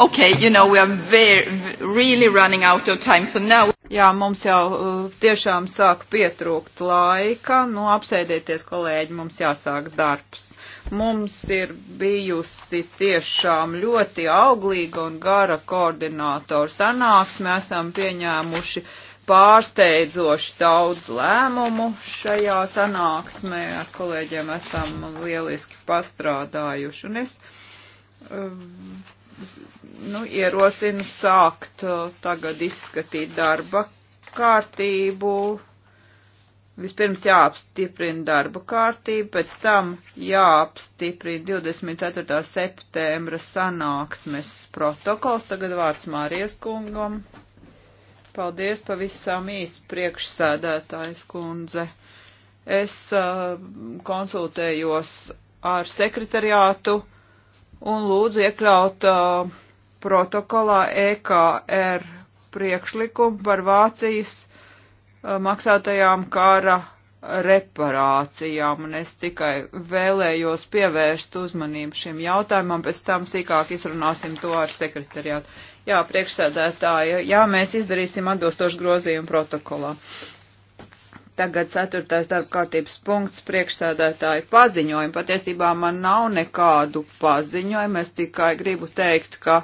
Okay, you know, we are very, really running out of time, so now... Jā, mums jau uh, tiešām sāk pietrūkt laika. Nu, apsēdieties, kolēģi, mums jāsāk darbs. Mums ir bijusi tiešām ļoti auglīga un gara koordinātora sanāksme. Esam pieņēmuši pārsteidzoši daudz lēmumu šajā sanāksmē. Ar kolēģiem esam lieliski pastrādājuši. Un es, um, nu, ierosinu sākt uh, tagad izskatīt darba kārtību. Vispirms jāapstiprina darba kārtība, pēc tam jāapstiprina 24. septembra sanāksmes protokols. Tagad vārds Mārijas kungam. Paldies pavisam īsti priekšsēdētājs kundze. Es uh, konsultējos ar sekretariātu. Uh, un lūdzu iekļaut uh, protokolā EKR priekšlikumu par Vācijas uh, maksātajām kara reparācijām, un es tikai vēlējos pievērst uzmanību šim jautājumam, pēc tam sīkāk izrunāsim to ar sekretariātu. Jā, priekšsēdētāja, jā, mēs izdarīsim atbilstošu grozījumu protokolā. Uh, Tagad ceturtais darba kārtības punkts priekšsēdētāju paziņojumu. Patiesībā man nav nekādu paziņojumu, es tikai gribu teikt, ka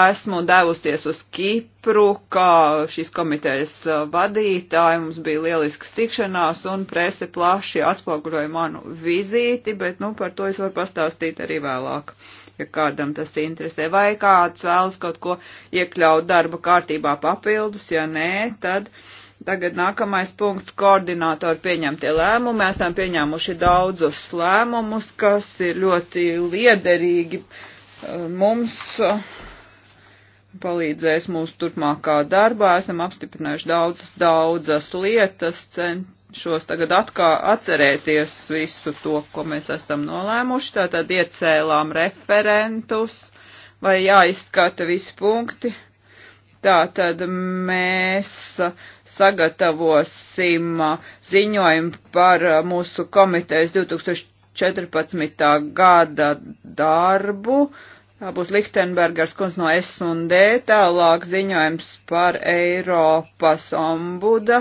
esmu devusies uz Kipru, kā šīs komitejas uh, vadītāji, mums bija lielisks tikšanās un prese plaši atspoguļoja manu vizīti, bet, nu, par to es varu pastāstīt arī vēlāk, ja kādam tas interesē. Vai kāds vēlas kaut ko iekļaut darba kārtībā papildus, ja nē, tad. Uh, Tagad nākamais punkts - koordinātori pieņemtie lēmumi. Mēs esam pieņēmuši daudzus lēmumus, kas ir ļoti liederīgi uh, mums uh, palīdzēs mūsu turpmākā darbā. Esam apstiprinājuši daudzas, daudzas lietas, cenšos tagad atkā atcerēties visu to, ko mēs esam nolēmuši. Tātad iecēlām referentus vai jāizskata visi punkti Tātad mēs sagatavosim ziņojumu par mūsu komitejas 2014. gada darbu. Tā būs Lichtenbergers kungs no S&D, tālāk ziņojums par Eiropas ombuda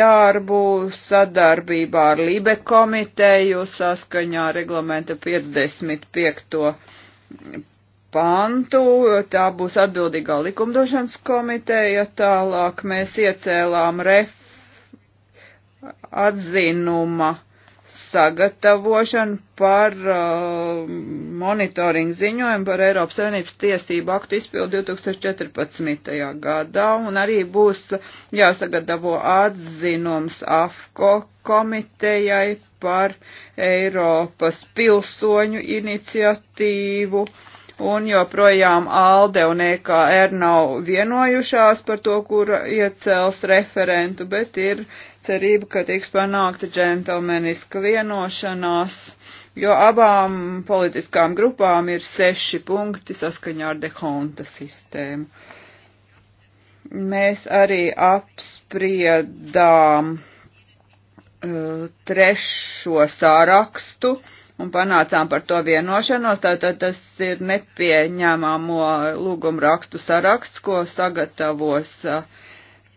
darbu sadarbībā ar Libe komiteju saskaņā reglamenta 55 pantu, tā būs atbildīgā likumdošanas komiteja, tālāk mēs iecēlām ref atzinuma sagatavošanu par uh, monitoringu ziņojumu par Eiropas Savienības tiesību aktu izpildu 2014. gadā, un arī būs jāsagatavo atzinums AFKO komitejai par Eiropas pilsoņu iniciatīvu. Uh, un joprojām ALDE un EKR nav vienojušās par to, kur iecels referentu, bet ir cerība, ka tiks panākta džentelmeniska vienošanās, jo abām politiskām grupām ir seši punkti saskaņā ar dehonta sistēmu. Mēs arī apspriedām uh, trešo sārakstu, uh, un panācām par to vienošanos, tātad tas ir nepieņēmamo lūgumu rakstu saraksts, ko sagatavos uh,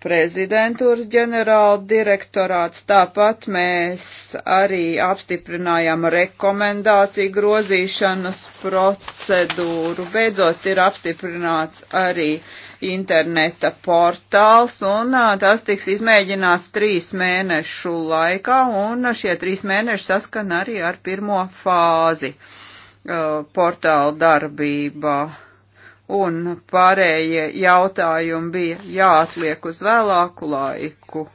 prezidentūras ģenerāla direktorāts. Tāpat mēs arī apstiprinājām rekomendāciju grozīšanas procedūru. Beidzot ir apstiprināts arī uh, interneta portāls, un tas tiks izmēģināts trīs mēnešu laikā, un šie trīs mēneši saskana arī ar pirmo fāzi portāla darbībā. Un pārējie jautājumi bija jāatliek uz vēlāku laiku.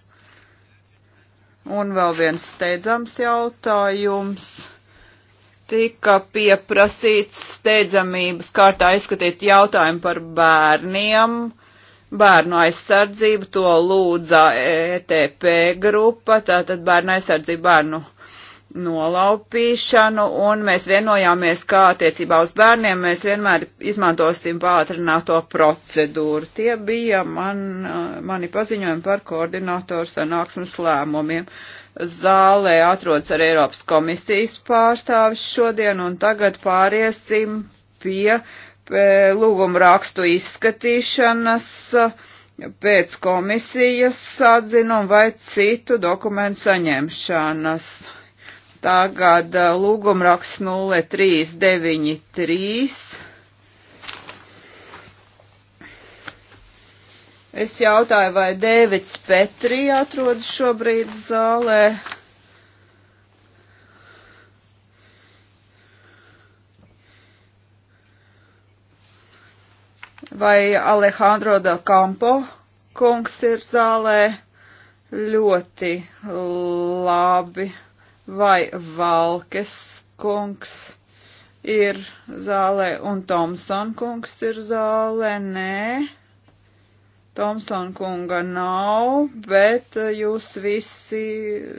Un vēl viens steidzams jautājums tika pieprasīts steidzamības kārtā izskatīt jautājumu par bērniem, bērnu aizsardzību, to lūdza ETP grupa, tātad bērnu aizsardzību bērnu nolaupīšanu, un mēs vienojāmies, kā attiecībā uz bērniem mēs vienmēr izmantosim pātrināto procedūru. Tie bija man, mani paziņojumi par koordinātoru sanāksmes lēmumiem. Zālē atrodas ar Eiropas komisijas pārstāvis šodien, un tagad pāriesim pie, pie lūguma rakstu izskatīšanas pēc komisijas atzinuma vai citu dokumentu saņemšanas. Tagad uh, lūgumraks 0393. Es jautāju, vai Dēvids Petrī atrodas šobrīd zālē. Vai Alejandro da Campo kungs ir zālē? Ļoti labi vai Valkes kungs ir zālē un Tomson kungs ir zālē? Nē. Tomson kunga nav, bet jūs visi,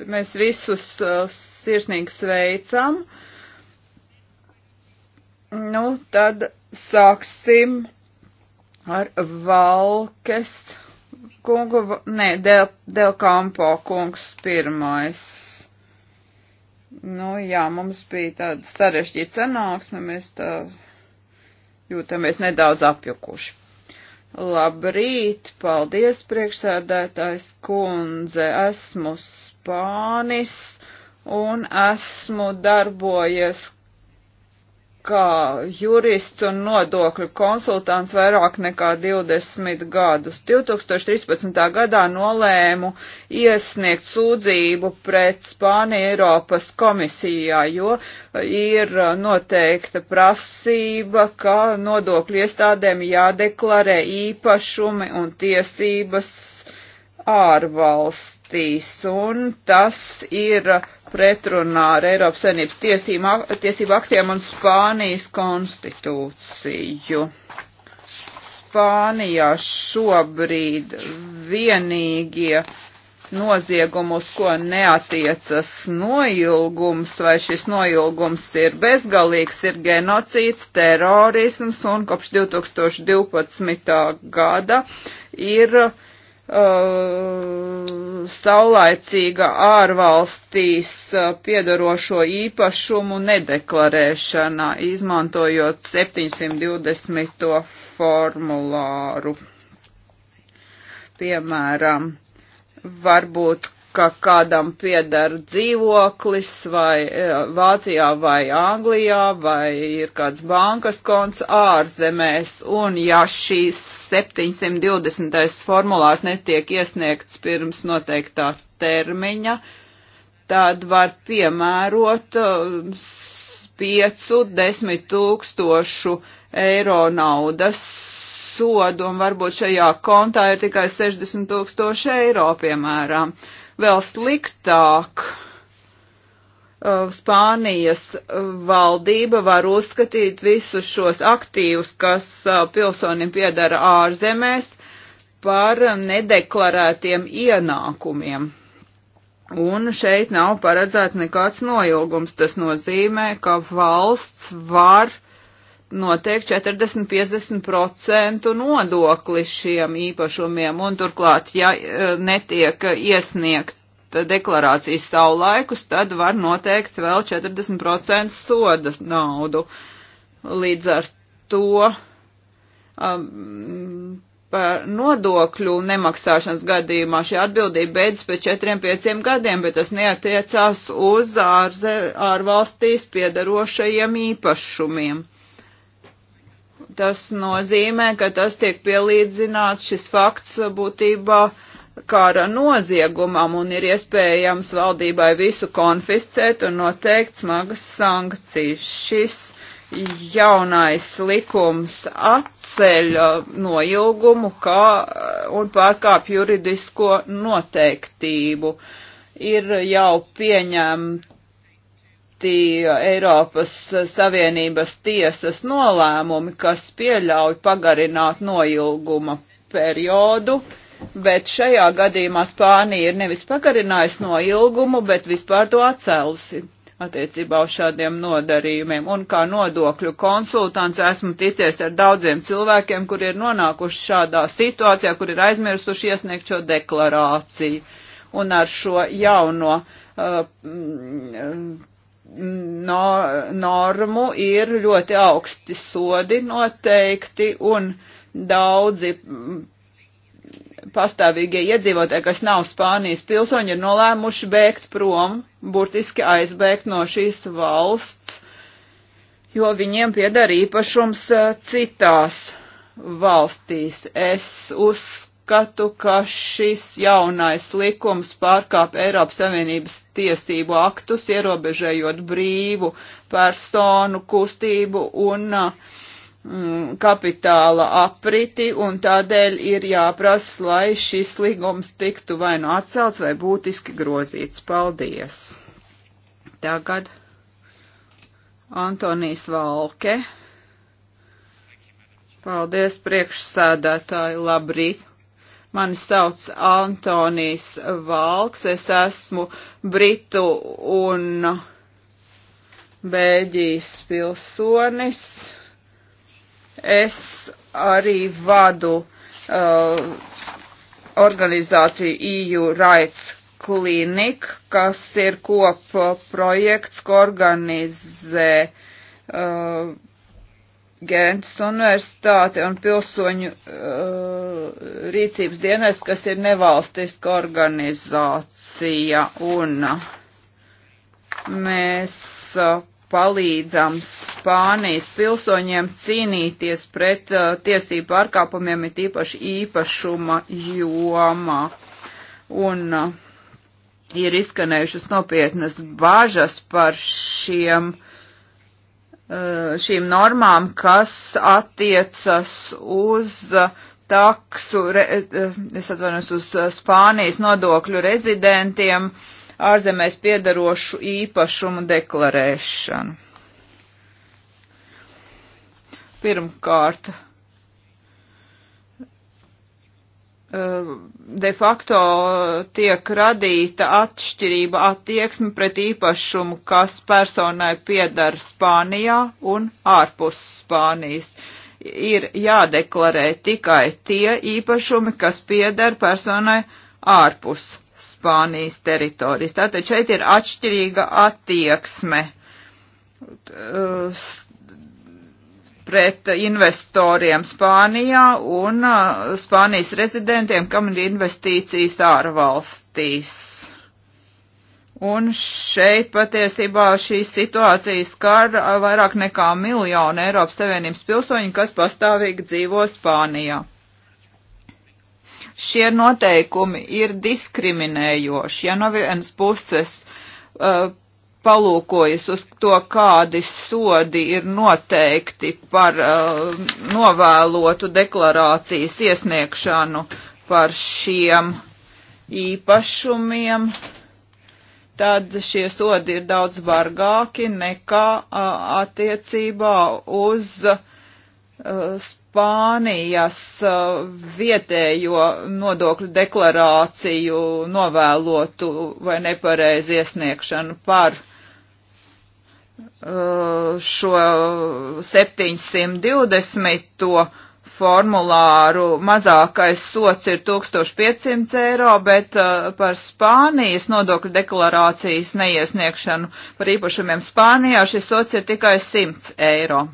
mēs visus uh, sirsnīgi sveicam. Nu, tad sāksim ar Valkes kungu, nē, Del, Del Campo kungs pirmais. Nu, jā, mums bija tāda sarežģīta sanāksme, mēs tā jūtamies nedaudz apjukuši. Labrīt, paldies priekšsēdētājs kundze, esmu Spānis un esmu darbojies kā jurists un nodokļu konsultants vairāk nekā 20 gadus. 2013. gadā nolēmu iesniegt sūdzību pret Spāniju Eiropas komisijā, jo ir noteikta prasība, ka nodokļu iestādēm jādeklarē īpašumi un tiesības ārvalsts valstīs, un tas ir pretrunā ar Eiropas Savienības tiesību aktiem un Spānijas konstitūciju. Spānijā šobrīd vienīgie noziegumu, uz ko neatiecas noilgums, vai šis noilgums ir bezgalīgs, ir genocīds, terorisms, un kopš 2012. gada ir uh, Uh, saulaicīga ārvalstīs uh, piedarošo īpašumu nedeklarēšana, izmantojot 720. formulāru. Piemēram, varbūt, ka kādam piedar dzīvoklis vai uh, Vācijā vai Anglijā vai ir kāds bankas konts ārzemēs, un ja šīs 720. formulārs netiek iesniegts pirms noteiktā termiņa, tad var piemērot 5-10 uh, tūkstošu eiro naudas sodu, un varbūt šajā kontā ir tikai 60 tūkstoši eiro, piemēram. Vēl sliktāk Uh, Spānijas valdība var uzskatīt visus šos aktīvus, kas uh, pilsonim piedara ārzemēs, par nedeklarētiem ienākumiem. Un šeit nav paredzēts nekāds noilgums. Tas nozīmē, ka valsts var noteikt 40-50% nodokli šiem īpašumiem, un turklāt, ja uh, netiek iesniegt deklarācijas savulaikus, tad var noteikt vēl 40% soda naudu. Līdz ar to um, par nodokļu nemaksāšanas gadījumā šī atbildība beidzas pēc 4-5 gadiem, bet tas neatiecās uz ārze, ārvalstīs piedarošajiem īpašumiem. Tas nozīmē, ka tas tiek pielīdzināts šis fakts būtībā uh, kara noziegumam un ir iespējams valdībai visu konfiscēt un noteikt smagas sankcijas. Šis jaunais likums atceļ uh, noilgumu kā uh, un pārkāp juridisko noteiktību. Ir jau pieņemti Eiropas Savienības tiesas nolēmumi, kas pieļauj pagarināt noilguma periodu bet šajā gadījumā Spānija ir nevis pagarinājusi no ilgumu, bet vispār to atcēlusi attiecībā uz šādiem nodarījumiem. Un kā nodokļu konsultants esmu ticies ar daudziem cilvēkiem, kur ir nonākuši šādā situācijā, kur ir aizmirsuši iesniegt šo deklarāciju. Un ar šo jauno uh, mm, no, normu ir ļoti augsti sodi noteikti un daudzi mm, pastāvīgie iedzīvotāji, kas nav Spānijas pilsoņi, ir nolēmuši bēgt prom, burtiski aizbēgt no šīs valsts, jo viņiem piedara īpašums eh, citās valstīs. Es uzskatu, ka šis jaunais likums pārkāp Eiropas Savienības tiesību aktus, ierobežējot brīvu personu kustību un uh, Mm, kapitāla apriti, un tādēļ ir jāprasa, lai šis līgums tiktu vai nu atcelts, vai būtiski grozīts. Paldies! Tagad Antonijs Valke. Paldies, priekšsādātāji, labrīt! Mani sauc Antonijs Valks, es esmu Britu un Bēģijas pilsonis. Es arī vadu uh, organizāciju EU Rights Clinic, kas ir kop projekts, ko organizē uh, Gents universitāte un pilsoņu uh, rīcības dienas, kas ir nevalstiska organizācija. Un mēs uh, palīdzam Spānijas pilsoņiem cīnīties pret uh, tiesību pārkāpumiem, it īpaši īpašuma jomā. Un uh, ir izskanējušas nopietnas bažas par šiem, uh, šīm normām, kas attiecas uz uh, taksu, re, uh, es atvainojos, uz uh, Spānijas nodokļu rezidentiem, uh, ārzemēs piedarošu īpašumu deklarēšanu. Pirmkārt, eh, de facto tiek radīta atšķirība attieksme pret īpašumu, kas personai piedara Spānijā un ārpus Spānijas. Ir jādeklarē tikai tie īpašumi, kas piedara personai ārpus Spānijas teritorijas. Tātad šeit ir atšķirīga attieksme uh, pret investoriem Spānijā un uh, Spānijas rezidentiem, kam ir investīcijas ārvalstīs. Un šeit patiesībā šī situācija skar uh, vairāk nekā miljonu Eiropas Savienības pilsoņu, kas pastāvīgi dzīvo Spānijā šie noteikumi ir diskriminējoši. Ja no vienas puses uh, palūkojas uz to, kādi sodi ir noteikti par uh, novēlotu deklarācijas iesniegšanu par šiem īpašumiem, tad šie sodi ir daudz bargāki nekā uh, attiecībā uz uh, Spānijas uh, vietējo nodokļu deklarāciju novēlotu vai nepareizi iesniegšanu par uh, šo 720. formulāru mazākais sots ir 1500 eiro, bet uh, par Spānijas nodokļu deklarācijas neiesniegšanu par īpašumiem Spānijā šis sots ir tikai 100 eiro.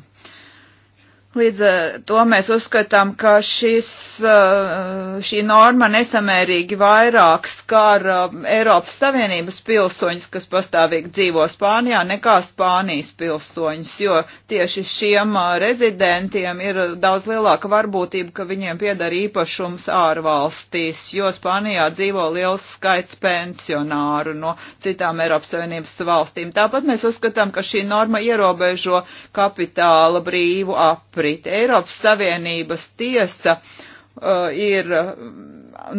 Līdz ar eh, to mēs uzskatām, ka šis, eh, šī norma nesamērīgi vairāk skar eh, Eiropas Savienības pilsoņus, kas pastāvīgi dzīvo Spānijā, nekā Spānijas pilsoņus, jo tieši šiem rezidentiem ir daudz lielāka varbūtība, ka viņiem piedara īpašums ārvalstīs, jo Spānijā dzīvo liels skaits pensionāru no citām Eiropas Savienības valstīm. Tāpat mēs uzskatām, ka šī norma ierobežo kapitāla brīvu apli aprit. Eiropas Savienības tiesa uh, ir uh,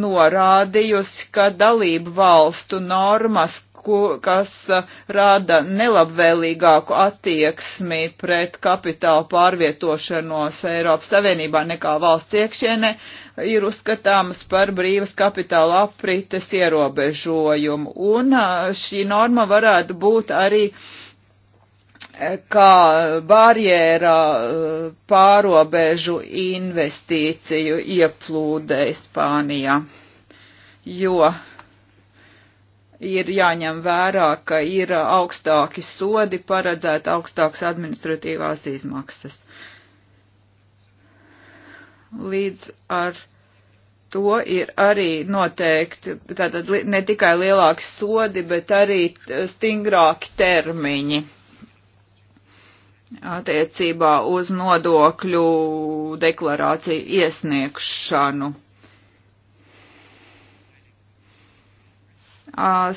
norādījusi, ka dalību valstu normas, ko, kas uh, rada nelabvēlīgāku attieksmi pret kapitālu pārvietošanos Eiropas Savienībā nekā valsts iekšienē, ir uzskatāmas par brīvas kapitāla aprites ierobežojumu. Un uh, šī norma varētu būt arī uh, kā barjēra eh, pārobežu investīciju ieplūdē Spānijā, jo ir jāņem vērā, ka ir augstāki sodi, paredzēt augstākas administratīvās izmaksas. Līdz ar to ir arī noteikti, tātad ne tikai lielāki sodi, bet arī stingrāki termiņi attiecībā uz nodokļu deklarāciju iesniegšanu.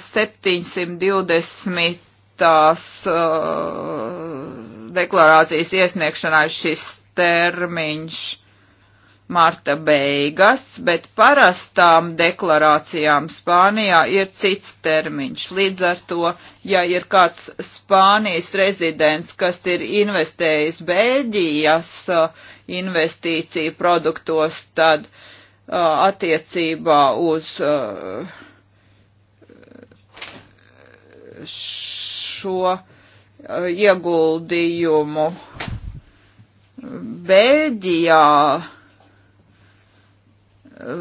720 tās deklarācijas iesniegšanai šis termiņš marta beigas, bet parastām deklarācijām Spānijā ir cits termiņš. Līdz ar to, ja ir kāds Spānijas rezidents, kas ir investējis Bēļģijas uh, investīciju produktos, tad uh, attiecībā uz uh, šo ieguldījumu Bēļģijā Eh,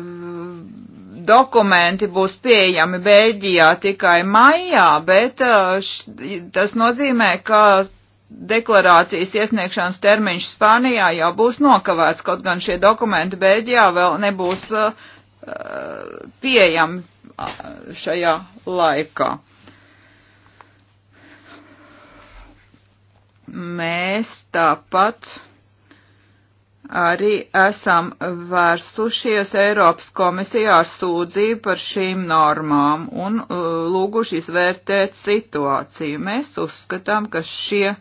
dokumenti būs pieejami Beļģijā tikai maijā, bet eh, š, tas nozīmē, ka deklarācijas iesniegšanas termiņš Spānijā jau būs nokavēts, kaut gan šie dokumenti Beļģijā vēl nebūs uh, pieejami šajā laikā. Mēs tāpat arī esam vērsušies Eiropas komisijā ar sūdzību par šīm normām un uh, lūguši izvērtēt situāciju. Mēs uzskatām, ka šie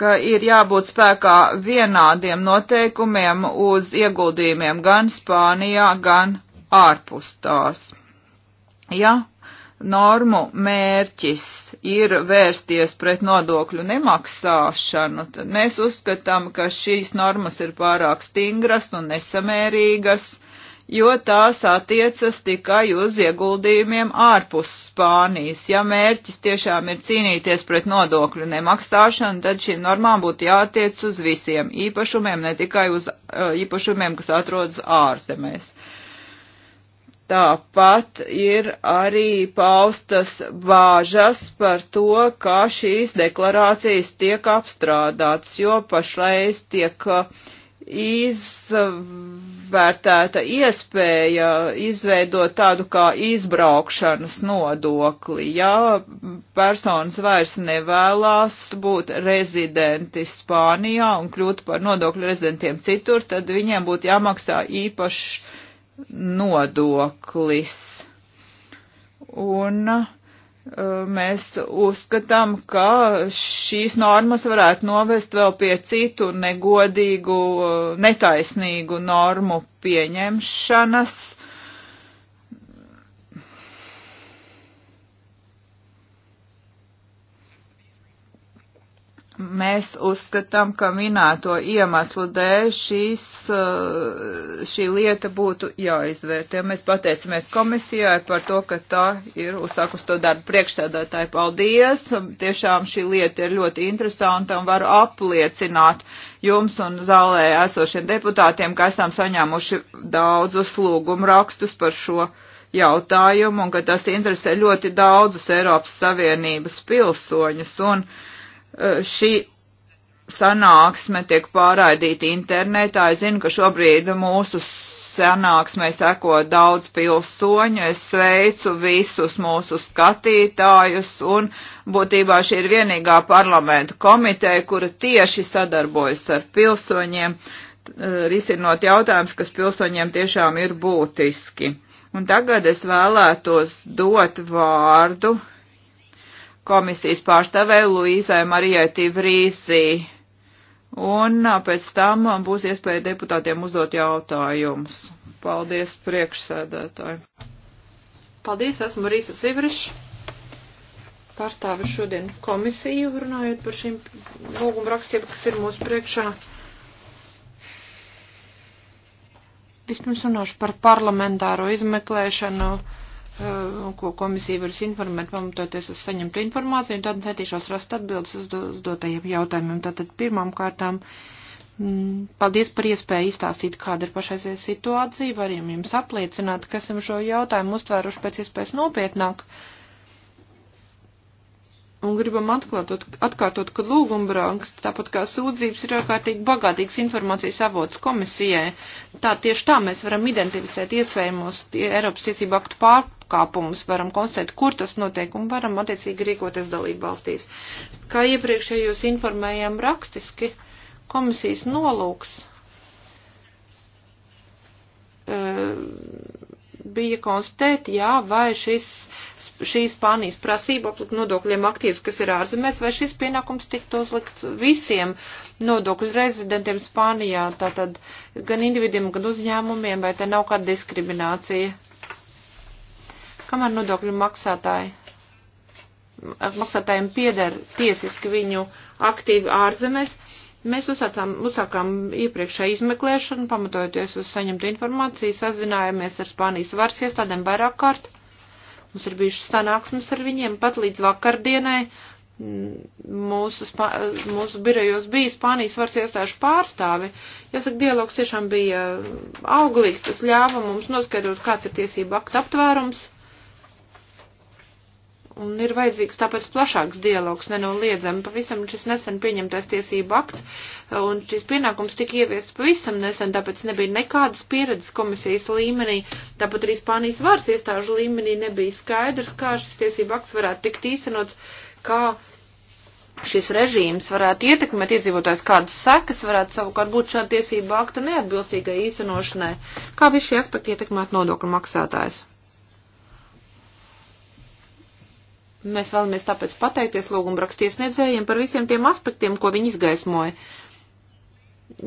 ka ir jābūt spēkā vienādiem noteikumiem uz ieguldījumiem gan Spānijā, gan ārpus tās. Ja normu mērķis ir vērsties pret nodokļu nemaksāšanu, tad mēs uzskatām, ka šīs normas ir pārāk stingras un nesamērīgas, jo tās attiecas tikai uz ieguldījumiem ārpus Spānijas. Ja mērķis tiešām ir cīnīties pret nodokļu nemaksāšanu, tad šīm normām būtu jātiec uz visiem īpašumiem, ne tikai uz īpašumiem, kas atrodas ārzemēs. Tāpat ir arī paustas bāžas par to, kā šīs deklarācijas tiek apstrādātas, jo pašreiz tiek uh, izvērtēta iespēja izveidot tādu kā izbraukšanas nodokli, ja personas vairs nevēlās būt rezidenti Spānijā un kļūt par nodokļu rezidentiem citur, tad viņiem būtu jāmaksā īpašs nodoklis. Un uh, mēs uzskatām, ka šīs normas varētu novest vēl pie citu negodīgu, uh, netaisnīgu normu pieņemšanas. Uh, mēs uzskatām, ka minēto iemeslu dēļ šīs, uh, šī lieta būtu jāizvērtē. Mēs pateicamies komisijai par to, ka tā ir uzsākus to darbu priekšsēdētāji. Paldies! Tiešām šī lieta ir ļoti interesanta un varu apliecināt jums un zālē esošiem deputātiem, ka esam saņēmuši daudzus lūgumu rakstus par šo jautājumu un ka tas interesē ļoti daudzus Eiropas Savienības pilsoņus. Un, uh, Eh, šī sanāksme tiek pārraidīta internetā. Es zinu, ka šobrīd mūsu sanāksmē seko daudz pilsoņu. Es sveicu visus mūsu skatītājus un būtībā šī ir vienīgā parlamenta komiteja, kura tieši sadarbojas ar pilsoņiem, eh, risinot jautājumus, kas pilsoņiem tiešām ir būtiski. Un tagad es vēlētos dot vārdu komisijas pārstāvē Luīzai Marijai Tivrīzī. Un pēc tam būs iespēja deputātiem uzdot jautājumus. Paldies priekšsēdētāji. Paldies, esmu Rīsa Sivrišs. Pārstāvu šodien komisiju, runājot par šīm lūgumu rakstiem, kas ir mūsu priekšā. Vispirms runāšu par parlamentāro izmeklēšanu. No Eh, ko komisija varas informēt, pamatoties uz saņemtu informāciju, un tad centīšos rast atbildes uz dotajiem jautājumiem. Tātad pirmām kārtām mm, paldies par iespēju izstāstīt, kāda ir pašreizējā situācija, varam jums apliecināt, ka esam šo jautājumu uztvēruši pēc iespējas nopietnāk. Uh, Un gribam atklātot, atkārtot, ka lūgumbrāks, tāpat kā sūdzības, ir ārkārtīgi bagātīgs informācijas avots komisijai. Tā tieši tā mēs varam identificēt iespējamos Eiropas tiesību aktu pārkāpumus, varam konstatēt, kur tas notiek un varam attiecīgi rīkoties dalību valstīs. Kā iepriekšējos informējām rakstiski, komisijas nolūks. Uh, bija konstatēt, jā, vai šis, šī Spānijas prasība aplikt nodokļiem aktīvs, kas ir ārzemēs, vai šis pienākums tiktu uzlikts visiem nodokļu rezidentiem Spānijā, tātad gan individiem, gan uzņēmumiem, vai te nav kāda diskriminācija? Kamēr nodokļu maksātāji? Maksātājiem pieder tiesiski viņu aktīvi ārzemēs, Mēs uzsācām, uzsākām iepriekšēju izmeklēšanu, pamatojoties uz saņemtu informāciju, sazinājāmies ar Spānijas varas iestādēm vairāk kārt. Mums ir bijušas sanāksmes ar viņiem pat līdz vakardienai. Mm, mūsu, spā, mūsu birojos bija Spānijas varas iestāžu pārstāvi. Jāsaka, dialogs tiešām bija auglīgs, tas ļāva mums noskaidrot, kāds ir tiesību aktu aptvērums Un ir vajadzīgs tāpēc plašāks dialogs, nenoliedzami. Pavisam šis nesen pieņemtais tiesību akts uh, un šis pienākums tika ieviests pavisam nesen, tāpēc nebija nekādas pieredzes komisijas līmenī. Tāpat arī Spānijas vārs iestāžu līmenī nebija skaidrs, kā šis tiesību akts varētu tikt īstenots, kā šis režīms varētu ietekmēt iedzīvotājs, kādas sekas varētu savukārt būt šāda tiesība akta neatbilstīgai īstenošanai, kā visi šie aspekti ietekmētu nodokļu maksātājus. Mēs vēlamies tāpēc pateikties lūgumrakstiesniedzējiem par visiem tiem aspektiem, ko viņi izgaismoja.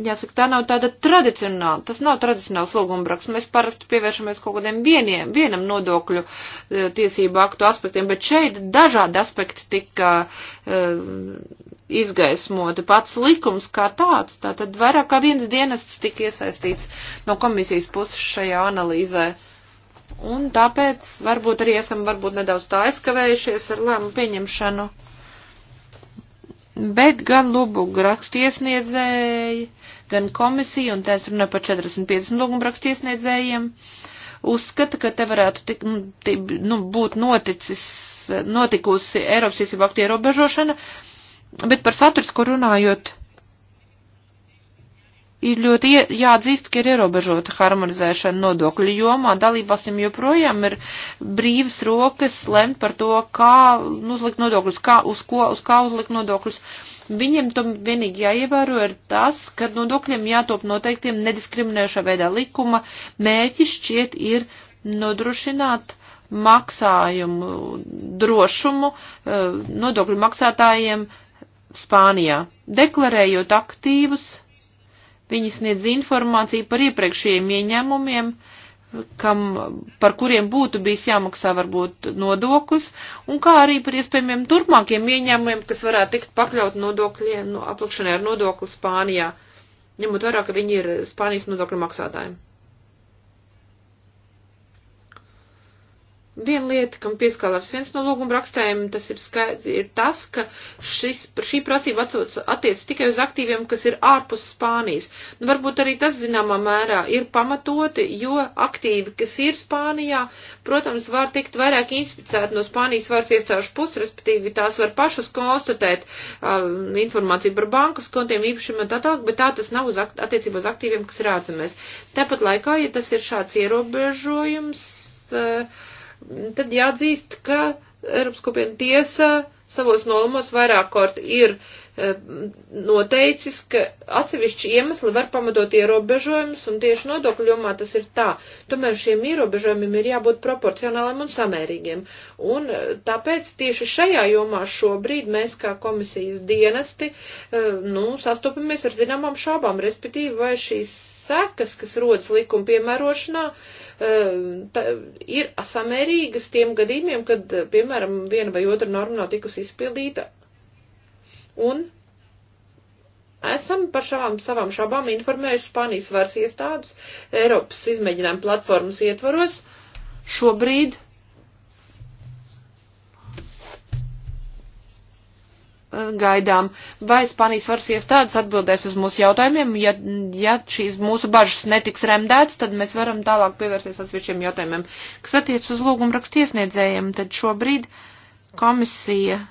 Jāsaka, tā nav tāda tradicionāla, tas nav tradicionāls lūgumbraks. Mēs parasti pievēršamies kaut kādiem vieniem, vienam nodokļu e, tiesību aktu aspektiem, bet šeit dažādi aspekti tika uh, izgaismoti. Pats likums kā tāds, tā tad vairāk kā viens dienests tika iesaistīts no komisijas puses šajā analīzē. Uh, un tāpēc varbūt arī esam varbūt nedaudz tā aizkavējušies ar lēmu pieņemšanu. Bet gan lubu rakstu iesniedzēji, gan komisija, un tā es runāju par 450 lūgumu rakstu iesniedzējiem, uzskata, ka te varētu tik, nu, nu būt noticis, notikusi Eiropas iesību aktu ierobežošana, bet par saturisko runājot, ir ļoti jāatzīst, ka ir ierobežota harmonizēšana nodokļu jomā. Dalībvalstīm joprojām ir brīvas rokas lemt par to, kā uzlikt nodokļus, kā, uz ko, uz kā uzlikt nodokļus. Viņiem tam vienīgi jāievēro ir tas, ka nodokļiem jātop noteiktiem nediskriminējušā veidā likuma. Mēķis šķiet ir nodrošināt maksājumu drošumu eh, nodokļu maksātājiem Spānijā, deklarējot aktīvus Viņi sniedz informāciju par iepriekšējiem ieņēmumiem, kam, par kuriem būtu bijis jāmaksā varbūt nodoklis, un kā arī par iespējamiem turpmākiem ieņēmumiem, kas varētu tikt pakļaut nodokļiem, no, nu, aplikšanai ar nodokli Spānijā, ņemot vērā, ka viņi ir Spānijas nodokļu maksātājiem. Viena lieta, kam pieskalās viens no lūguma rakstējiem, tas ir, skaidrs, ir tas, ka šis, šī prasība attiec tikai uz aktīviem, kas ir ārpus Spānijas. Nu, varbūt arī tas zināmā mērā ir pamatoti, jo aktīvi, kas ir Spānijā, protams, var tikt vairāk inspicēti no Spānijas varas iestāžu puses, respektīvi tās var pašas konstatēt um, informāciju par bankas kontiem, īpašiem un tā tālāk, bet tā tas nav uz attiecībā uz aktīviem, kas ir ārzemēs. Tāpat laikā, ja tas ir šāds ierobežojums, uh, tad jāatzīst, ka Eiropas kopiena tiesa savos nolumos vairāk kārt ir e, noteicis, ka atsevišķi iemesli var pamatot ierobežojumus, un tieši nodokļu jomā tas ir tā. Tomēr šiem ierobežojumiem ir jābūt proporcionāliem un samērīgiem. Un e, tāpēc tieši šajā jomā šobrīd mēs kā komisijas dienesti, e, nu, sastopamies ar zināmām šābām, respektīvi vai šīs sekas, kas rodas likuma piemērošanā, uh, Ehm, tā, ir samērīgas tiem gadījumiem, kad, piemēram, viena vai otra norma nav tikusi izpildīta. Un esam par šavām, savām šabām informējuši Spānijas varas iestādus Eiropas izmēģinājuma platformas ietvaros. Šobrīd gaidām, vai Spānijas varas iestādes atbildēs uz mūsu jautājumiem. Ja, ja šīs mūsu bažas netiks remdētas, tad mēs varam tālāk pievērsties atsevišķiem jautājumiem. Kas attiec uz lūgumu rakstiesniedzējiem, tad šobrīd komisija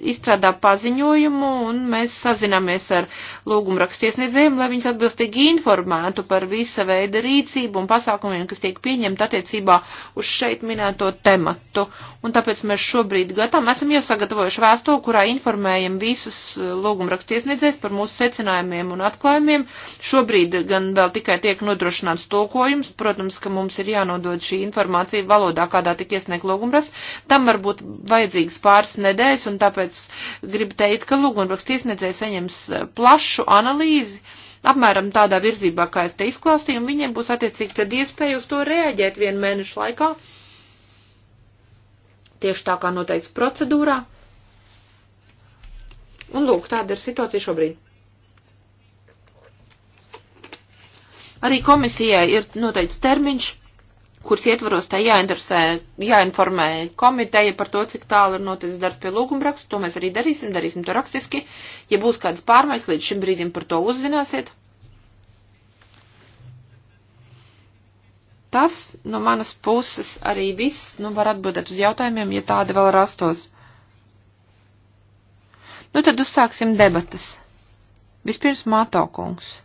izstrādā paziņojumu un mēs sazināmies ar lūgumrakstu iesniedzējiem, lai viņus atbilstīgi informētu par visa veida rīcību un pasākumiem, kas tiek pieņemta attiecībā uz šeit minēto tematu. Un tāpēc mēs šobrīd gatavi esam jau sagatavojuši vēstuli, kurā informējam visus eh, lūgumrakstu iesniedzējus par mūsu secinājumiem un atklājumiem. Šobrīd gan vēl tikai tiek nodrošināts tulkojums, protams, ka mums ir jānodod šī informācija valodā, kādā tik iesniegt lūgumras. Tam varbūt vajadzīgs pāris nedēļas un tā tāpēc gribu teikt, ka lūgumraksta iesniedzēja saņems eh, plašu analīzi, apmēram tādā virzībā, kā es te izklāstīju, un viņiem būs attiecīgi tad iespēja uz to reaģēt vienu mēnešu laikā, tieši tā kā noteikts procedūrā. Un lūk, tāda ir situācija šobrīd. Arī komisijai ir noteikts termiņš kuras ietvaros tā jāinteresē, jāinformē komiteja par to, cik tālu ir noticis darbs pie lūgumraksta. To mēs arī darīsim, darīsim to rakstiski. Ja būs kādas pārmaiņas, līdz šim brīdim par to uzzināsiet. Tas no manas puses arī viss, nu var atbildēt uz jautājumiem, ja tādi vēl rastos. Nu tad uzsāksim debatas. Vispirms Mātokungs.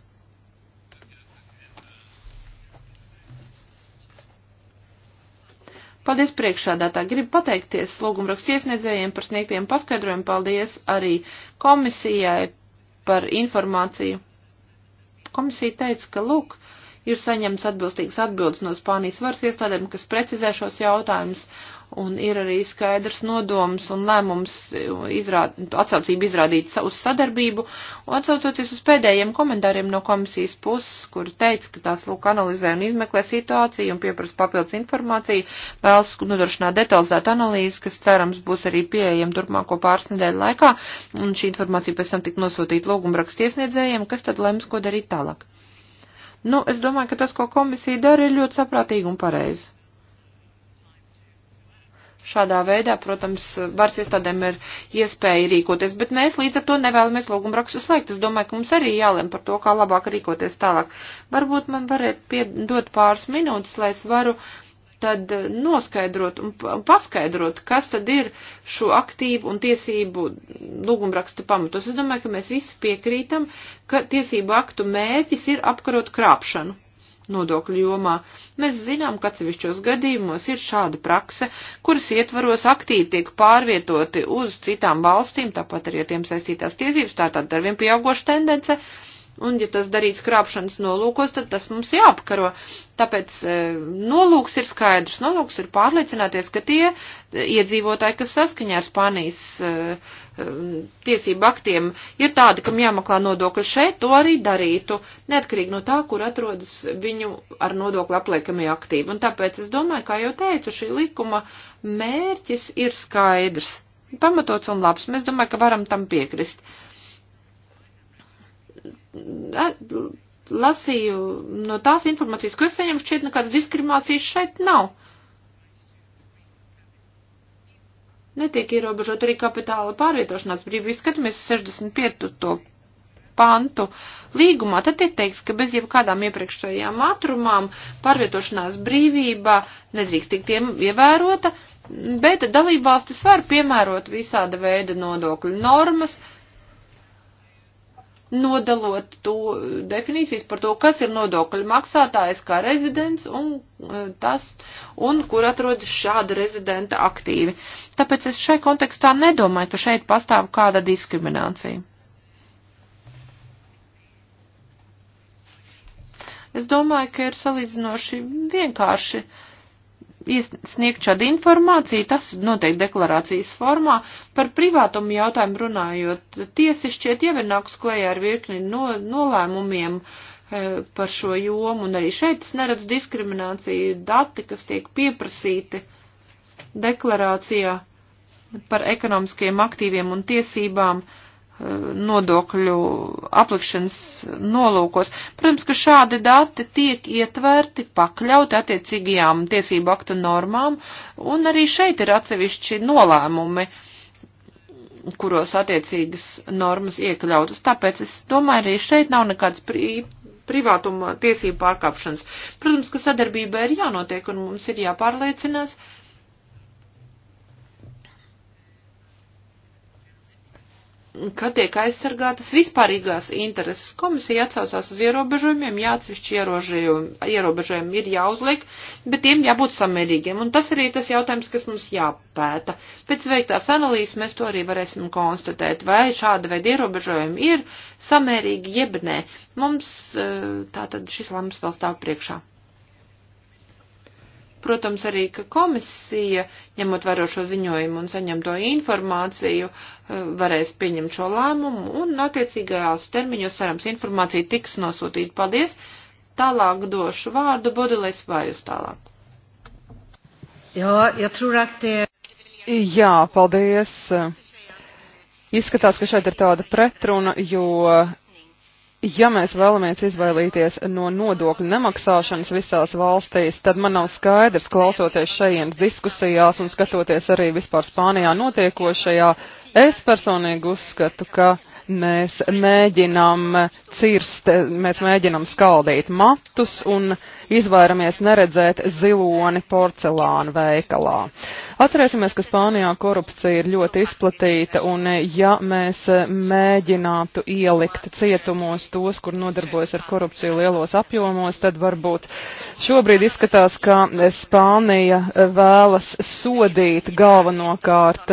Paldies priekšādātā. Gribu pateikties lūgumrakstu iesniedzējiem par sniegtiem paskaidrojumiem. Paldies arī komisijai par informāciju. Komisija teica, ka, lūk, uh, ir saņemts atbilstīgs atbildes no Spānijas varas iestādēm, kas precizē šos jautājumus, un ir arī skaidrs nodoms un lēmums uh, izrād, atsaucību izrādīt uz sadarbību, un atsaucoties uz pēdējiem komentāriem no komisijas puses, kur teica, ka tās lūk analizē un izmeklē situāciju un pieprasa papildus informāciju, vēlas nodrošināt detalizētu analīzi, kas cerams būs arī pieejama turpmāko pāris nedēļu laikā, un šī informācija pēc tam tik nosūtīta lūgumrakstiesniedzējiem, kas tad lems, ko darīt tālāk. Nu, es domāju, ka tas, ko komisija dara, ir ļoti saprātīgi un pareizi. Šādā veidā, protams, varas iestādēm ir iespēja rīkoties, bet mēs līdz ar to nevēlamies lūgumrakstu slēgt. Es domāju, ka mums arī jālem par to, kā labāk rīkoties tālāk. Varbūt man varētu dot pāris minūtes, lai es varu uh, tad eh, noskaidrot un paskaidrot, kas tad ir šo aktīvu un tiesību lūgumraksta pamatos. Es domāju, ka mēs visi piekrītam, ka tiesību aktu mērķis ir apkarot krāpšanu nodokļu jomā. Mēs zinām, ka atsevišķos gadījumos ir šāda prakse, kuras ietvaros aktīvi tiek pārvietoti uz citām valstīm, tāpat arī ar tiem saistītās tiesības, tā tad ar vien pieaugoša tendence. Uh, Un, ja tas darīts krāpšanas nolūkos, tad tas mums jāapkaro. Tāpēc e, nolūks ir skaidrs. Nolūks ir pārliecināties, ka tie e, iedzīvotāji, kas saskaņā ar Spānijas e, e, tiesību aktiem ir tādi, kam jāmaklā nodokļi šeit, to arī darītu, neatkarīgi no tā, kur atrodas viņu ar nodokli apliekamie aktīvi. Un tāpēc es domāju, kā jau teicu, šī likuma mērķis ir skaidrs, pamatots un labs. Mēs domāju, ka varam tam piekrist. Uh, lasīju no tās informācijas, ko es saņemu, šķiet nekādas diskriminācijas šeit nav. Netiek ierobežot arī kapitāla pārvietošanās brīvība. Skatāmies 65. pantu līgumā. Tad tiek teiks, ka bez jebkādām iepriekšējām atrumām pārvietošanās brīvība nedrīkst tikt ievērota, bet dalībvalstis var piemērot visāda veida nodokļu normas, uh, nodalot to definīcijas par to, kas ir nodokļu maksātājs kā rezidents un e, tas, un kur atrodas šāda rezidenta aktīvi. Tāpēc es šai kontekstā nedomāju, ka šeit pastāv kāda diskriminācija. Es domāju, ka ir salīdzinoši vienkārši uh, iesniegt šādu informāciju, tas noteikti deklarācijas formā. Par privātumu jautājumu runājot, tiesa šķiet jau ir nākus klējā ar virkni no, nolēmumiem e, par šo jomu, un arī šeit es neredzu diskrimināciju dati, kas tiek pieprasīti deklarācijā par ekonomiskiem aktīviem un tiesībām. Uh, nodokļu aplikšanas nolūkos. Protams, ka šādi dati tiek ietverti, pakļauti attiecīgajām tiesību akta normām, un arī šeit ir atsevišķi nolēmumi, kuros attiecīgas normas iekļautas. Tāpēc es domāju, arī šeit nav nekādas pri privātuma tiesību pārkāpšanas. Protams, ka sadarbība ir jānotiek, un mums ir jāpārliecinās, uh, ka tiek aizsargātas vispārīgās intereses. Komisija atsaucās uz ierobežojumiem, jā, atsevišķi ierobežojumi ir jāuzliek, bet tiem jābūt samērīgiem. Un tas arī tas jautājums, kas mums jāpēta. Pēc veiktās analīzes mēs to arī varēsim konstatēt, vai šāda veida ierobežojumi ir samērīgi jeb nē. Mums eh, tātad šis lēmums vēl stāv priekšā. Protams, arī, ka komisija, ņemot vērā šo ziņojumu un saņemto informāciju, eh, varēs pieņemt šo lēmumu un attiecīgajās termiņos, cerams, informācija tiks nosūtīta. Paldies! Tālāk došu vārdu Bodilēs Vājus tālāk. Jā, ja tur aktie. Jā, paldies. Izskatās, ka šeit ir tāda pretruna, jo ja mēs vēlamies izvairīties no nodokļu nemaksāšanas visās valstīs, tad man nav skaidrs, klausoties šajienas diskusijās un skatoties arī vispār Spānijā notiekošajā, es personīgi uzskatu, ka mēs mēģinam cirst, mēs mēģinam skaldīt matus un izvairamies neredzēt ziloni porcelānu veikalā. Atcerēsimies, ka Spānijā korupcija ir ļoti izplatīta un ja mēs mēģinātu ielikt cietumos tos, kur nodarbojas ar korupciju lielos apjomos, tad varbūt šobrīd izskatās, ka Spānija vēlas sodīt galvenokārt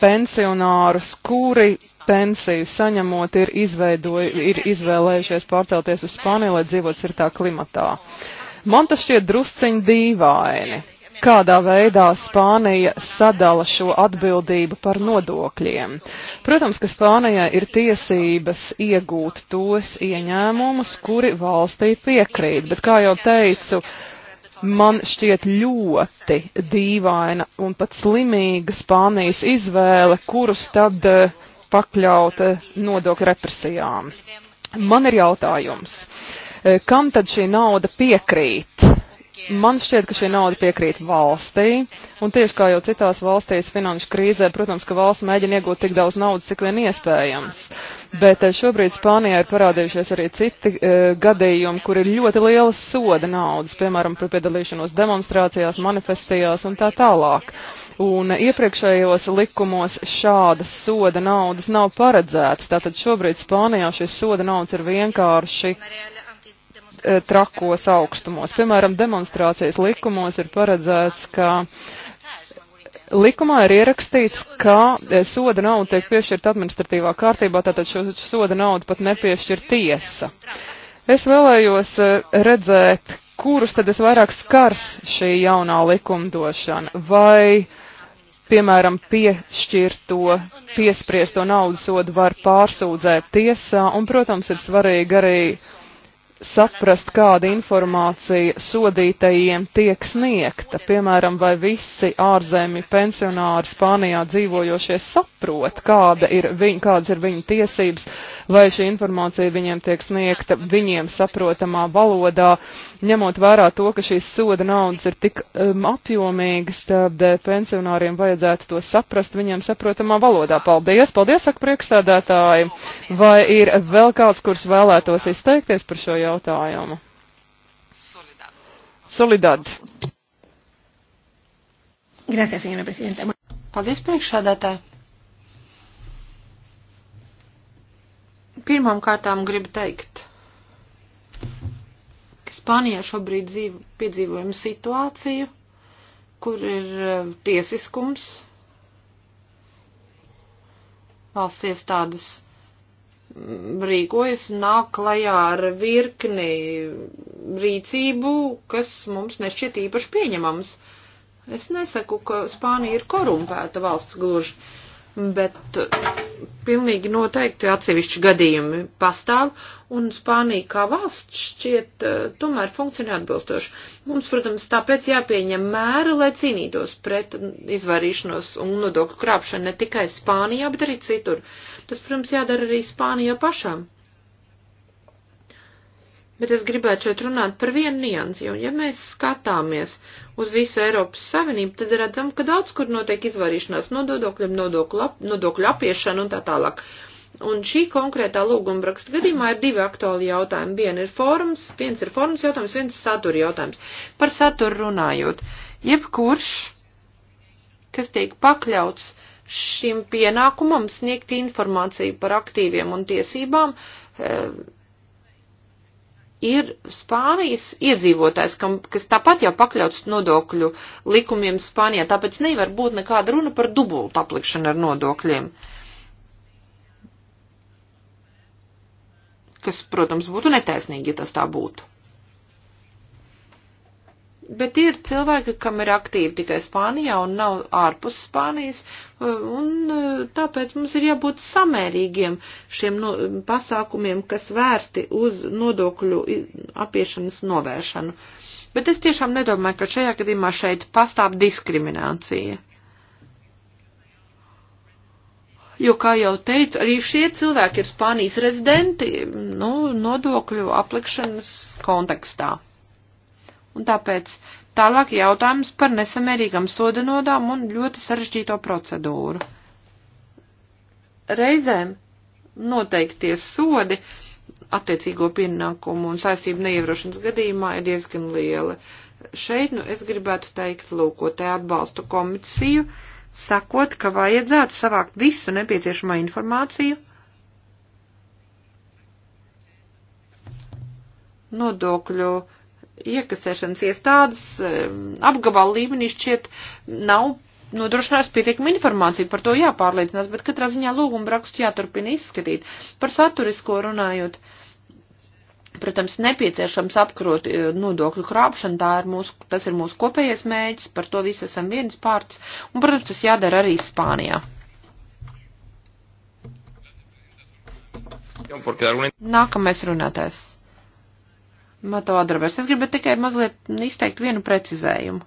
pensionārus, kuri pensiju saņemot ir, ir izvēlējušies pārcelties uz Spāniju, lai dzīvot sirtā klimatā. Man tas šķiet drusciņi dīvaini, kādā veidā Spānija sadala šo atbildību par nodokļiem. Protams, ka Spānijai ir tiesības iegūt tos ieņēmumus, kuri valstī piekrīt, bet kā jau teicu, uh, man šķiet ļoti dīvaina un pat slimīga Spānijas izvēle, kurus tad eh, pakļaut eh, nodokļu represijām. Man ir jautājums, eh, kam tad šī nauda piekrīt? Man šķiet, ka šī nauda piekrīt valstī, un tieši kā jau citās valstīs finanšu krīzē, protams, ka valsts mēģina iegūt tik daudz naudas, cik vien iespējams. Bet eh, šobrīd Spānijā ir parādījušies arī citi e, gadījumi, kur ir ļoti liela soda naudas, piemēram, par piedalīšanos demonstrācijās, manifestijās un tā tālāk. Un iepriekšējos likumos šādas soda naudas nav paredzētas, tātad šobrīd Spānijā šīs soda naudas ir vienkārši E, trakos augstumos. Piemēram, demonstrācijas likumos ir paredzēts, ka likumā ir ierakstīts, ka e, soda nauda tiek piešķirta administratīvā kārtībā, tātad šo soda naudu pat nepiešķir tiesa. Es vēlējos e, redzēt, kurus tad es vairāk skars šī jaunā likumdošana, vai, piemēram, piešķirto, piespriesto naudas sodu var pārsūdzēt tiesā, un, protams, ir svarīgi arī saprast, kāda informācija sodītajiem tiek sniegta. Piemēram, vai visi ārzemju pensionāri Spānijā dzīvojošie saprot, kāda ir viņ, kādas ir viņu tiesības vai šī informācija viņiem tiek sniegta viņiem saprotamā valodā, ņemot vērā to, ka šīs soda naudas ir tik um, apjomīgas, tad eh, pensionāriem vajadzētu to saprast viņiem saprotamā valodā. Paldies, paldies, saka priekšsēdētāji. Vai ir vēl kāds, kurš vēlētos izteikties par šo jautājumu? Solidad. Gracias, señora presidenta. Paldies, priekšsādātāji. Pirmām kārtām gribu teikt, ka Spānijā šobrīd dzīv, piedzīvojam situāciju, kur ir e, tiesiskums, valsts iestādes mm, rīkojas un nāk klajā ar virkni rīcību, kas mums nešķiet īpaši pieņemams. Es nesaku, ka Spānija ir korumpēta valsts gluži, bet eh, pilnīgi noteikti atsevišķi gadījumi pastāv, un Spānija kā valsts šķiet eh, tomēr funkcionē atbilstoši. Mums, protams, tāpēc jāpieņem mēri, lai cīnītos pret izvairīšanos un nodokļu krāpšanu ne tikai Spānijā, bet arī citur. Tas, protams, jādara arī Spānijā pašām. Bet es gribētu šeit runāt par vienu niansi, jo, ja mēs skatāmies uz visu Eiropas Savienību, tad redzam, ka daudz kur notiek izvarīšanās no nodokļiem, nodokļu, ap, nodokļu apiešana un tā tālāk. Un šī konkrētā lūguma raksta gadījumā ir divi aktuāli jautājumi. Viena ir forums, viens ir forums jautājums, viens satura jautājums. Par saturu runājot, jebkurš, kas tiek pakļauts šim pienākumam sniegt informāciju par aktīviem un tiesībām, e, ir Spānijas iedzīvotājs, kam, kas tāpat jau pakļauts nodokļu likumiem Spānijā, tāpēc nevar būt nekāda runa par dubultu aplikšanu ar nodokļiem. Kas, protams, būtu netaisnīgi, ja tas tā būtu. Bet ir cilvēki, kam ir aktīvi tikai Spānijā un nav ārpus Spānijas, un eh, tāpēc mums ir jābūt samērīgiem šiem no, pasākumiem, kas vērsti uz nodokļu apiešanas novēršanu. Bet es tiešām nedomāju, ka šajā gadījumā šeit pastāv diskriminācija. Jo, kā jau teicu, arī šie cilvēki ir Spānijas rezidenti, nu, nodokļu aplikšanas kontekstā. Un tāpēc tālāk jautājums par nesamērīgam soda nodām un ļoti sarežģīto procedūru. Reizēm noteikties sodi attiecīgo pienākumu un saistību neievrošanas gadījumā ir diezgan liela. Šeit, nu, es gribētu teikt, lūko, te atbalstu komisiju, sakot, ka vajadzētu savākt visu nepieciešamo informāciju nodokļu iekasēšanas iestādes eh, apgabala līmenī šķiet nav nodrošinās pietiekama informācija, par to jāpārliecinās, bet katrā ziņā lūguma rakstu jāturpina izskatīt. Par saturisko runājot, protams, nepieciešams apkarot eh, nodokļu krāpšanu, tā ir mūsu, tas ir mūsu kopējais mēģis, par to visi esam viens pārts, un, protams, tas jādara arī Spānijā. Nākamais runātājs. Mato Adrovers. Es gribu tikai mazliet izteikt vienu precizējumu.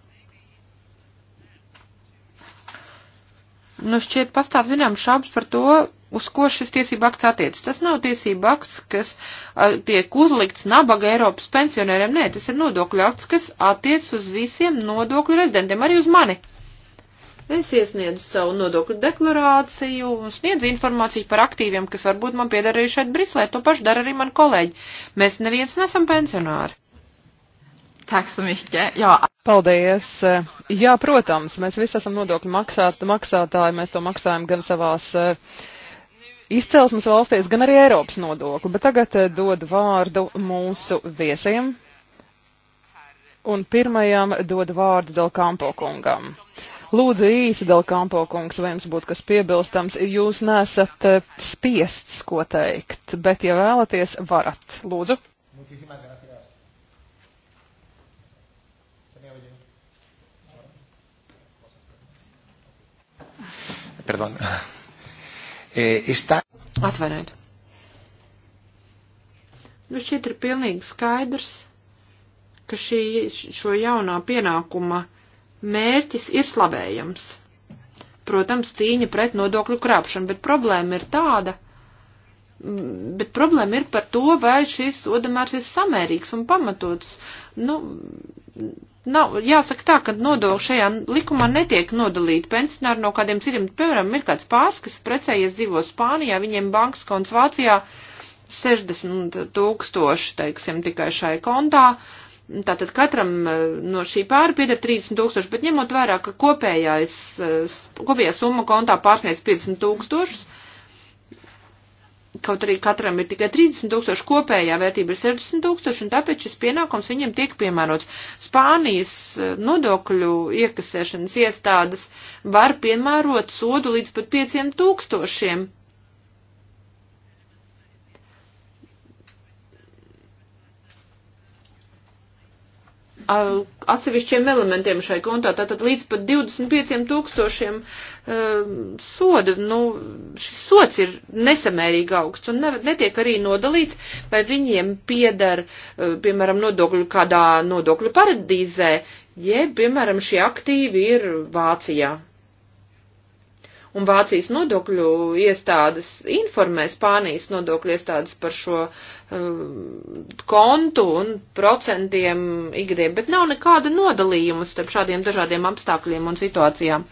Nu, šķiet pastāv zinām šābas par to, uz ko šis tiesība akts attiecas. Tas nav tiesība akts, kas a, tiek uzlikts nabaga Eiropas pensionēriem. Nē, tas ir nodokļu akts, kas attiec uz visiem nodokļu rezidentiem, arī uz mani. Uh, Es iesniedzu savu nodokļu deklarāciju un sniedzu informāciju par aktīviem, kas varbūt man piederēja šeit Brislē. To pašu dara arī mani kolēģi. Mēs neviens nesam pensionāri. Jā. Paldies! Jā, protams, mēs visi esam nodokļu maksāt, maksātāji, mēs to maksājam gan savās uh, izcelsmes valstīs, gan arī Eiropas nodokli. Bet tagad eh, dodu vārdu mūsu viesiem. Un pirmajam dodu vārdu Delkampo kungam. Lūdzu, īsi, Delkampo kungs, vai jums būtu kas piebilstams, jūs nesat eh, spiests, ko teikt, bet, ja vēlaties, varat. Lūdzu. Perdón. Eh, está... Atvainojiet. Nu, šķiet ir pilnīgi skaidrs, ka šī, šo jaunā pienākuma uh, mērķis ir slavējams. Protams, cīņa pret nodokļu krāpšanu, bet problēma ir tāda, bet problēma ir par to, vai šis sodamērs ir samērīgs un pamatots. Nu, nav, jāsaka tā, ka nodokļi šajā likumā netiek nodalīti pensionāri no kādiem citiem. Piemēram, ir kāds pāris, kas precējies dzīvo Spānijā, viņiem bankas konts Vācijā 60 tūkstoši, teiksim, tikai šai kontā. Uh, Tātad katram eh, no šī pāri pieder 30 tūkstoši, bet ņemot vērā, ka kopējais, eh, kopējā summa kontā pārsniedz 50 tūkstošus, kaut arī katram ir tikai 30 tūkstoši, kopējā vērtība ir 60 tūkstoši, un tāpēc šis pienākums viņiem tiek piemērots. Spānijas eh, nodokļu iekasēšanas iestādes var piemērot sodu līdz pat 5 tūkstošiem Uh, atsevišķiem elementiem šai kontā, tātad līdz pat 25 tūkstošiem uh, soda, nu, šis sots ir nesamērīgi augsts un ne, netiek arī nodalīts, vai viņiem piedar, uh, piemēram, nodokļu kādā nodokļu paradīzē, jeb, piemēram, šie aktīvi ir Vācijā un Vācijas nodokļu iestādes informē Spānijas nodokļu iestādes par šo um, kontu un procentiem ikdien, bet nav nekāda nodalījuma starp šādiem dažādiem apstākļiem un situācijām.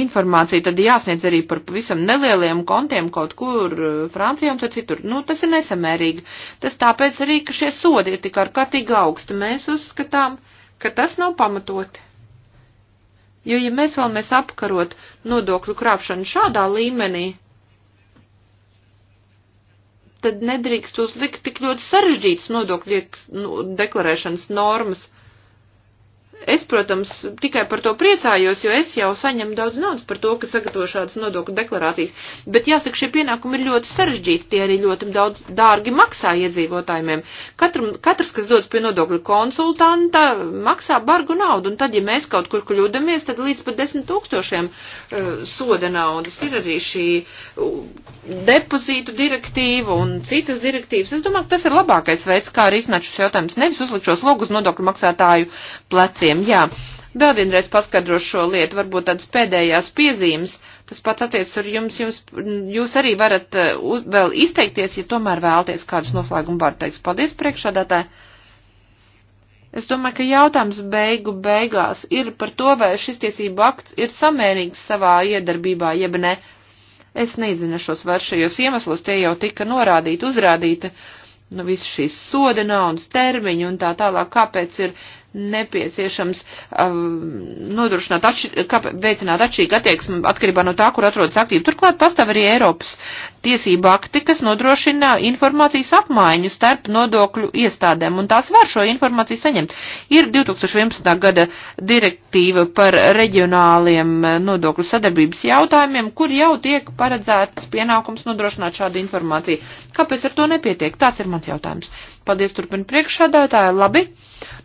Informācija tad jāsniedz arī par pavisam nelieliem kontiem kaut kur uh, Francijā un tur citur. Nu, tas ir nesamērīgi. Tas tāpēc arī, ka šie sodi ir tik ārkārtīgi augsti. Mēs uzskatām, ka tas nav pamatoti. Jo, ja mēs vēlamies apkarot nodokļu krāpšanu šādā līmenī, tad nedrīkst uzlikt tik ļoti sarežģītas nodokļu nu, deklarēšanas normas, Es, protams, tikai par to priecājos, jo es jau saņemu daudz naudas par to, ka sagatavo šādas nodokļu deklarācijas. Bet jāsaka, šie pienākumi ir ļoti sarežģīti, tie arī ļoti daudz dārgi maksā iedzīvotājiem. Katru, katrs, kas dodas pie nodokļu konsultanta, maksā bargu naudu, un tad, ja mēs kaut kur kļūdamies, tad līdz pat desmit tūkstošiem uh, soda naudas ir arī šī uh, depozītu direktīva un citas direktīvas. Es domāju, ka tas ir labākais veids, kā arī iznākt šis jautājums. Nevis uzlikt šos logus nodokļu maksātāju pleciem gadiem. Jā, vēl vienreiz paskaidrošu šo lietu, varbūt tādas pēdējās piezīmes, tas pats attiecas ar jums, jums, jūs arī varat eh, uz, vēl izteikties, ja tomēr vēlties kādus noslēgumu vārdu teikt. Paldies priekšādātāji! Es domāju, ka jautājums beigu beigās ir par to, vai šis tiesību akts ir samērīgs savā iedarbībā, jeb ne. Es neizdzināšos vairs šajos iemeslos, tie jau tika norādīti, uzrādīti, nu, visi šīs soda naudas termiņi un tā tālāk, kāpēc ir nepieciešams um, nodrošināt, atši, kā, veicināt atšķirīgu attieksmi atkarībā no tā, kur atrodas aktīvi. Turklāt pastāv arī Eiropas tiesība akti, kas nodrošina informācijas apmaiņu starp nodokļu iestādēm, un tās var šo informāciju saņemt. Ir 2011. gada direktīva par reģionāliem eh, nodokļu sadarbības jautājumiem, kur jau tiek paredzēts pienākums nodrošināt šādu informāciju. Kāpēc ar to nepietiek? Tas ir mans jautājums paldies turpina priekšādātāja, labi.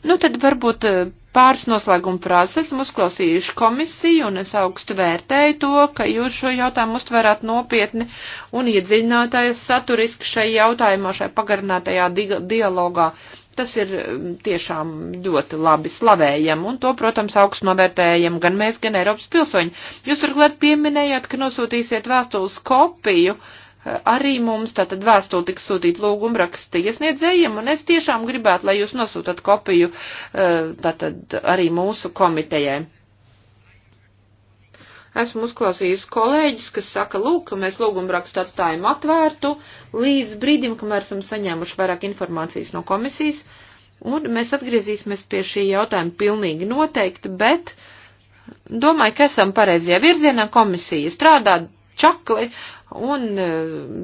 Nu tad varbūt eh, pāris noslēguma frāzes esmu uzklausījuši komisiju un es augstu vērtēju to, ka jūs šo jautājumu uztverāt nopietni un iedziļinātājas saturiski šai jautājumā, šai pagarinātajā di dialogā. Tas ir mm, tiešām ļoti labi slavējam, un to, protams, augstu novērtējam gan mēs, gan Eiropas pilsoņi. Jūs turklāt pieminējāt, ka nosūtīsiet vēstules kopiju uh, arī mums tātad vēstuli tiks sūtīt lūgumraksta iesniedzējiem, un es tiešām gribētu, lai jūs nosūtat kopiju eh, tātad arī mūsu komitejai. Esmu uzklausījis kolēģis, kas saka, lūk, ka mēs lūgumrakstu atstājam atvērtu līdz brīdim, kamēr esam saņēmuši vairāk informācijas no komisijas, un mēs atgriezīsimies pie šī jautājuma pilnīgi noteikti, bet domāju, ka esam pareizajā virzienā komisija strādā čakli un e,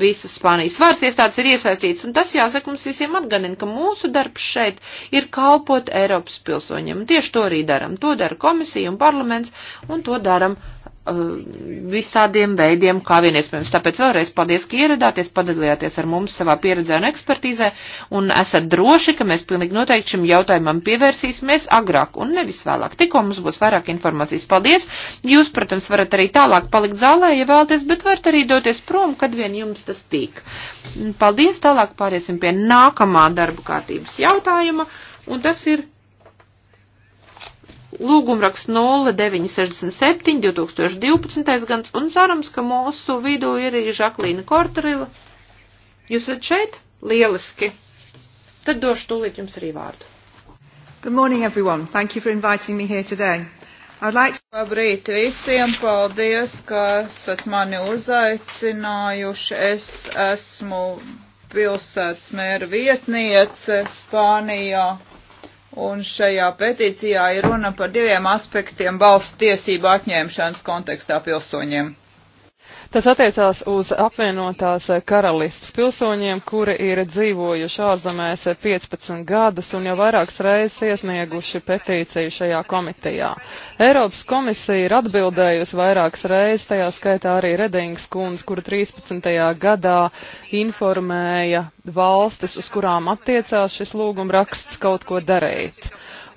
visas Spānijas varas iestādes ir iesaistīts, un tas jāsaka mums visiem atganina, ka mūsu darbs šeit ir kalpot Eiropas pilsoņiem, un tieši to arī daram. To dara komisija un parlaments, un to daram Uh, visādiem veidiem, kā vien iespējams. Tāpēc vēlreiz paldies, ka ieradāties, padalījāties ar mums savā pieredzē un ekspertīzē, un esat droši, ka mēs pilnīgi noteikti šim jautājumam pievērsīsimies agrāk un nevis vēlāk. Tikko mums būs vairāk informācijas. Paldies! Jūs, protams, varat arī tālāk palikt zālē, ja vēlaties, bet varat arī doties prom, kad vien jums tas tīk. Paldies! Tālāk pāriesim pie nākamā darba kārtības jautājuma, un tas ir Lūgumraks 0967 2012. gads un cerams, ka mūsu vidū ir arī Žaklīna Kortarila. Jūs esat šeit? Lieliski. Tad došu tūlīt jums arī vārdu. Good morning everyone. Thank you for inviting me here today. I'd like to... Labrīt visiem, paldies, ka esat mani uzaicinājuši. Es esmu pilsētas mēra vietniece Spānijā Un šajā peticijā ir runa par diviem aspektiem valsts tiesību atņemšanas kontekstā pilsoņiem. Tas attiecās uz apvienotās karalistas pilsoņiem, kuri ir dzīvojuši ārzemēs 15 gadus un jau vairākas reizes iesnieguši petīciju šajā komitejā. Eiropas komisija ir atbildējusi vairākas reizes, tajā skaitā arī Redings kundze, kura 13. gadā informēja valstis, uz kurām attiecās šis lūgumraksts kaut ko darīt.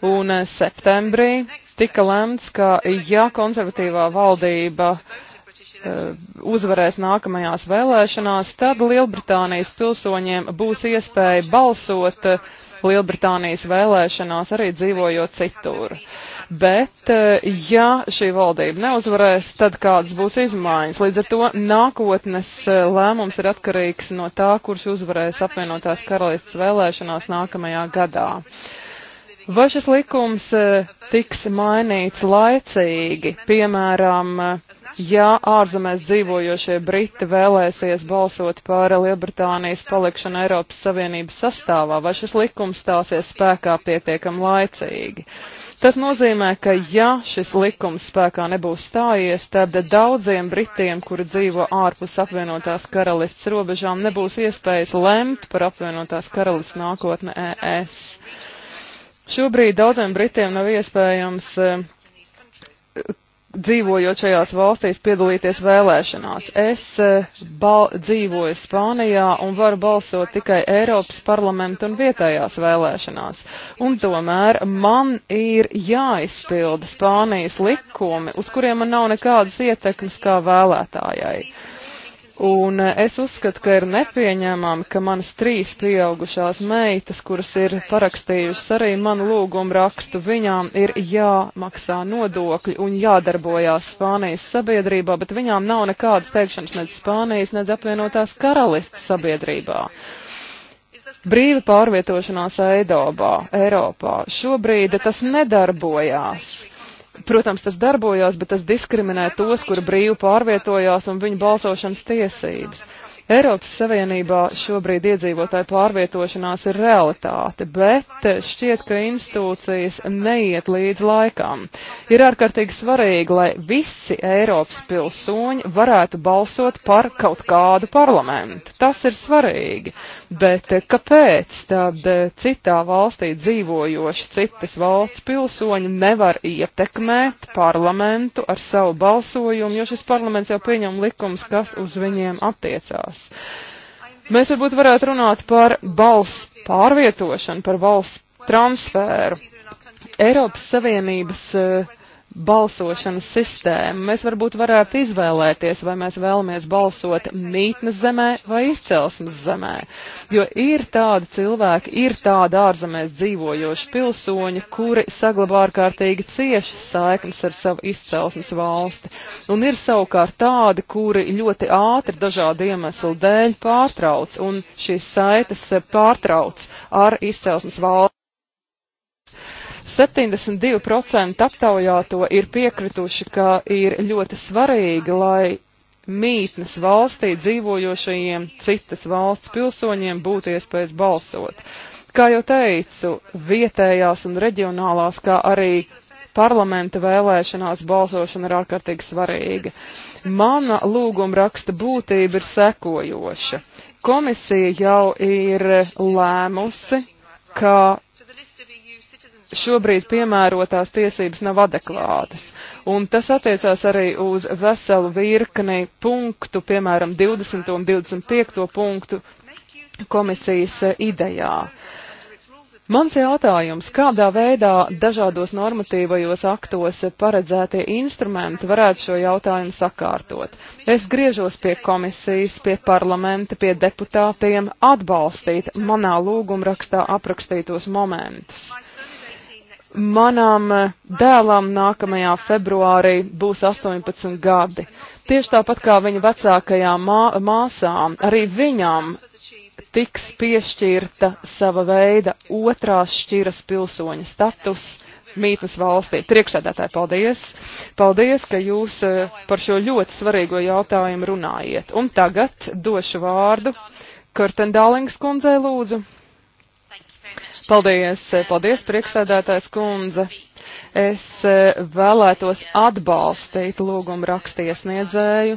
Un eh, septembrī tika lemts, ka ja konservatīvā valdība uh, Eh, uzvarēs nākamajās vēlēšanās, tad Lielbritānijas pilsoņiem būs iespēja balsot eh, Lielbritānijas vēlēšanās arī dzīvojot citur. Bet, eh, ja šī valdība neuzvarēs, tad kādas būs izmaiņas? Līdz ar to nākotnes lēmums ir atkarīgs no tā, kurš uzvarēs apvienotās karalistas vēlēšanās nākamajā gadā. Vai šis likums tiks mainīts laicīgi, piemēram, ja ārzemēs dzīvojošie Briti vēlēsies balsot par Lielbritānijas palikšanu Eiropas Savienības sastāvā, vai šis likums stāsies spēkā pietiekam laicīgi. Tas nozīmē, ka ja šis likums spēkā nebūs stājies, tad daudziem Britiem, kuri dzīvo ārpus apvienotās karalists robežām, nebūs iespējas lemt par apvienotās karalists nākotne ES. Šobrīd daudziem Britiem nav iespējams eh, dzīvojot šajās valstīs, piedalīties vēlēšanās. Es eh, bal, dzīvoju Spānijā un varu balsot tikai Eiropas parlamentu un vietējās vēlēšanās. Un tomēr man ir jāizpilda Spānijas likumi, uz kuriem man nav nekādas ietekmes kā vēlētājai. Uh, Un eh, es uzskatu, ka ir nepieņēmami, ka manas trīs pieaugušās meitas, kuras ir parakstījušas arī manu lūgumu rakstu, viņām ir jāmaksā nodokļi un jādarbojās Spānijas sabiedrībā, bet viņām nav nekādas teikšanas nec Spānijas, nec apvienotās karalistas sabiedrībā. Brīva pārvietošanās Eidobā, Eiropā. Šobrīd tas nedarbojās Protams, tas darbojās, bet tas diskriminē tos, kur brīvi pārvietojās un viņu balsošanas tiesības. Eiropas Savienībā šobrīd iedzīvotāju pārvietošanās ir realitāte, bet šķiet, ka institūcijas neiet līdz laikam. Ir ārkārtīgi svarīgi, lai visi Eiropas pilsoņi varētu balsot par kaut kādu parlamentu. Tas ir svarīgi, bet kāpēc tad citā valstī dzīvojoši citas valsts pilsoņi nevar ietekmēt parlamentu ar savu balsojumu, jo šis parlaments jau pieņem likums, kas uz viņiem attiecās? mājās. Mēs varbūt varētu runāt par balss pārvietošanu, par balss transferu. Eiropas Savienības uh, balsošanas sistēmu. Mēs varbūt varētu izvēlēties, vai mēs vēlamies balsot mītnes zemē vai izcelsmes zemē. Jo ir tādi cilvēki, ir tādi ārzemēs dzīvojoši pilsoņi, kuri saglabā ārkārtīgi cieši saiknes ar savu izcelsmes valsti. Un ir savukārt tādi, kuri ļoti ātri dažādu iemeslu dēļ pārtrauc un šīs saites pārtrauc ar izcelsmes valsti. 72% aptaujāto ir piekrituši, ka ir ļoti svarīgi, lai mītnes valstī dzīvojošajiem citas valsts pilsoņiem būtu iespējas balsot. Kā jau teicu, vietējās un reģionālās, kā arī parlamenta vēlēšanās balsošana ir ārkārtīgi svarīga. Mana lūguma raksta būtība ir sekojoša. Komisija jau ir lēmusi, ka šobrīd piemērotās tiesības nav adekvātas. Un tas attiecās arī uz veselu virkni punktu, piemēram, 20. un 25. punktu komisijas eh, idejā. Mans jautājums, kādā veidā dažādos normatīvajos aktos paredzētie instrumenti varētu šo jautājumu sakārtot? Es griežos pie komisijas, pie parlamenta, pie deputātiem atbalstīt manā lūgumrakstā aprakstītos momentus. Manam eh, dēlam nākamajā februārī būs 18 gadi. Tieši tāpat kā viņa vecākajām mā, māsām, arī viņām tiks piešķirta sava veida otrās šķiras pilsoņa status mītnes valstī. Priekšsēdētāji, paldies! Paldies, ka jūs eh, par šo ļoti svarīgo jautājumu runājiet. Un tagad došu vārdu Kurtendālings kundzei lūdzu. Paldies, eh, paldies, priekšsēdētājs kundze. Es eh, vēlētos atbalstīt lūgumu rakstiesniedzēju.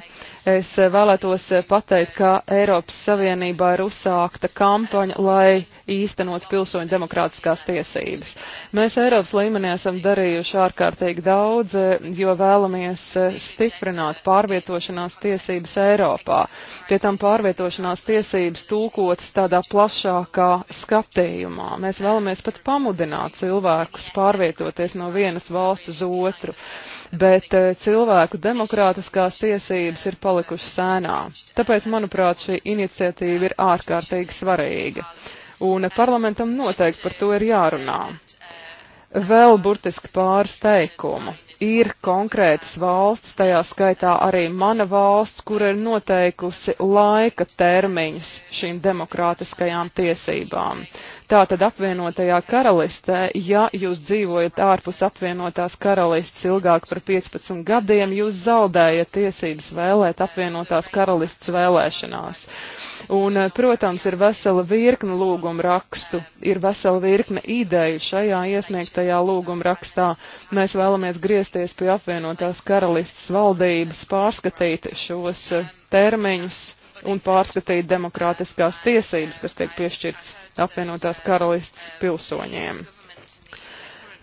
Es eh, vēlētos pateikt, ka Eiropas Savienībā ir uzsākta kampaņa, lai īstenot pilsoņu demokrātiskās tiesības. Mēs Eiropas līmenī esam darījuši ārkārtīgi daudz, eh, jo vēlamies eh, stiprināt pārvietošanās tiesības Eiropā. Pie tam pārvietošanās tiesības tūkotas tādā plašākā skatījumā. Mēs vēlamies pat pamudināt cilvēkus pārvietoties no vienas valsts uz otru bet eh, cilvēku demokrātiskās tiesības ir palikušas sēnā. Tāpēc, manuprāt, šī iniciatīva ir ārkārtīgi svarīga un parlamentam noteikti par to ir jārunā. Vēl burtiski pāris teikumu. Ir konkrētas valsts, tajā skaitā arī mana valsts, kura ir noteikusi laika termiņus šīm demokrātiskajām tiesībām. Tātad apvienotajā karalistē, ja jūs dzīvojat ārpus apvienotās karalistes ilgāk par 15 gadiem, jūs zaudējat tiesības vēlēt apvienotās karalistes vēlēšanās. Un, eh, protams, ir vesela virkne lūguma rakstu, ir vesela virkne ideju šajā iesniegtajā lūguma rakstā. Mēs vēlamies griezties pie apvienotās karalistes valdības, pārskatīt šos eh, termiņus un pārskatīt demokrātiskās tiesības, kas tiek piešķirts apvienotās karalists pilsoņiem.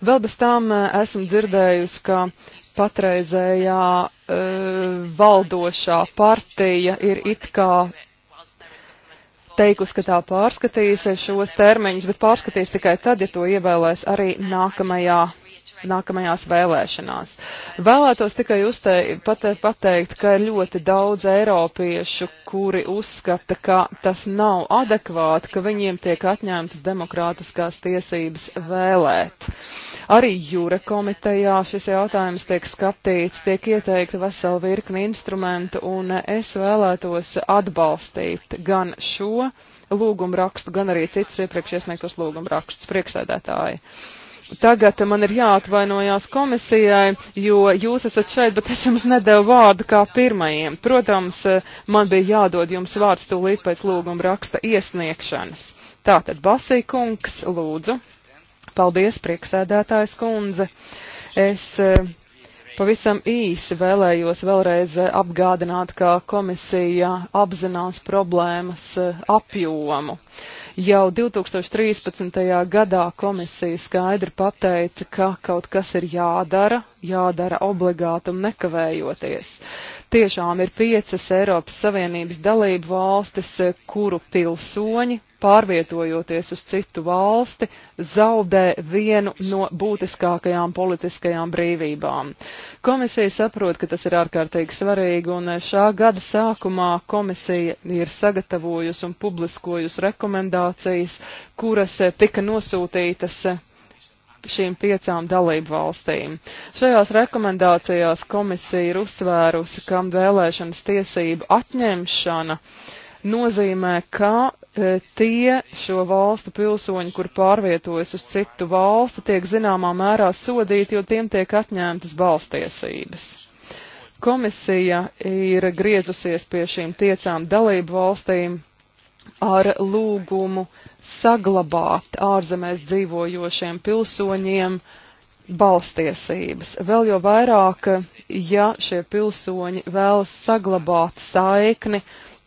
Vēl bez tām eh, esmu dzirdējusi, ka patreizējā e, valdošā partija ir it kā teikusi, ka tā pārskatīs šos termiņus, bet pārskatīs tikai tad, ja to ievēlēs arī nākamajā nākamajās vēlēšanās. Vēlētos tikai uztei, pate, pateikt, ka ir ļoti daudz eiropiešu, kuri uzskata, ka tas nav adekvāti, ka viņiem tiek atņemtas demokrātiskās tiesības vēlēt. Arī jūra komitejā šis jautājums tiek skatīts, tiek ieteikta vesela virkni instrumentu, un es vēlētos atbalstīt gan šo lūgumu rakstu, gan arī citus iepriekš iesniegtos lūgumu rakstus priekšsēdētāji. Uh, Tagad man ir jāatvainojās komisijai, jo jūs esat šeit, bet es jums nedevu vārdu kā pirmajiem. Protams, man bija jādod jums vārds tūlīt pēc lūguma raksta iesniegšanas. Tātad Basīkungs, lūdzu. Paldies, prieksēdētājs kundze. Es eh, Pavisam īsi vēlējos vēlreiz eh, apgādināt, ka komisija apzinās problēmas eh, apjomu. Uh, Jau 2013. gadā komisija skaidri pateica, ka kaut kas ir jādara, jādara obligāti un nekavējoties. Tiešām ir piecas Eiropas Savienības dalību valstis, kuru pilsoņi pārvietojoties uz citu valsti, zaudē vienu no būtiskākajām politiskajām brīvībām. Komisija saprot, ka tas ir ārkārtīgi svarīgi, un šā gada sākumā komisija ir sagatavojusi un publiskojusi rekomendācijas rekomendācijas, kuras eh, tika nosūtītas eh, šīm piecām dalību valstīm. Šajās rekomendācijās komisija ir uzsvērusi, kam vēlēšanas tiesību atņemšana nozīmē, ka e, tie šo valstu pilsoņi, kur pārvietojas uz citu valstu, tiek zināmā mērā sodīti, jo tiem tiek atņemtas balstiesības. Komisija ir griezusies pie šīm tiecām dalību valstīm ar lūgumu saglabāt ārzemēs dzīvojošiem pilsoņiem balstiesības. Vēl jau vairāk, ja šie pilsoņi vēlas saglabāt saikni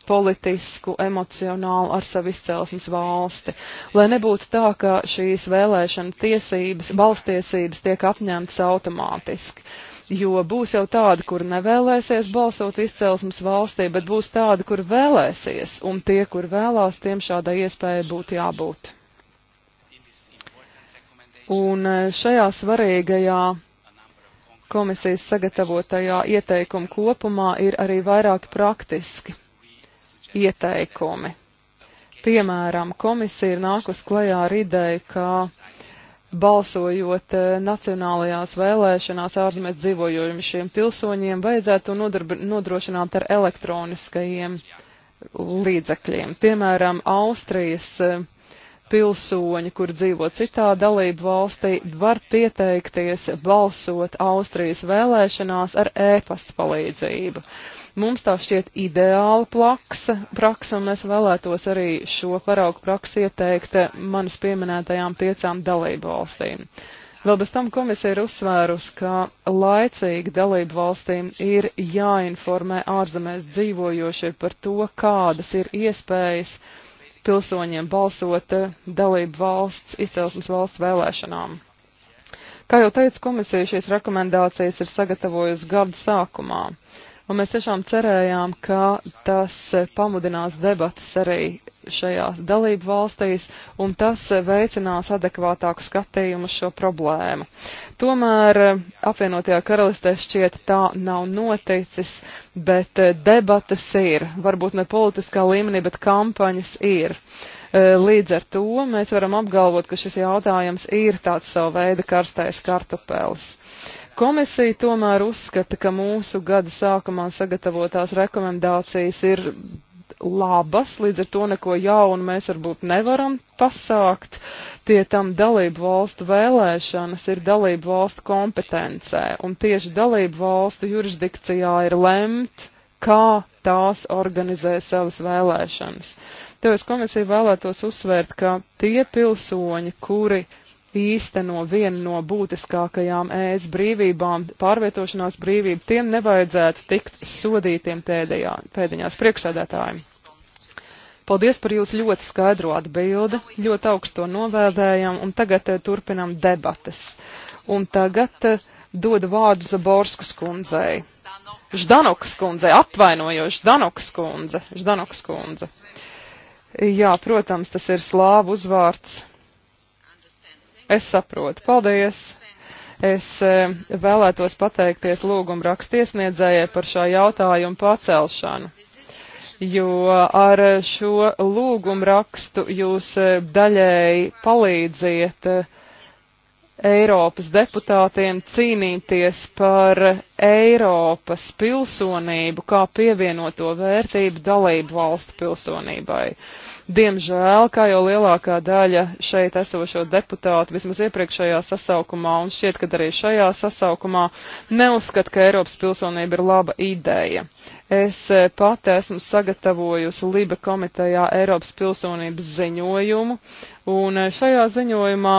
politisku, emocionālu ar savu izcelsmes valsti. Lai nebūtu tā, ka šīs vēlēšana tiesības, balstiesības tiek apņemtas automātiski jo būs jau tādi, kur nevēlēsies balsot izcelsmes valstī, bet būs tādi, kur vēlēsies, un tie, kur vēlās, tiem šādai iespēja būtu jābūt. Un e, šajā svarīgajā komisijas sagatavotajā ieteikuma kopumā ir arī vairāki praktiski ieteikumi. Piemēram, komisija ir nākus klajā ar ideju, ka balsojot eh, nacionālajās vēlēšanās ārzemēs dzīvojošiem pilsoņiem, vajadzētu nodrošināt ar elektroniskajiem līdzekļiem. Piemēram, Austrijas eh, pilsoņi, kur dzīvo citā dalību valstī, var pieteikties balsot Austrijas vēlēšanās ar ēpastu palīdzību. Uh, Mums tā šķiet ideāla plaksa, praksa, un mēs vēlētos arī šo paraugu praksu ieteikt manis pieminētajām piecām dalību valstīm. Vēl bez tam komisija ir uzsvērusi, ka laicīgi dalību valstīm ir jāinformē ārzemēs dzīvojošie par to, kādas ir iespējas pilsoņiem balsot dalību valsts, izcelsmes valsts vēlēšanām. Kā jau teicu, komisija šīs rekomendācijas ir sagatavojusi gada sākumā un mēs tiešām cerējām, ka tas pamudinās debatas arī šajās dalību valstīs, un tas veicinās adekvātāku skatījumu uz šo problēmu. Tomēr apvienotajā karalistē šķiet tā nav noticis, bet debatas ir, varbūt ne politiskā līmenī, bet kampaņas ir. Līdz ar to mēs varam apgalvot, ka šis jautājums ir tāds savu veidu karstais kartupēlis. Komisija tomēr uzskata, ka mūsu gada sākumā sagatavotās rekomendācijas ir labas, līdz ar to neko jaunu mēs varbūt nevaram pasākt. Pie tam dalību valstu vēlēšanas ir dalību valstu kompetencē, un tieši dalību valstu jurisdikcijā ir lemt, kā tās organizē savas vēlēšanas. Tāpēc komisija vēlētos uzsvērt, ka tie pilsoņi, kuri īsteno vienu no būtiskākajām ēs brīvībām, pārvietošanās brīvību, tiem nevajadzētu tikt sodītiem tēdējā, pēdiņās priekšsēdētājiem. Paldies par jūsu ļoti skaidro atbildi, ļoti augsto novēlējam, un tagad eh, turpinam debates. Un tagad eh, dodu vārdu Zaborskas kundzei. Ždanokas kundzei, atvainojoši, Ždanokas kundze, Ždanokas kundze. Jā, protams, tas ir slāvu uzvārds, Es saprotu. Paldies! Es e, vēlētos pateikties lūgumu rakstiesniedzējai par šā jautājuma pacelšanu, jo ar šo lūgumu rakstu jūs e, daļēji palīdziet e, Eiropas deputātiem cīnīties par Eiropas pilsonību kā pievienoto vērtību dalību valstu pilsonībai. Uh, Diemžēl, kā jau lielākā daļa šeit esošo deputātu, vismaz iepriekšējā sasaukumā un šķiet, ka arī šajā sasaukumā neuzskat, ka Eiropas pilsonība ir laba ideja. Es eh, pati esmu sagatavojusi Liba komitejā Eiropas pilsonības ziņojumu, un eh, šajā ziņojumā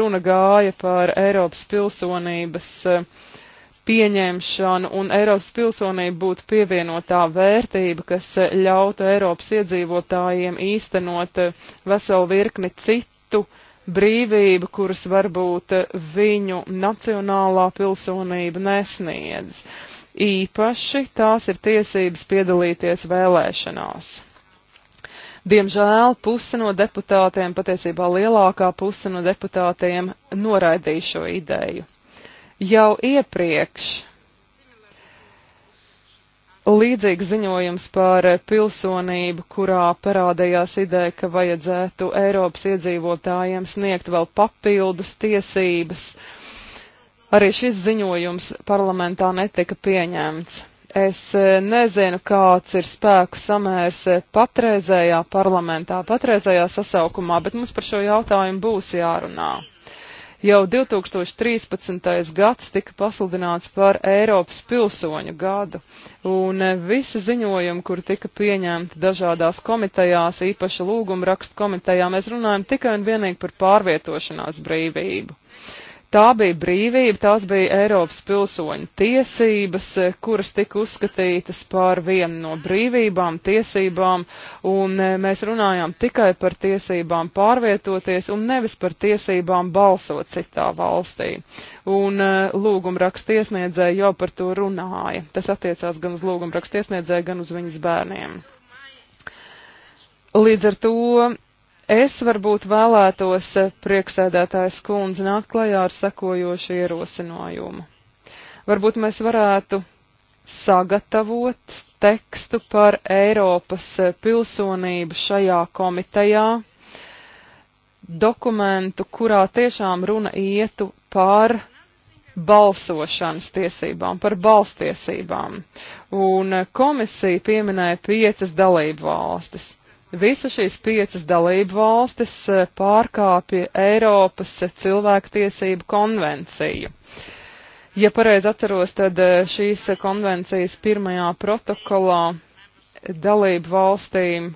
runa gāja par Eiropas pilsonības uh, pieņemšanu un Eiropas pilsonību būtu pievienotā vērtība, kas ļautu Eiropas iedzīvotājiem īstenot eh, veselu virkni citu brīvību, kuras varbūt eh, viņu nacionālā pilsonība nesniedz. Īpaši tās ir tiesības piedalīties vēlēšanās. Diemžēl puse no deputātiem, patiesībā lielākā puse no deputātiem, noraidīja šo ideju jau iepriekš līdzīgs ziņojums par pilsonību, kurā parādījās ideja, ka vajadzētu Eiropas iedzīvotājiem sniegt vēl papildus tiesības. Arī šis ziņojums parlamentā netika pieņemts. Es eh, nezinu, kāds ir spēku samērs eh, patreizējā parlamentā, patreizējā sasaukumā, bet mums par šo jautājumu būs jārunā. Jau 2013. gads tika pasludināts par Eiropas pilsoņu gadu, un e, visi ziņojumi, kur tika pieņemti dažādās komitejās, īpaši lūguma rakstu komitejā, mēs runājam tikai un vienīgi par pārvietošanās brīvību. Tā bija brīvība, tās bija Eiropas pilsoņu tiesības, eh, kuras tika uzskatītas par vienu no brīvībām, tiesībām, un eh, mēs runājām tikai par tiesībām pārvietoties un nevis par tiesībām balsot citā valstī. Un eh, lūgumraksta iesniedzēja jau par to runāja. Tas attiecās gan uz lūgumraksta iesniedzēju, gan uz viņas bērniem. Līdz ar to Es varbūt vēlētos eh, prieksēdētājs kundze nākt klajā ar sekojošu ierosinājumu. Varbūt mēs varētu sagatavot tekstu par Eiropas eh, pilsonību šajā komitejā, dokumentu, kurā tiešām runa ietu par balsošanas tiesībām, par balstiesībām. Un eh, komisija pieminēja piecas dalību valstis. Visa šīs piecas dalību valstis eh, pārkāpja Eiropas eh, cilvēktiesību konvenciju. Ja pareizi atceros, tad eh, šīs konvencijas pirmajā protokolā dalību valstīm,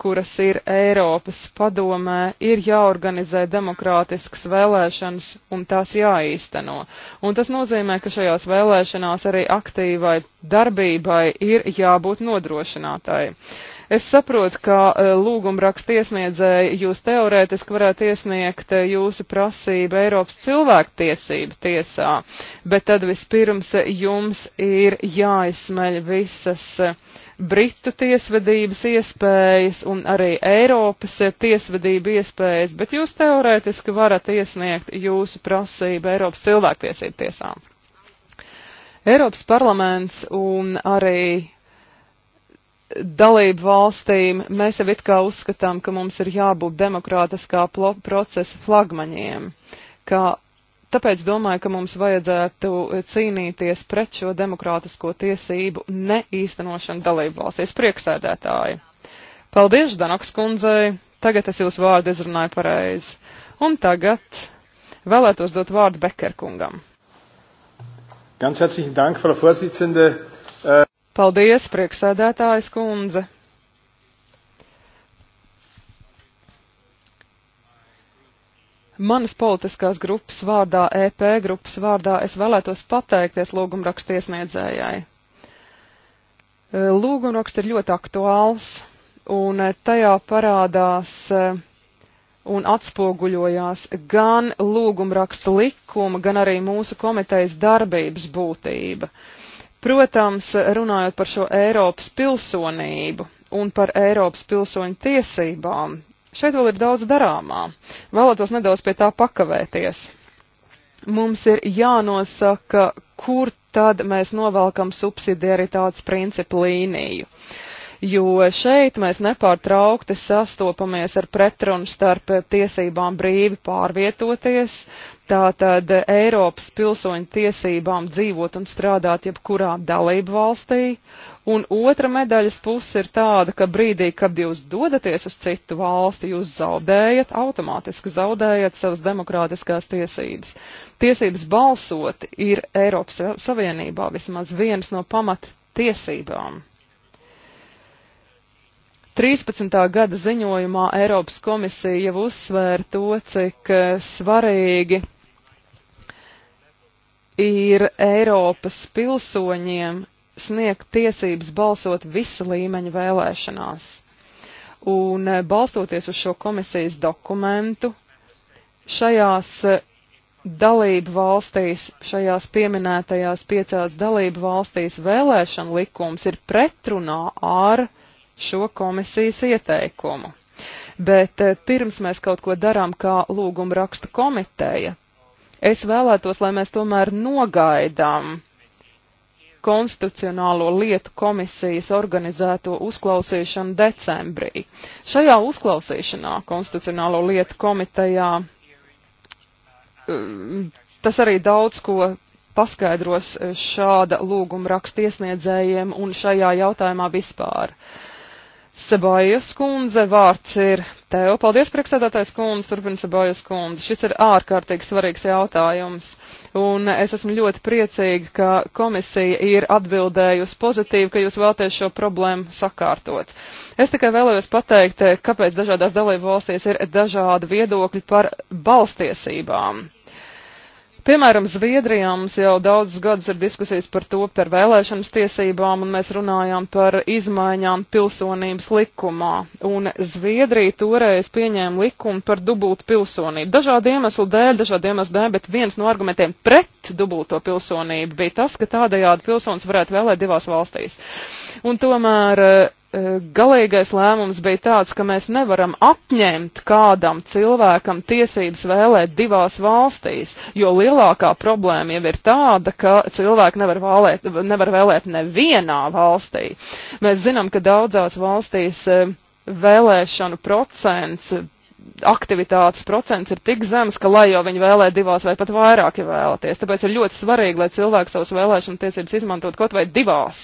kuras ir Eiropas padomē, ir jāorganizē demokrātiskas vēlēšanas un tās jāīsteno. Un tas nozīmē, ka šajās vēlēšanās arī aktīvai darbībai ir jābūt nodrošinātai. Es saprotu, ka e, lūgumrakstu iesniedzēji jūs teorētiski varētu iesniegt e, jūsu prasību Eiropas cilvēktiesību tiesā, bet tad vispirms jums ir jāizsmeļ visas e, Britu tiesvedības iespējas un arī Eiropas tiesvedību iespējas, bet jūs teorētiski varat iesniegt jūsu prasību Eiropas cilvēktiesību tiesām. Eiropas parlaments un arī dalību valstīm mēs jau it kā uzskatām, ka mums ir jābūt demokrātiskā procesa flagmaņiem, ka tāpēc domāju, ka mums vajadzētu cīnīties pret šo demokrātisko tiesību neīstenošanu dalību valstīs prieksēdētāji. Paldies, Danaks kundzei, tagad es jūs vārdu izrunāju pareizi. Un tagad vēlētos dot vārdu Bekerkungam. Ganz herzlichen Dank, Frau Vorsitzende. Äh, Paldies, prieksēdētājs kundze. Manas politiskās grupas vārdā, EP grupas vārdā, es vēlētos pateikties lūgumrakstu iesniedzējai. Lūgumraksts ir ļoti aktuāls, un tajā parādās un atspoguļojās gan lūgumraksta likuma, gan arī mūsu komitejas darbības būtība. Protams, runājot par šo Eiropas pilsonību un par Eiropas pilsoņu tiesībām, šeit vēl ir daudz darāmā. Vēlētos nedaudz pie tā pakavēties. Mums ir jānosaka, kur tad mēs novelkam subsidiaritātes principu līniju. Jo šeit mēs nepārtraukti sastopamies ar pretrunu starp tiesībām brīvi pārvietoties, Tātad Eiropas pilsoņu tiesībām dzīvot un strādāt jebkurā dalību valstī. Un otra medaļas puse ir tāda, ka brīdī, kad jūs dodaties uz citu valsti, jūs zaudējat, automātiski zaudējat savas demokrātiskās tiesības. Tiesības balsot ir Eiropas Savienībā vismaz viens no pamat tiesībām. 13. gada ziņojumā Eiropas komisija jau uzsvēra to, cik eh, svarīgi ir Eiropas pilsoņiem sniegt tiesības balsot visa līmeņa vēlēšanās. Un eh, balstoties uz šo komisijas dokumentu, šajās eh, dalību valstīs, šajās pieminētajās piecās dalību valstīs vēlēšana likums ir pretrunā ar šo komisijas ieteikumu. Bet eh, pirms mēs kaut ko darām kā lūguma rakstu komiteja, Es vēlētos, lai mēs tomēr nogaidām Konstitucionālo lietu komisijas organizēto uzklausīšanu decembrī. Šajā uzklausīšanā Konstitucionālo lietu komitejā um, tas arī daudz ko paskaidros šāda lūguma rakstiesniedzējiem un šajā jautājumā vispār. Sebaijas kundze vārds ir Teo, paldies, priekšsēdētājs kundze, turpina Sabojas kundze. Šis ir ārkārtīgi svarīgs jautājums, un es esmu ļoti priecīga, ka komisija ir atbildējusi pozitīvi, ka jūs vēlaties šo problēmu sakārtot. Es tikai vēlējos pateikt, kāpēc dažādās dalību valstīs ir dažādi viedokļi par balstiesībām. Piemēram, Zviedrijā mums jau daudzus gadus ir diskusijas par to, par vēlēšanas tiesībām, un mēs runājām par izmaiņām pilsonības likumā. Un Zviedrija toreiz pieņēma likumu par dubultu pilsonību. Dažādi iemesli dēļ, dažādi iemesli dēļ, bet viens no argumentiem pret dubulto pilsonību bija tas, ka tādējādi pilsons varētu vēlēt divās valstīs. Un tomēr E, galīgais lēmums bija tāds, ka mēs nevaram apņemt kādam cilvēkam tiesības vēlēt divās valstīs, jo lielākā problēma jau ir tāda, ka cilvēki nevar, vēlēt, nevar vēlēt nevienā valstī. Mēs zinām, ka daudzās valstīs e, vēlēšanu procents aktivitātes procents ir tik zems, ka lai jau viņi vēlē divās vai pat vairāk, ja vēlaties. Tāpēc ir ļoti svarīgi, lai cilvēks savus vēlēšanu tiesības izmantot kaut vai divās.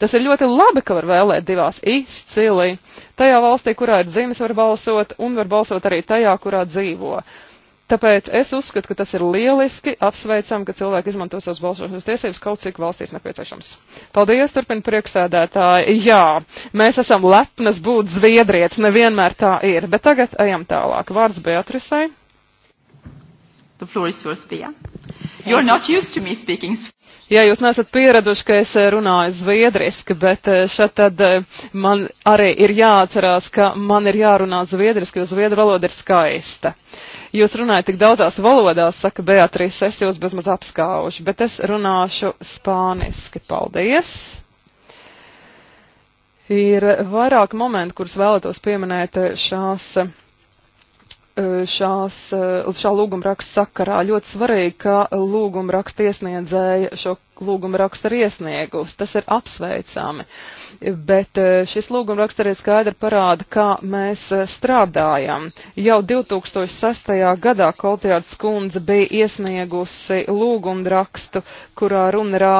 Tas ir ļoti labi, ka var vēlēt divās izcili. Tajā valstī, kurā ir dzimis, var balsot, un var balsot arī tajā, kurā dzīvo. Uh, Tāpēc es uzskatu, ka tas ir lieliski apsveicam, ka cilvēki izmanto savas balsošanas tiesības kaut cik valstīs nepieciešams. Paldies, turpina priekšsēdētāji. Jā, mēs esam lepnas būt zviedriet, nevienmēr tā ir, bet tagad ejam tālāk. Vārds Beatrisai. The floor is yours, Bea. You're not used to me speaking. Jā, jūs nesat pieraduši, ka es runāju zviedriski, bet eh, šeit tad eh, man arī ir jāatcerās, ka man ir jārunā zviedriski, jo zviedru valoda ir skaista. Uh, Jūs runājat tik daudzās valodās, saka Beatrice, es jūs bezmaz apskaužu, bet es runāšu spāniski. Paldies! Ir vairāk momentu, kurus vēlētos pieminēt šās, šās, šā lūguma raksta sakarā. Ļoti svarīgi, ka lūguma raksta iesniedzēja šo lūguma rakstu ir iesniegusi. Tas ir apsveicami. Uh, bet eh, šis lūguma raksts arī skaidri parāda, kā mēs eh, strādājam. Jau 2006. gadā Koltjāts kundze bija iesniegusi lūguma rakstu, kurā runa rā,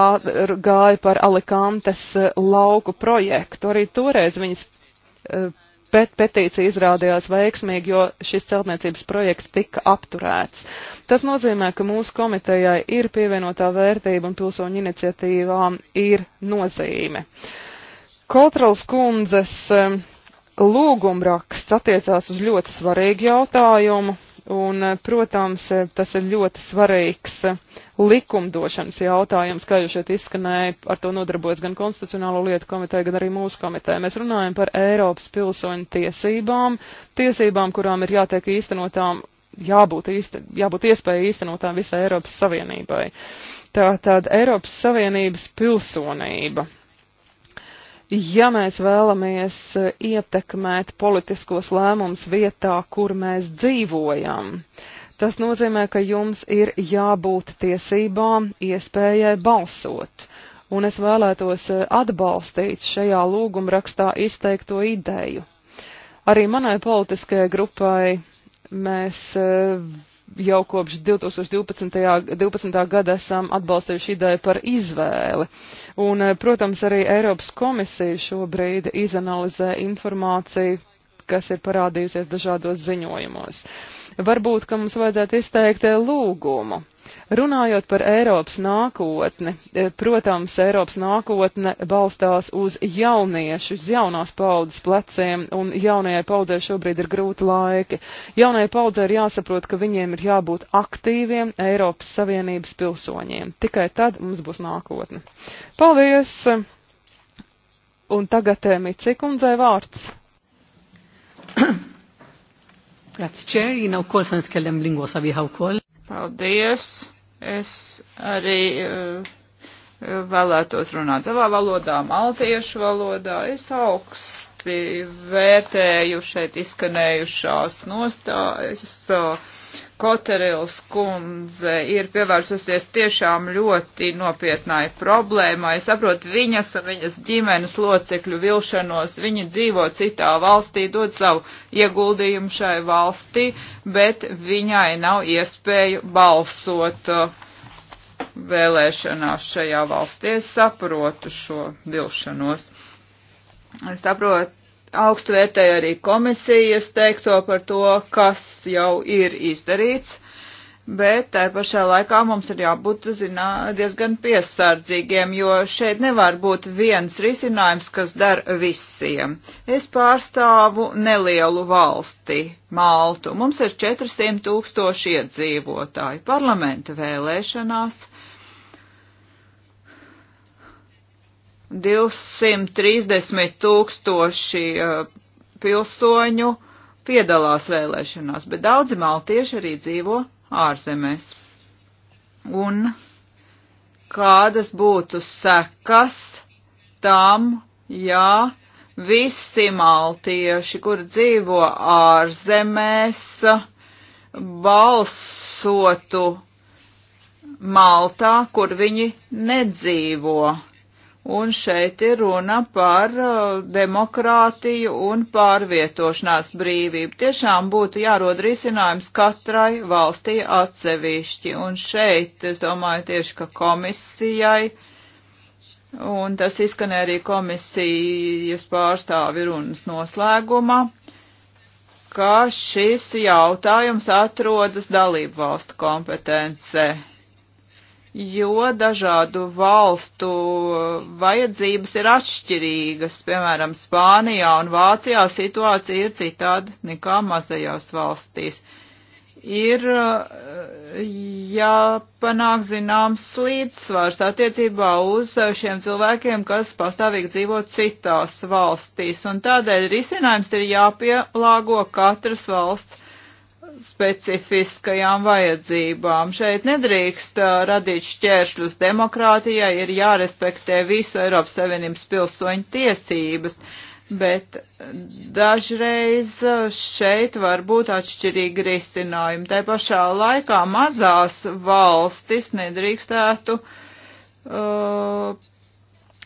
gāja par Alikantes eh, lauku projektu. Arī toreiz viņas bet petīcija izrādījās veiksmīga, jo šis celtniecības projekts tika apturēts. Tas nozīmē, ka mūsu komitejai ir pievienotā vērtība un pilsoņu iniciatīvām ir nozīme. Uh, Kotrals kundzes lūgumraksts attiecās uz ļoti svarīgu jautājumu, un, protams, tas ir ļoti svarīgs likumdošanas jautājums, kā jau šeit izskanēja, ar to nodarbojas gan Konstitucionālo lietu komiteja, gan arī mūsu komiteja. Mēs runājam par Eiropas pilsoņu tiesībām, tiesībām, kurām ir jātiek īstenotām, jābūt, īsta, jābūt iespēja īstenotām visai Eiropas Savienībai. Tā tad Eiropas Savienības pilsonība ja mēs vēlamies e, ietekmēt politiskos lēmumus vietā, kur mēs dzīvojam. Tas nozīmē, ka jums ir jābūt tiesībām, iespējai balsot. Un es vēlētos e, atbalstīt šajā lūgumrakstā izteikto ideju. Arī manai politiskajai grupai mēs e, jau kopš 2012. 12. gada esam atbalstījuši ideju par izvēli. Un, eh, protams, arī Eiropas komisija šobrīd izanalizē informāciju, kas ir parādījusies dažādos ziņojumos. Varbūt, ka mums vajadzētu izteikt eh, lūgumu Runājot par Eiropas nākotni, e, protams, Eiropas nākotne balstās uz jauniešu, uz jaunās paudzes pleciem, un jaunajai paudzē šobrīd ir grūti laiki. Jaunajai paudzē ir jāsaprot, ka viņiem ir jābūt aktīviem Eiropas Savienības pilsoņiem. Tikai tad mums būs nākotne. Paldies! Un tagad e, Mici kundzei vārds. Grazie, Chair. Jina u kol sa nitkellem lingwa sabiħa u kol. Paldies. Es arī eh, vēlētos runāt savā valodā, maltiešu valodā. Es augstu vērtēju šeit izskanējušās nostājas. Uh, Koterils kundze ir pievērsusies tiešām ļoti nopietnai problēmai. Es saprotu viņas un viņas ģimenes locekļu vilšanos. Viņi dzīvo citā valstī, dod savu ieguldījumu šai valstī, bet viņai nav iespēju balsot uh, vēlēšanās šajā valstī. Es saprotu šo vilšanos. Es saprotu augstu vērtēju arī komisijas teikto par to, kas jau ir izdarīts, bet tā pašā laikā mums ir jābūt zinā, diezgan piesardzīgiem, jo šeit nevar būt viens risinājums, kas dar visiem. Es pārstāvu nelielu valsti, Maltu. Mums ir 400 tūkstoši iedzīvotāji. Parlamenta vēlēšanās 230 tūkstoši pilsoņu piedalās vēlēšanās, bet daudzi maltieši arī dzīvo ārzemēs. Un kādas būtu sekas tam, ja visi maltieši, kur dzīvo ārzemēs, balsotu Maltā, kur viņi nedzīvo? Un šeit ir runa par uh, demokrātiju un pārvietošanās brīvību. Tiešām būtu jārod risinājums katrai valstī atsevišķi. Un šeit, es domāju, tieši ka komisijai, un tas izskanē arī komisijas pārstāvi runas noslēgumā, ka šis jautājums atrodas dalību valstu kompetencē jo dažādu valstu vajadzības ir atšķirīgas. Piemēram, Spānijā un Vācijā situācija ir citāda nekā mazajās valstīs. Ir eh, jāpanāk zināms līdzsvars attiecībā uz šiem cilvēkiem, kas pastāvīgi dzīvo citās valstīs, un tādēļ risinājums ir jāpielāgo katras valsts specifiskajām vajadzībām. Šeit nedrīkst uh, radīt šķēršļus demokrātijai, ir jārespektē visu Eiropas Savienības pilsoņu tiesības, bet dažreiz uh, šeit var būt atšķirīgi risinājumi. Tā pašā laikā mazās valstis nedrīkstētu uh,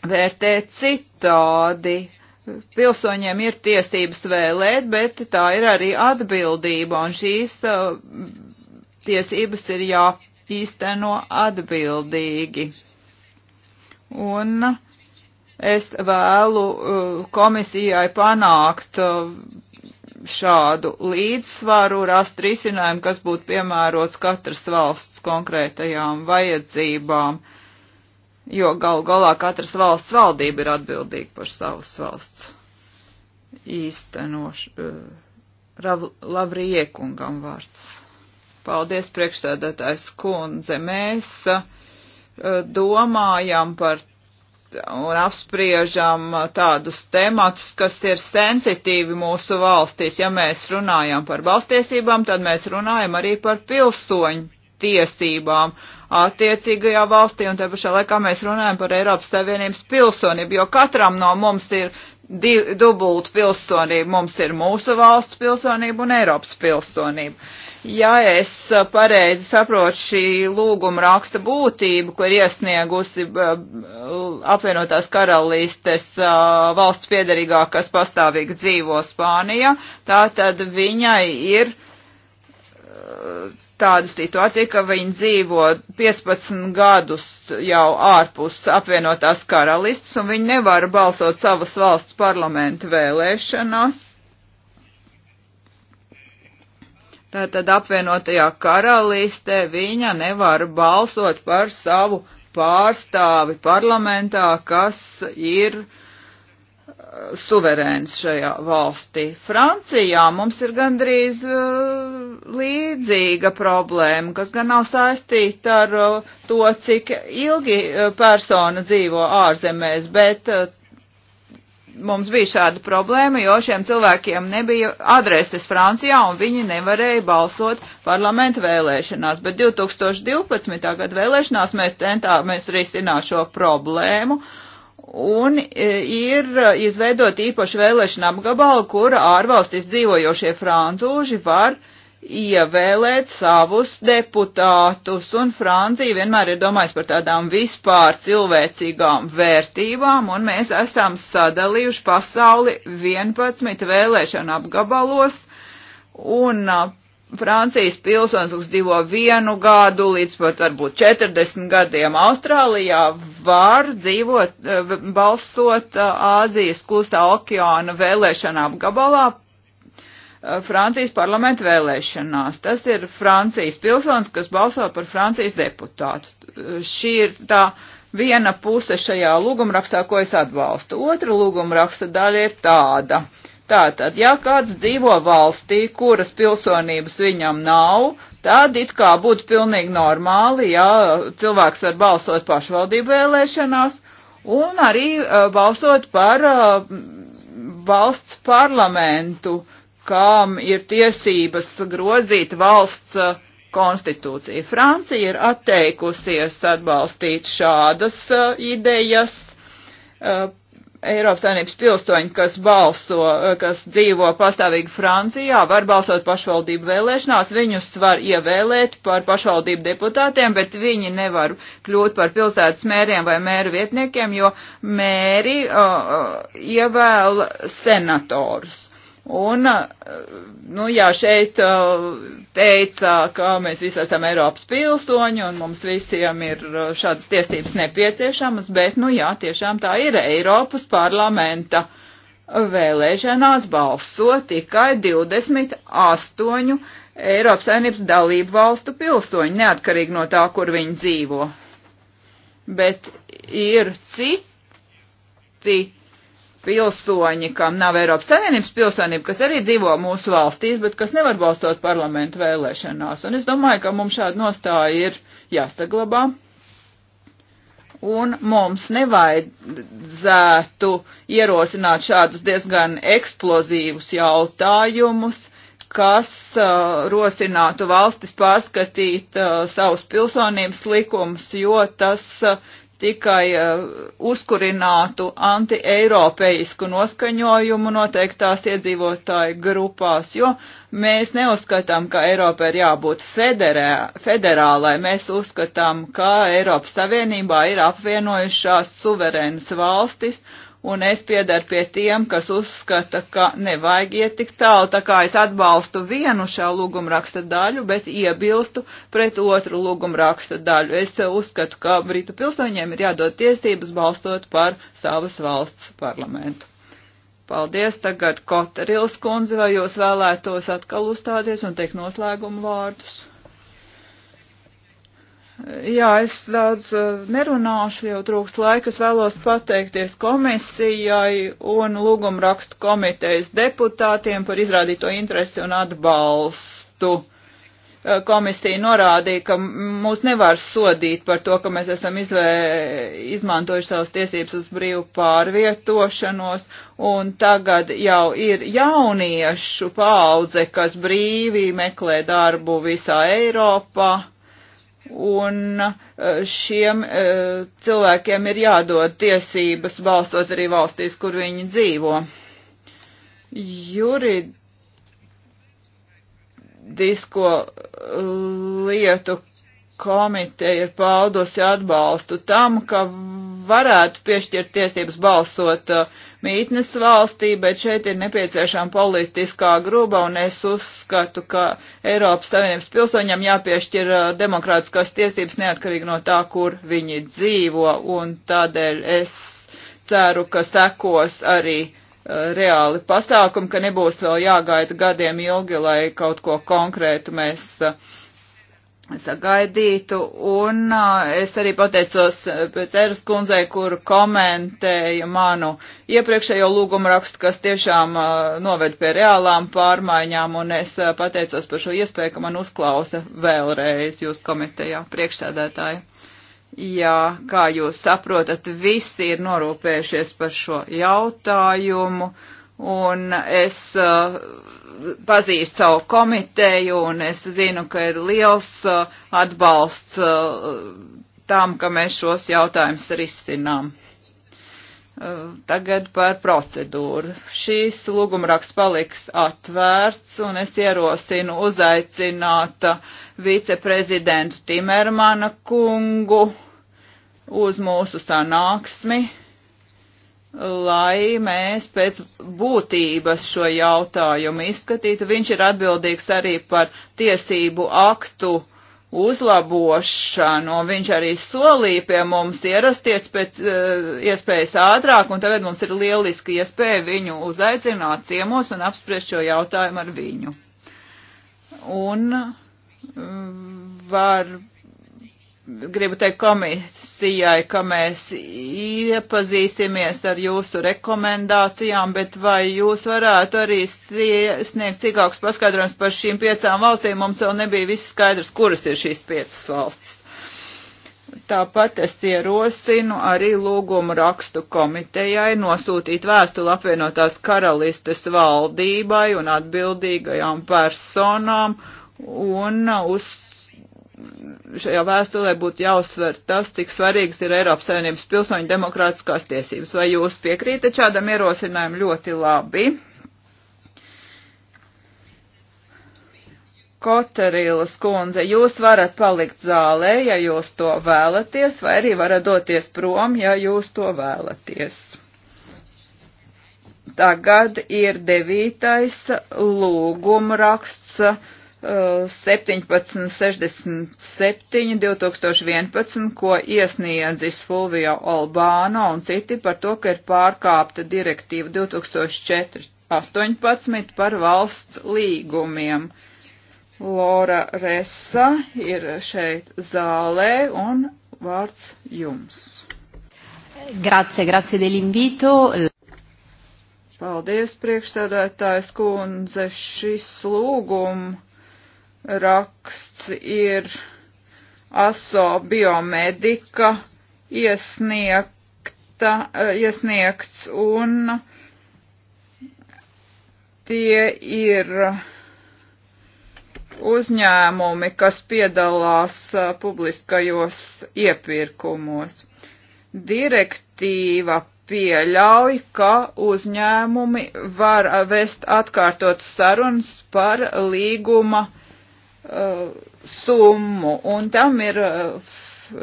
vērtēt citādi pilsoņiem ir tiesības vēlēt, bet tā ir arī atbildība, un šīs uh, tiesības ir jāīsteno atbildīgi. Un es vēlu uh, komisijai panākt uh, šādu līdzsvaru, rast risinājumu, kas būtu piemērots katras valsts konkrētajām vajadzībām. Uh, jo gal galā katras valsts valdība ir atbildīga par savas valsts īstenošu. Uh, eh, Lavriekungam vārds. Paldies, priekšsēdētājs kundze. Mēs uh, domājam par un apspriežam tādus tematus, kas ir sensitīvi mūsu valstīs. Ja mēs runājam par balstiesībām, tad mēs runājam arī par pilsoņu tiesībām attiecīgajā valstī, un te pašā laikā mēs runājam par Eiropas Savienības pilsonību, jo katram no mums ir div, dubult pilsonība, mums ir mūsu valsts pilsonība un Eiropas pilsonība. Ja es pareizi saprotu šī lūguma raksta būtību, ko ir iesniegusi apvienotās karalistes valsts piedarīgā, kas pastāvīgi dzīvo Spānijā, tā tad viņai ir tādu situāciju, ka viņi dzīvo 15 gadus jau ārpus apvienotās karalists un viņi nevar balsot savas valsts parlamentu vēlēšanās. Tātad apvienotajā karalistē viņa nevar balsot par savu pārstāvi parlamentā, kas ir uh, suverēns šajā valstī. Francijā mums ir gandrīz uh, līdzīga problēma, kas gan nav saistīta ar uh, to, cik ilgi uh, persona dzīvo ārzemēs, bet uh, mums bija šāda problēma, jo šiem cilvēkiem nebija adreses Francijā un viņi nevarēja balsot parlamentu vēlēšanās. Bet 2012. gada vēlēšanās mēs centāmies risināt šo problēmu. Uh, un e, ir e, izveidot īpašu vēlēšanu apgabalu, kur ārvalstīs dzīvojošie francūži var ievēlēt savus deputātus, un Francija vienmēr ir domājis par tādām vispār cilvēcīgām vērtībām, un mēs esam sadalījuši pasauli 11 vēlēšanu apgabalos, un e, Francijas pilsonis, kas dzīvo vienu gadu līdz pat varbūt 40 gadiem Austrālijā, var dzīvot, eh, balsot eh, Āzijas klusā okeāna vēlēšanām gabalā eh, Francijas parlamenta vēlēšanās. Tas ir Francijas pilsonis, kas balso par Francijas deputātu. Šī ir tā viena puse šajā lūgumrakstā, ko es atbalstu. Otra lūgumraksta daļa ir tāda Tātad, ja kāds dzīvo valstī, kuras pilsonības viņam nav, tad it kā būtu pilnīgi normāli, ja cilvēks var balsot pašvaldību vēlēšanās un arī uh, balsot par uh, valsts parlamentu, kam ir tiesības grozīt valsts uh, konstitūciju. Francija ir atteikusies atbalstīt šādas uh, idejas. Uh, Eiropas Savienības pilsoņi, kas balso, eh, kas dzīvo pastāvīgi Francijā, var balsot pašvaldību vēlēšanās, viņus var ievēlēt par pašvaldību deputātiem, bet viņi nevar kļūt par pilsētas mēriem vai mēru vietniekiem, jo mēri uh, ievēl senatorus. Un, eh, nu, jā, šeit eh, teica, ka mēs visi esam Eiropas pilsoņi un mums visiem ir eh, šādas tiesības nepieciešamas, bet, nu, jā, tiešām tā ir Eiropas parlamenta vēlēšanās balso tikai 28 Eiropas saimnības dalību valstu pilsoņi, neatkarīgi no tā, kur viņi dzīvo. Bet ir citi pilsoņi, kam nav Eiropas Savienības pilsonība, kas arī dzīvo mūsu valstīs, bet kas nevar balstot parlamentu vēlēšanās. Un es domāju, ka mums šāda nostāja ir jāsaglabā. Un mums nevajadzētu ierosināt šādus diezgan eksplozīvus jautājumus, kas uh, rosinātu valstis pārskatīt uh, savus pilsonības likumus, jo tas uh, tikai uh, uzkurinātu antieiropeisku noskaņojumu noteiktās iedzīvotāju grupās, jo mēs neuzskatām, ka Eiropa ir jābūt federē, federālai. Mēs uzskatām, ka Eiropas Savienībā ir apvienojušās suverēnas valstis, uh, un es piedaru pie tiem, kas uzskata, ka nevajag iet tik tālu, tā kā es atbalstu vienu šā lūgumraksta daļu, bet iebilstu pret otru lūgumraksta daļu. Es uzskatu, ka Britu pilsoņiem ir jādod tiesības balstot par savas valsts parlamentu. Paldies, tagad Kotarils kundze, vai jūs vēlētos atkal uzstāties un teikt noslēgumu vārdus? Jā, es daudz eh, nerunāšu, jau trūkst laika. Es vēlos pateikties komisijai un lūgumrakstu komitejas deputātiem par izrādīto interesi un atbalstu. Eh, komisija norādīja, ka mūs nevar sodīt par to, ka mēs esam izvē, izmantojuši savas tiesības uz brīvu pārvietošanos, un tagad jau ir jauniešu paudze, kas brīvi meklē darbu visā Eiropā Un e, šiem e, cilvēkiem ir jādod tiesības balstot arī valstīs, kur viņi dzīvo. Juridisko lietu komiteja ir paudusi atbalstu tam, ka varētu piešķirt tiesības balsot uh, mītnes valstī, bet šeit ir nepieciešama politiskā gruba, un es uzskatu, ka Eiropas Savienības pilsoņam jāpiešķir uh, demokrātiskās tiesības neatkarīgi no tā, kur viņi dzīvo, un tādēļ es ceru, ka sekos arī uh, reāli pasākumi, ka nebūs vēl jāgaida gadiem ilgi, lai kaut ko konkrētu mēs uh, sagaidītu, un es arī pateicos pēc Eras kundzei, kur komentēja manu iepriekšējo lūgumu rakstu, kas tiešām noved pie reālām pārmaiņām, un es pateicos par šo iespēju, ka man uzklausa vēlreiz jūs komitejā priekšsēdētāji. Jā, kā jūs saprotat, visi ir norūpējušies par šo jautājumu, un es uh, pazīstu savu komiteju un es zinu, ka ir liels uh, atbalsts uh, tam, ka mēs šos jautājumus risinām. Uh, tagad par procedūru. Šīs lūgumraksts paliks atvērts, un es ierosinu uzaicināt viceprezidentu Timermana kungu uz mūsu sanāksmi lai mēs pēc būtības šo jautājumu izskatītu. Viņš ir atbildīgs arī par tiesību aktu uzlabošanu. Viņš arī solīja pie mums ierasties pēc uh, iespējas ātrāk, un tagad mums ir lieliski iespēja viņu uzaicināt ciemos un apspriest šo jautājumu ar viņu. Un uh, var gribu teikt komisijai, ka mēs iepazīsimies ar jūsu rekomendācijām, bet vai jūs varētu arī sniegt cīkāks paskaidrojums par šīm piecām valstīm? Mums vēl nebija viss skaidrs, kuras ir šīs piecas valstis. Tāpat es ierosinu arī lūgumu rakstu komitejai nosūtīt vēstuli apvienotās karalistes valdībai un atbildīgajām personām un uz šajā vēstulē būtu jāuzsver tas, cik svarīgs ir Eiropas Savienības pilsoņu demokrātiskās tiesības. Vai jūs piekrītat šādam ierosinājumam ļoti labi? Koterīlas kundze, jūs varat palikt zālē, ja jūs to vēlaties, vai arī varat doties prom, ja jūs to vēlaties. Tagad ir devītais lūguma raksts 1767 uh, 2011, ko iesniedzis Fulvio Albāno un citi par to, ka ir pārkāpta direktīva 2004-18 par valsts līgumiem. Lora Resa ir šeit zālē un vārds jums. Grazie, grazie dell'invito. Paldies, priekšsēdētājs kundze, šis lūgums raksts ir ASO biomedika iesniegta, eh, iesniegts un tie ir uzņēmumi, kas piedalās eh, publiskajos iepirkumos. Direktīva pieļauj, ka uzņēmumi var eh, vest atkārtot sarunas par līguma uh, Uh, summu, un tam ir uh,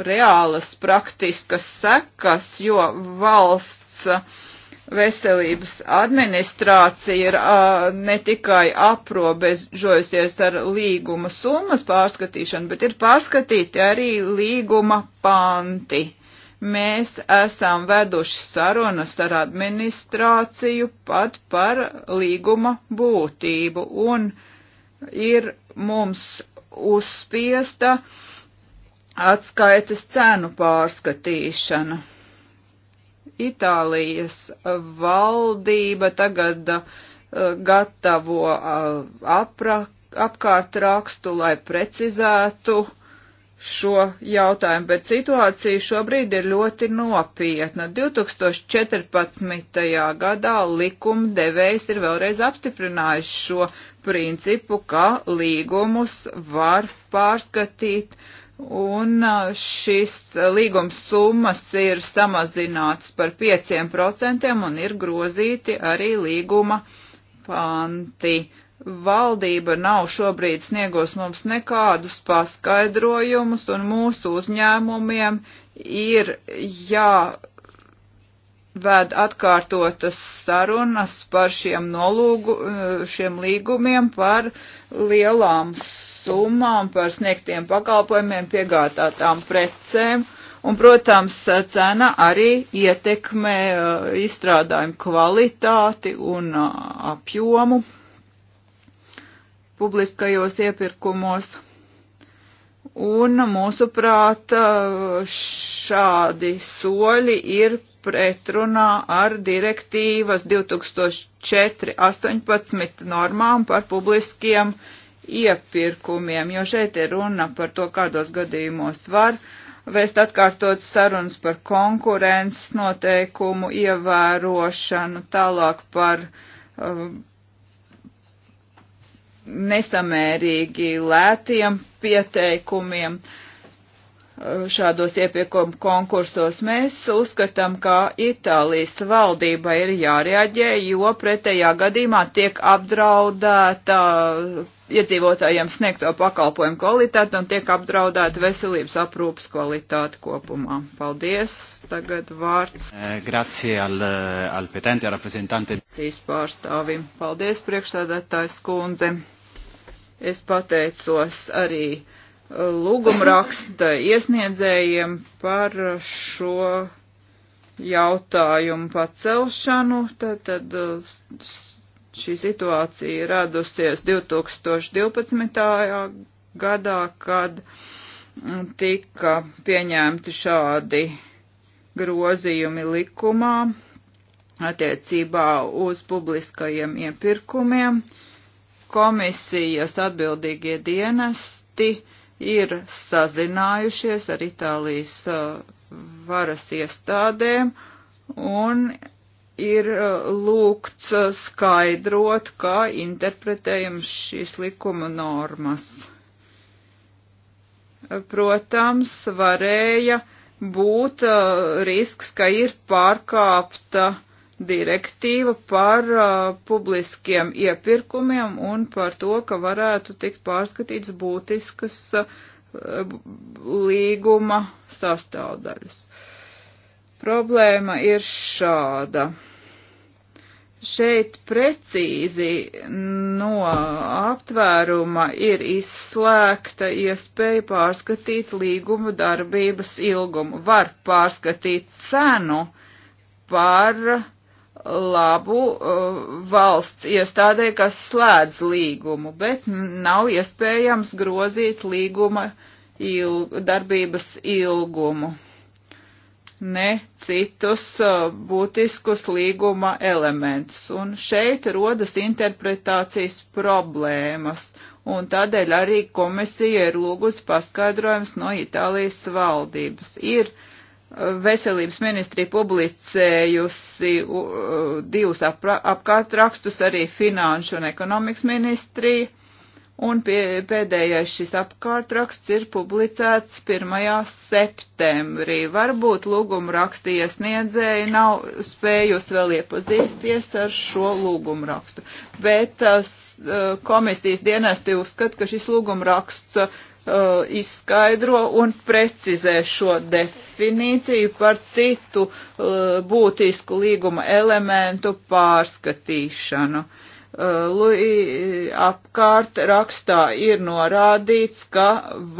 reālas praktiskas sekas, jo valsts veselības administrācija ir uh, ne tikai aprobežojusies ar līguma summas pārskatīšanu, bet ir pārskatīti arī līguma panti. Mēs esam veduši sarunas ar administrāciju pat par līguma būtību un ir mums uzspiesta atskaites cenu pārskatīšana. Itālijas valdība tagad uh, gatavo uh, apra, apkārt rakstu, lai precizētu šo jautājumu, bet situācija šobrīd ir ļoti nopietna. 2014. gadā likumdevējs ir vēlreiz apstiprinājis šo principu, ka līgumus var pārskatīt, un šis līgums summas ir samazināts par 5% un ir grozīti arī līguma panti. Valdība nav šobrīd sniegos mums nekādus paskaidrojumus, un mūsu uzņēmumiem ir jā. Ja ved atkārtotas sarunas par šiem, nolūgu, eh, šiem līgumiem, par lielām summām, par sniegtiem pakalpojumiem, piegādātām precēm. Un, protams, cena arī ietekmē eh, izstrādājumu kvalitāti un eh, apjomu publiskajos iepirkumos. Un, mūsuprāt, šādi soļi ir pretrunā ar direktīvas 2004-18 normām par publiskiem iepirkumiem, jo šeit ir runa par to, kādos gadījumos var vēst atkārtot sarunas par konkurences noteikumu ievērošanu, tālāk par um, nesamērīgi lētiem pieteikumiem. Uh, Eh, šādos iepirkuma konkursos. Mēs uzskatām, ka Itālijas valdība ir jārēģē, jo pretējā gadījumā tiek apdraudēta iedzīvotājiem sniegto pakalpojumu kvalitāte un tiek apdraudēta veselības aprūpas kvalitāte kopumā. Paldies. Tagad vārds. Eh, grazie al, eh, al petente, reprezentante. Sīs pārstāvim. Paldies, priekšsēdētājs kundze. Es pateicos arī lūgumraksta iesniedzējiem par šo jautājumu pacelšanu. Tad, tad šī situācija radusies 2012. gadā, kad tika pieņemti šādi grozījumi likumā attiecībā uz publiskajiem iepirkumiem. Komisijas atbildīgie dienesti ir sazinājušies ar Itālijas uh, varas iestādēm un ir uh, lūgts uh, skaidrot, kā interpretējams šīs likuma normas. Protams, varēja būt risks, ka ir pārkāpta uh, direktīva par uh, publiskiem iepirkumiem un par to, ka varētu tikt pārskatīts būtiskas uh, līguma sastāvdaļas. Problēma ir šāda. Šeit precīzi no aptvēruma ir izslēgta iespēja pārskatīt līgumu darbības ilgumu. Var pārskatīt cenu par uh, labu uh, valsts iestādē, kas slēdz līgumu, bet nav iespējams grozīt līguma ilg darbības ilgumu, ne citus uh, būtiskus līguma elementus. Un šeit rodas interpretācijas problēmas, un tādēļ arī komisija ir lūgusi paskaidrojums no Itālijas valdības. Ir uh, veselības ministrija publicējusi divus apkārtrakstus, arī finanšu un ekonomikas ministrija, un pie, pēdējais šis apkārtraksts ir publicēts 1. septembrī. Varbūt lūguma raksta iesniedzēji nav spējusi vēl iepazīsties ar šo lūguma rakstu, bet eh, komisijas dienesti uzskata, ka šis lūguma raksts uh, izskaidro un precizē šo definīciju par citu uh, būtisku līguma elementu pārskatīšanu. Uh, apkārt rakstā ir norādīts, ka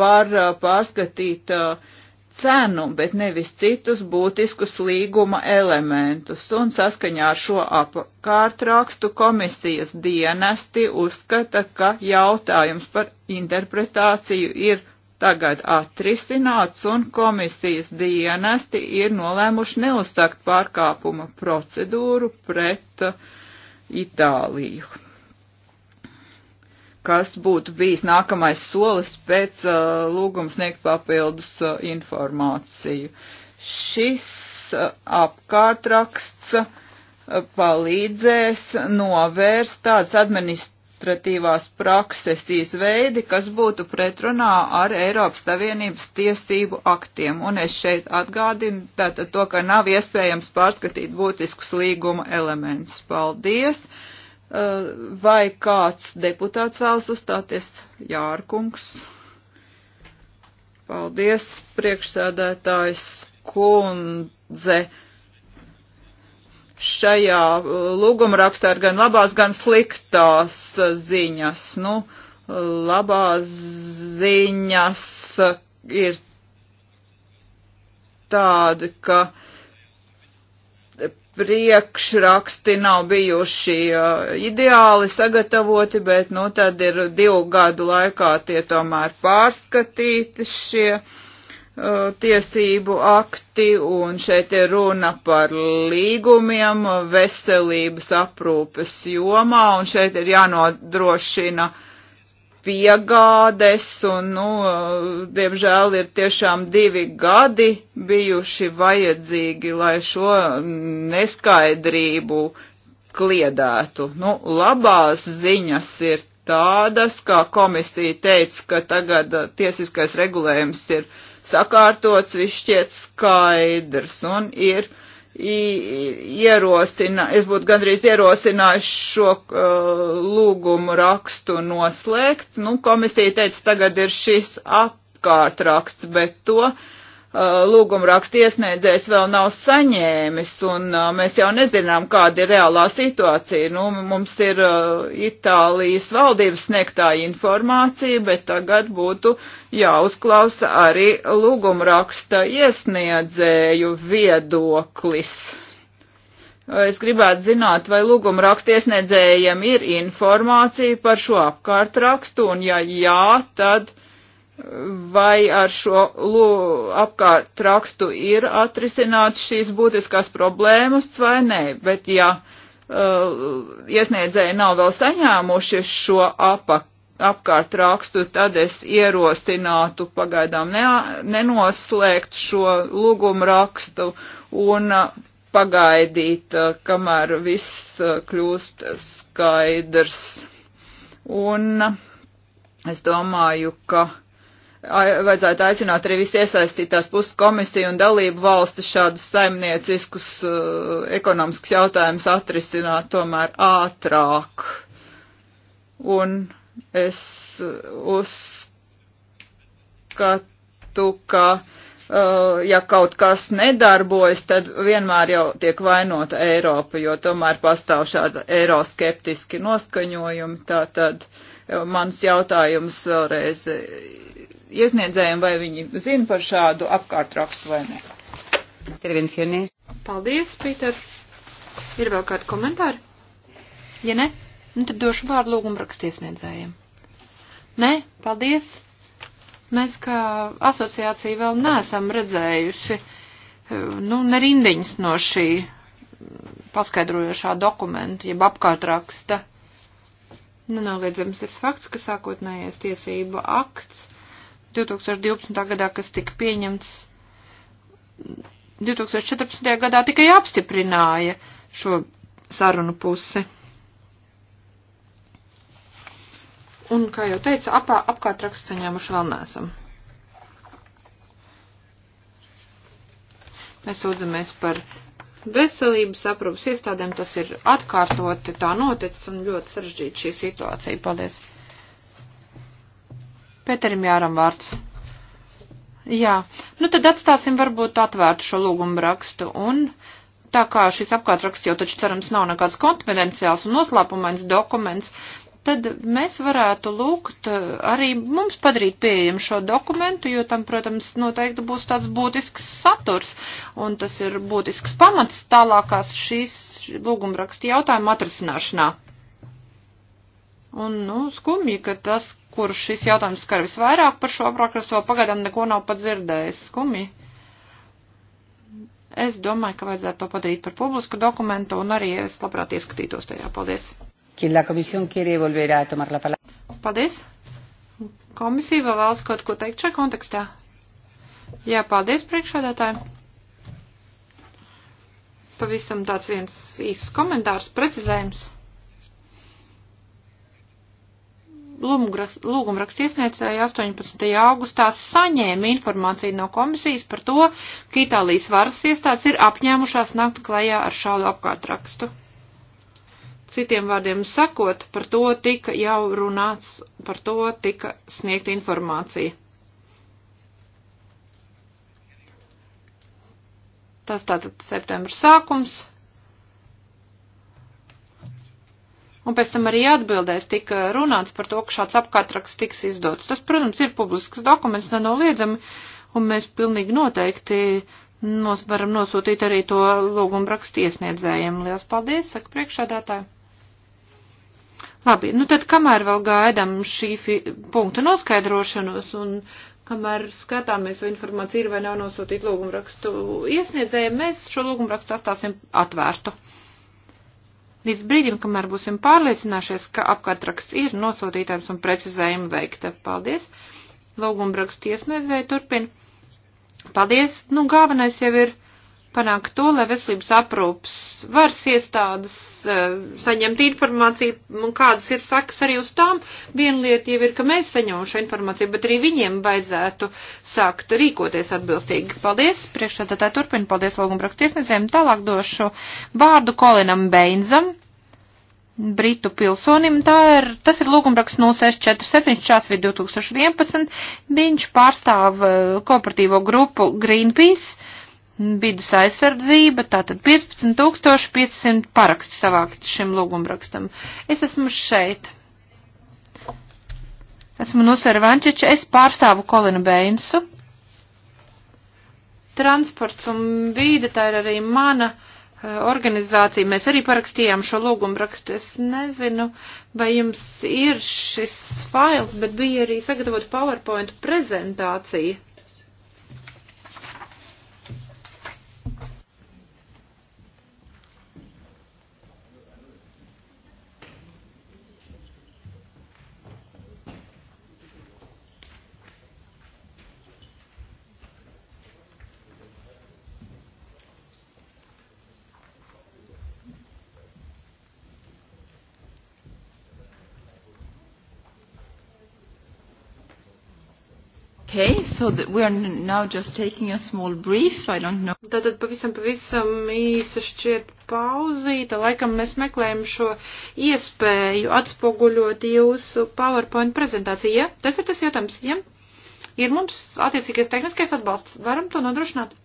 var uh, pārskatīt uh, cenu, bet nevis citus būtiskus līguma elementus, un saskaņā ar šo apkārtrakstu komisijas dienesti uzskata, ka jautājums par interpretāciju ir tagad atrisināts, un komisijas dienesti ir nolēmuši neuzsākt pārkāpuma procedūru pret uh, Itāliju kas būtu bijis nākamais solis pēc uh, lūgums sniegt papildus uh, informāciju. Šis uh, apkārtraksts uh, palīdzēs novērst tādas administratīvās prakses izveidi, kas būtu pretrunā ar Eiropas Savienības tiesību aktiem. Un es šeit atgādinu tātad to, ka nav iespējams pārskatīt būtiskus līguma elementus. Paldies! Uh, Eh, vai kāds deputāts vēlas uzstāties? Jārkungs. Paldies, priekšsēdētājs kundze šajā eh, lūgumrakstā ir gan labās, gan sliktās eh, ziņas. Nu, labās ziņas ir tāda, ka priekšraksti nav bijuši uh, ideāli sagatavoti, bet nu tad ir divu gadu laikā tie tomēr pārskatīti šie uh, tiesību akti, un šeit ir runa par līgumiem veselības aprūpes jomā, un šeit ir jānodrošina uh, piegādes, un, nu, diemžēl ir tiešām divi gadi bijuši vajadzīgi, lai šo neskaidrību kliedētu. Nu, labās ziņas ir tādas, kā komisija teica, ka tagad tiesiskais regulējums ir sakārtots, viss šķiet skaidrs un ir ierosina, es būtu gandrīz ierosinājis šo uh, lūgumu rakstu noslēgt. Nu, komisija teica, tagad ir šis apkārtraksts, bet to Uh, lūgumrakstu iesniedzējs vēl nav saņēmis, un uh, mēs jau nezinām, kāda ir reālā situācija. Nu, mums ir uh, Itālijas valdības sniegtā informācija, bet tagad būtu jāuzklausa arī lūgumraksta iesniedzēju viedoklis. Es gribētu zināt, vai lūguma rakstiesniedzējiem ir informācija par šo apkārtrakstu, un ja jā, tad uh, vai ar šo apkārt rakstu ir atrisināts šīs būtiskās problēmas vai nē, bet ja uh, iesniedzēji nav vēl saņēmuši šo apak, apkārt rakstu, tad es ierosinātu pagaidām ne, nenoslēgt šo lūgumu rakstu un uh, pagaidīt, uh, kamēr viss uh, kļūst skaidrs. Un uh, es domāju, ka uh, vajadzētu aicināt arī visi iesaistītās puses komisiju un dalību valstis šādus saimnieciskus uh, ekonomiskus jautājumus atrisināt tomēr ātrāk. Un es uh, uzskatu, ka uh, ja kaut kas nedarbojas, tad vienmēr jau tiek vainota Eiropa, jo tomēr pastāv šāda eiroskeptiski noskaņojumi. Tātad, uh, mans jautājums vēlreiz iesniedzējiem, vai viņi zina par šādu apkārtrakstu vai ne. Intervencionīs. Paldies, Pīter. Ir vēl kādi komentāri? Ja ne, nu tad došu vārdu lūgumu rakstiesniedzējiem. Nē, paldies. Mēs kā asociācija vēl neesam redzējusi, eh, nu, ne rindiņas no šī paskaidrojošā dokumenta, jeb apkārtraksta Nenoliedzams nu, ir fakts, ka sākotnējais tiesība akts 2012. gadā, kas tika pieņemts 2014. gadā, tikai apstiprināja šo sarunu pusi. Un, kā jau teicu, apā, apkārt rakstu saņēmuši vēl nesam. Mēs sūdzamies par veselības aprūpas iestādēm tas ir atkārtoti tā noticis un ļoti sarežģīta šī situācija. Paldies. Pēterim Jāram vārds. Jā, nu tad atstāsim varbūt atvērtu šo lūgumu rakstu un tā kā šis apkārtraksts jau taču cerams nav nekāds konfidenciāls un noslēpumains dokuments, tad mēs varētu lūgt eh, arī mums padarīt pieejam šo dokumentu, jo tam, protams, noteikti būs tāds būtisks saturs, un tas ir būtisks pamats tālākās šīs lūgumraksta jautājuma atrisināšanā. Un, nu, skumji, ka tas, kur šis jautājums skar visvairāk par šo aprakstu, pagaidām neko nav pat dzirdējis. Skumji. Es domāju, ka vajadzētu to padarīt par publisku dokumentu, un arī es labprāt ieskatītos tajā. Paldies! Paldies! Komisija vēl vēlas kaut ko teikt šajā kontekstā? Jā, paldies priekšādātājiem! Pavisam tāds viens īsts komentārs, precizējums. lūgumraksts iesniedzēja 18. augustā saņēma informāciju no komisijas par to, ka Itālijas varas iestādes ir apņēmušās nākt klajā ar šādu apkārtrakstu. Citiem vārdiem sakot, par to tika jau runāts, par to tika sniegta informācija. Tas tātad septembra sākums. Un pēc tam arī atbildēs tika runāts par to, ka šāds apkārtraksts tiks izdots. Tas, protams, ir publisks dokuments, nenoliedzami, un mēs pilnīgi noteikti nos, varam nosūtīt arī to lūgumu rakstu iesniedzējiem. Lielas paldies, saka priekšādātāji. Labi, nu tad kamēr vēl gaidām šī punkta noskaidrošanos un kamēr skatāmies, vai informācija ir vai nav nosūtīta lūgumrakstu iesniedzējiem, mēs šo lūgumrakstu atstāsim atvērtu. Līdz brīdim, kamēr būsim pārliecinājušies, ka apkārtraksts ir nosūtītājums un precizējumi veikta. Paldies! Lūgumrakstu iesniedzēji turpina. Paldies! Nu, galvenais jau ir panākt to, lai veselības aprūpas varas iestādes eh, saņemt informāciju, un kādas ir sakas arī uz tām. Viena lieta jau ir, ka mēs saņemam šo informāciju, bet arī viņiem vajadzētu sākt rīkoties atbilstīgi. Paldies, priekšsēdētāji turpina, paldies logumbraks tiesniedzējiem. Tālāk došu vārdu Kolinam Beinzam. Britu pilsonim, tā ir, tas ir lūgumraksts 0647, šāds bija 2011, viņš pārstāv eh, kooperatīvo grupu Greenpeace, Vidas aizsardzība, tātad 15500 paraksti savākt šim lūgumrakstam. Es esmu šeit. Esmu Nusera Vančiča, es pārstāvu Kolinu Beinsu. Transports un vīde, tā ir arī mana eh, organizācija. Mēs arī parakstījām šo lūgumrakstu. Es nezinu, vai jums ir šis fails, bet bija arī sagatavot PowerPoint prezentācija Okay, so that we are now just taking a small brief, I don't know. Tātad pavisam, pavisam īsa šķiet pauzīta, laikam mēs meklējam šo iespēju atspoguļot jūsu PowerPoint prezentāciju, ja? Tas ir tas jautājums, ja? Ir mums attiecīgais tehniskais atbalsts, varam to nodrošināt?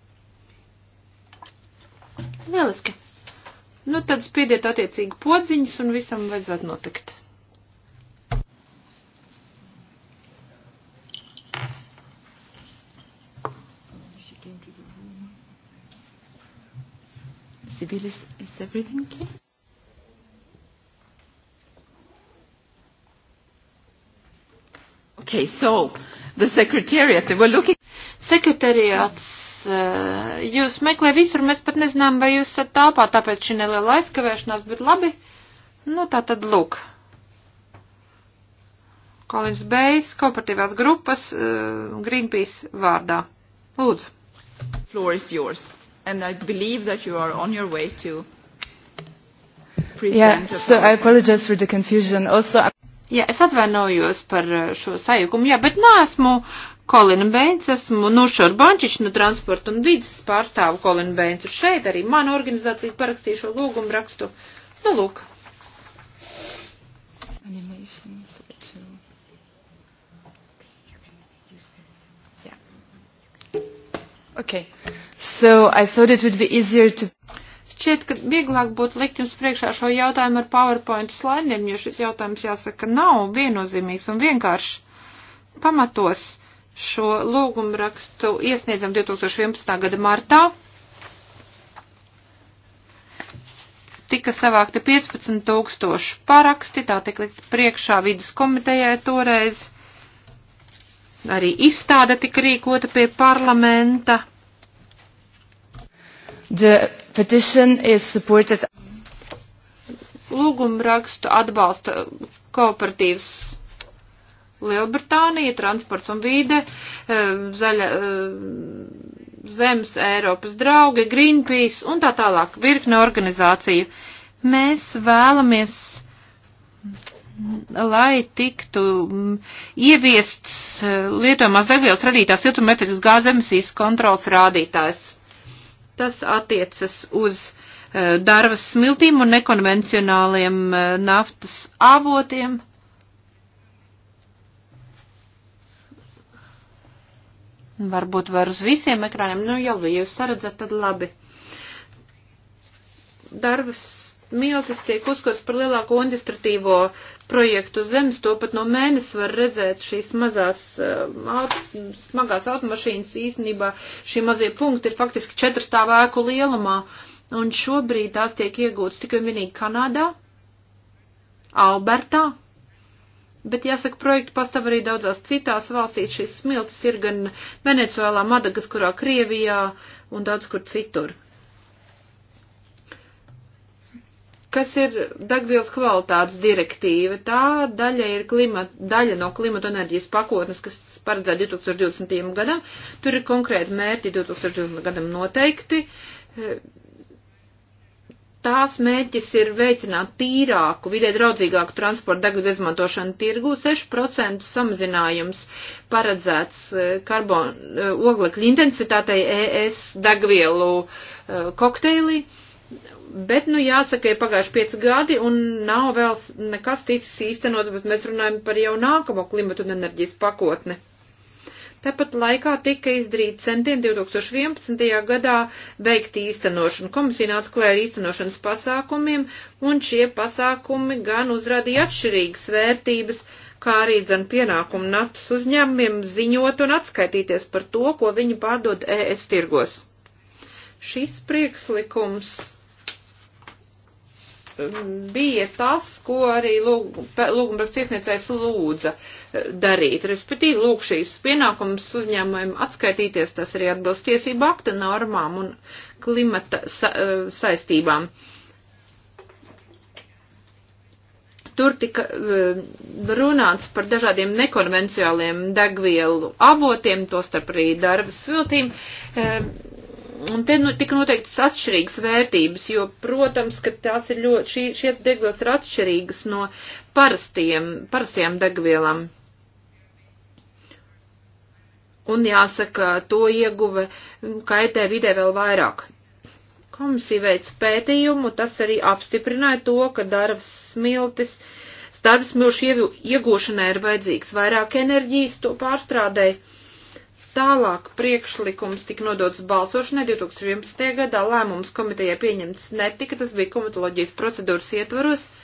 Lieliski. Nu tad spiediet attiecīgi podziņas un visam vajadzētu notikt. Bill, is, is everything okay? Okay, so the secretariat, they were looking. Sekretariāts, eh, jūs meklē visur, mēs pat nezinām, vai jūs esat tāpā, tāpēc šī neliela aizkavēšanās, bet labi. Nu, tā tad lūk. Kolins Bejs, kooperatīvās grupas, eh, Greenpeace vārdā. Lūdzu. Floor is yours and I believe that you are on your way to present. Yeah, so I apologize for the confusion. Also, I'm Jā, es atvainojos par uh, šo sajukumu, jā, bet nāsmu Kolina Bēns, esmu Nušur Bančiš no transporta un vidas pārstāvu Kolina Bēns. Šeit arī mana organizācija parakstīja šo lūgumu rakstu. Nu, lūk. Animations, Okay. So I thought it would be easier to... Šķiet, ka vieglāk būtu likt jums priekšā šo jautājumu ar PowerPoint slaidiem, jo šis jautājums jāsaka nav viennozīmīgs un vienkārši pamatos šo lūgumu rakstu iesniedzam 2011. gada martā. Tika savākti 15 tūkstoši paraksti, tā tika likt priekšā vidas komitejai toreiz Arī izstāde tika rīkota pie parlamenta. The petition is supported. Lūgumu rakstu atbalsta kooperatīvas Lielbritānija, transports un vīde, eh, zaļa, eh, zemes Eiropas draugi, Greenpeace un tā tālāk, virkne organizāciju. Mēs vēlamies lai tiktu mm, ieviests eh, lietojumās degvielas radītās siltumefektas gāzes emisijas kontrols rādītājs. Tas attiecas uz eh, darvas smiltīm un nekonvencionāliem eh, naftas avotiem. Varbūt var uz visiem ekrāniem, nu jau, ja jūs saredzat, tad labi. Darvas Miltis tiek uzskots par lielāko administratīvo projektu zemes, to pat no mēnesis var redzēt šīs mazās, eh, aut, smagās automašīnas īstenībā, šie mazie punkti ir faktiski četrstāvā ēku lielumā, un šobrīd tās tiek iegūtas tikai un vienīgi Kanādā, Albertā, bet jāsaka, projekti pastāv arī daudzās citās valstīs. Šis smilts ir gan Venecuēlā, Madagaskurā, Krievijā un daudz kur citur. kas ir degvielas kvalitātes direktīva. Tā daļa ir klimat, daļa no klimata enerģijas pakotnes, kas paredzē 2020. gadam. Tur ir konkrēti mērķi 2020. gadam noteikti. Tās mērķis ir veicināt tīrāku, vidē draudzīgāku transporta degvielas izmantošanu tirgu. 6% samazinājums paredzēts eh, karbon, eh, oglekļa intensitātei ES degvielu eh, kokteilī. Uh, Bet, nu, jāsaka, ir pagājuši pieci gadi un nav vēl nekas ticis īstenots, bet mēs runājam par jau nākamo klimatu un enerģijas pakotni. Tāpat laikā tika izdarīta centieni 2011. gadā veikt īstenošanu. Komisija nāca klē ar īstenošanas pasākumiem, un šie pasākumi gan uzrādīja atšķirīgas vērtības, kā arī dzen pienākumu naftas uzņēmumiem ziņot un atskaitīties par to, ko viņi pārdod ES tirgos. Šis priekšlikums bija tas, ko arī lūgumraksts iesniedzējs lūdza darīt. Respektīvi, lūk, šīs pienākums uzņēmumiem atskaitīties, tas arī atbilst tiesību akta normām un klimata sa e, saistībām. Tur tika e, runāts par dažādiem nekonvenciāliem degvielu avotiem, tostarp arī darba sviltīm e, Un te nu, tika noteiktas atšķirīgas vērtības, jo, protams, ka tās ir ļoti, šī, šie degvielas ir atšķirīgas no parastiem, parastajām degvielām. Un jāsaka, to ieguve kaitē vidē vēl vairāk. Komisija veic pētījumu, tas arī apstiprināja to, ka darbs smiltis, starpsmilšu iegūšanai ir vajadzīgs vairāk enerģijas to pārstrādēji Tālāk priekšlikums tika nodots balsošanai 2011. gadā, lēmums komitejai pieņemts netika, tas bija komitoloģijas procedūras ietvaros. Uh,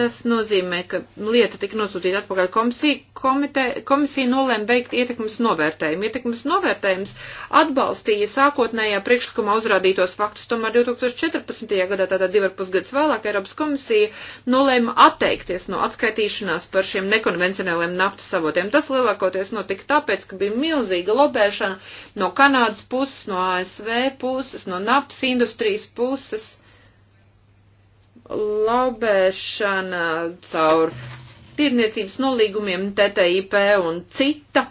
Tas nozīmē, ka lieta tika nosūtīta atpakaļ komisija, komite, komisija nolēma veikt ietekmes novērtējumu. Ietekmes novērtējums atbalstīja sākotnējā priekšlikumā uzrādītos faktus, tomēr 2014. gadā, tātad divar pusgads vēlāk, Eiropas komisija nolēma atteikties no atskaitīšanās par šiem nekonvencionāliem naftas avotiem. Tas lielākoties notika tāpēc, ka bija milzīga lobēšana no Kanādas puses, no ASV puses, no naftas industrijas puses labēšana caur tirniecības nolīgumiem, TTIP un cita.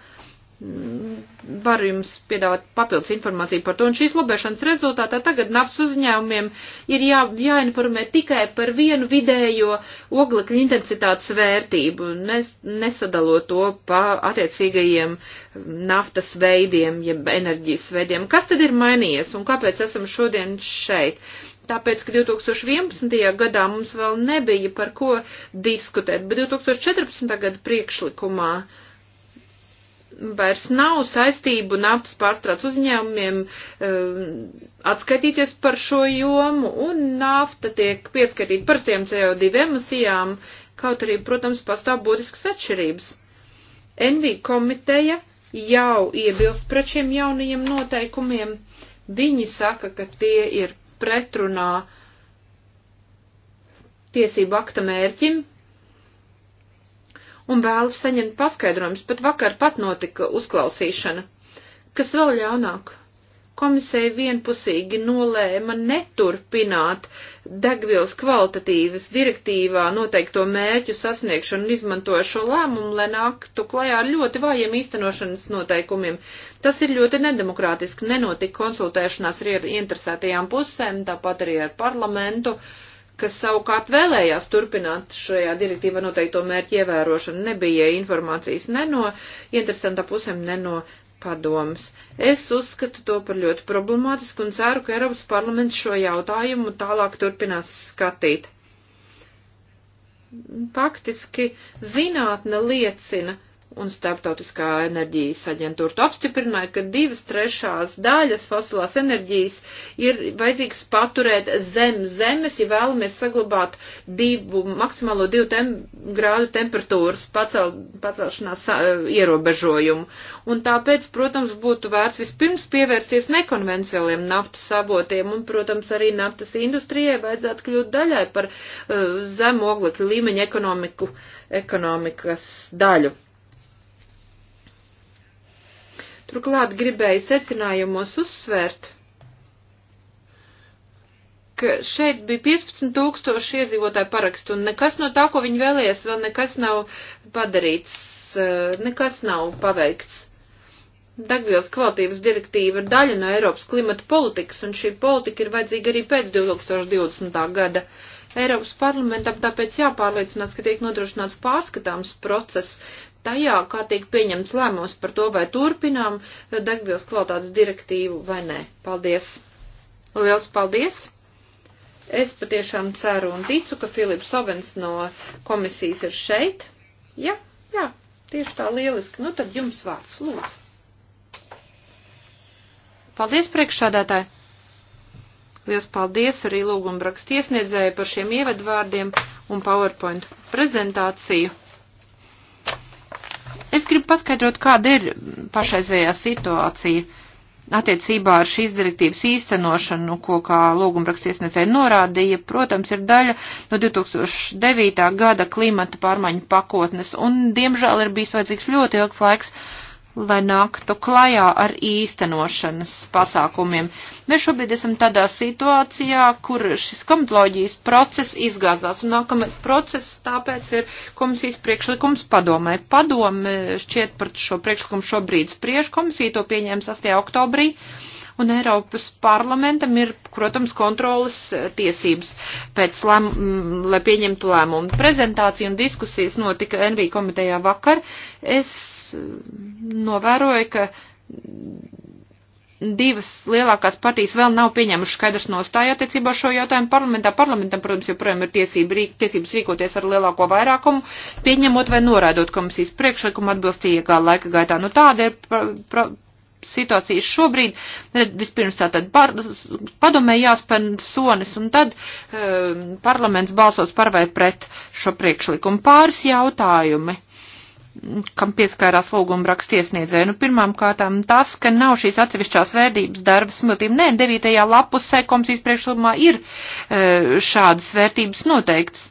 Mm, varu jums piedāvāt papildus informāciju par to, un šīs lobēšanas rezultātā tagad naftas uzņēmumiem ir jā, jāinformē tikai par vienu vidējo oglekļa intensitātes vērtību, nes, nesadalot to pa attiecīgajiem naftas veidiem, jeb enerģijas veidiem. Kas tad ir mainījies un kāpēc esam šodien šeit? tāpēc, ka 2011. gadā mums vēl nebija par ko diskutēt, bet 2014. gada priekšlikumā vairs nav saistību naftas pārstrādes uzņēmumiem um, atskaitīties par šo jomu, un nafta tiek pieskaitīta parastiem CO2 emisijām, kaut arī, protams, pastāv būtiskas atšķirības. NV komiteja jau iebilst pret šiem jaunajiem noteikumiem. Viņi saka, ka tie ir pretrunā tiesību akta mērķim un vēlu saņemt paskaidrojumus, bet vakar pat notika uzklausīšana, kas vēl ļaunāk komisija vienpusīgi nolēma neturpināt degvielas kvalitatīvas direktīvā noteikto mērķu sasniegšanu un izmantoja šo lēmumu, lai nāktu klajā ar ļoti vājiem īstenošanas noteikumiem. Tas ir ļoti nedemokrātiski, nenotika konsultēšanās ar interesētajām pusēm, tāpat arī ar parlamentu kas savukārt vēlējās turpināt šajā direktīva noteikto mērķu ievērošanu, nebija informācijas ne no interesanta pusēm, ne no padomas. Es uzskatu to par ļoti problemātisku un ceru, ka Eiropas parlaments šo jautājumu tālāk turpinās skatīt. Faktiski zinātne liecina, un Starptautiskā enerģijas aģentūra to apstiprināja, ka divas trešās daļas fosilās enerģijas ir vajadzīgs paturēt zem zemes, ja vēlamies saglabāt divu, maksimālo divu tem, grādu temperatūras pacel, pacelšanās uh, ierobežojumu. Un tāpēc, protams, būtu vērts vispirms pievērsties nekonvencionāliem naftas avotiem, un, protams, arī naftas industrijai vajadzētu kļūt daļai par uh, eh, zemu oglekļa līmeņa ekonomiku, ekonomikas daļu. Turklāt gribēju secinājumos uzsvērt, ka šeit bija 15 tūkstoši iedzīvotāju parakstu, un nekas no tā, ko viņi vēlējies, vēl nekas nav padarīts, eh, nekas nav paveikts. Degvielas kvalitātes direktīva ir daļa no Eiropas klimata politikas, un šī politika ir vajadzīga arī pēc 2020. gada. Eiropas parlamentam tāpēc jāpārliecinās, ka tiek nodrošināts pārskatāms process, tajā, kā tiek pieņemts lēmums par to, vai turpinām degvielas kvalitātes direktīvu vai nē. Paldies! Liels paldies! Es patiešām ceru un ticu, ka Filips Ovens no komisijas ir šeit. Jā, jā, tieši tā lieliski. Nu tad jums vārds, lūdzu. Paldies, priekšsādātāji! Liels paldies arī lūgumbrakstu iesniedzēju par šiem ievadvārdiem un PowerPoint prezentāciju. Es gribu paskaidrot, kāda ir pašreizējā situācija attiecībā ar šīs direktīvas īstenošanu, ko kā lūgumraksts iesniedzēja norādīja, protams, ir daļa no 2009. gada klimata pārmaiņu pakotnes, un, diemžēl, ir bijis vajadzīgs ļoti ilgs laiks, lai nāktu klajā ar īstenošanas pasākumiem. Mēs šobrīd esam tādā situācijā, kur šis komitoloģijas process izgāzās, un nākamais process tāpēc ir komisijas priekšlikums padomē. Padome šķiet par šo priekšlikumu šobrīd spriež, komisija to pieņēma 8. oktobrī. Uh, un Eiropas parlamentam ir, protams, kontrolas eh, tiesības pēc lēm, mm, lai pieņemtu lēmumu. Prezentācija un diskusijas notika NV komitejā vakar. Es eh, novēroju, ka divas lielākās partijas vēl nav pieņēmušas skaidrs nostāju attiecībā šo jautājumu parlamentā. Parlamentam, protams, joprojām ir tiesība, rīk, tiesības rīkoties ar lielāko vairākumu, pieņemot vai norādot komisijas priekšlikumu atbilstīgā laika gaitā. Nu, tāda ir pra, pra, situācijas šobrīd, red, vispirms tātad par, padomē jāspēr sonis, un tad e, parlaments balsos par vai pret šo priekšlikumu. Pāris jautājumi kam pieskārās lūguma rakstiesniedzēju. Nu, pirmām kārtām tas, ka nav šīs atsevišķās vērtības darba smiltīm. Nē, devītajā lapusē komisijas priekšlikumā ir e, šādas vērtības noteikts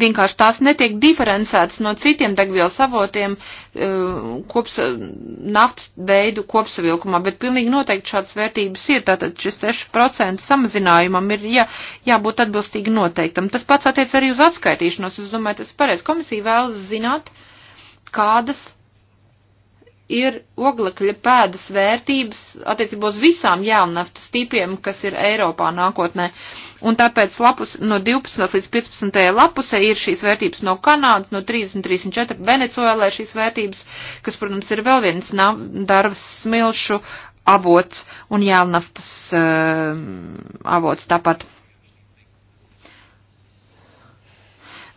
vienkārši tās netiek diferencētas no citiem degvielas avotiem eh, kops, naftas veidu kopsavilkumā, bet pilnīgi noteikti šādas vērtības ir. Tātad šis 6% samazinājumam ir jā, jābūt atbilstīgi noteiktam. Tas pats attiec arī uz atskaitīšanos. Es domāju, tas pareizi. Komisija vēlas zināt, kādas ir oglekļa pēdas vērtības attiecībā uz visām jēlnaftas tipiem, kas ir Eiropā nākotnē. Un tāpēc lapus, no 12. līdz 15. lapusē ir šīs vērtības no Kanādas, no 33 un 4 Venecuēlē šīs vērtības, kas, protams, ir vēl viens darbs smilšu avots un jēlnaftas uh, avots tāpat.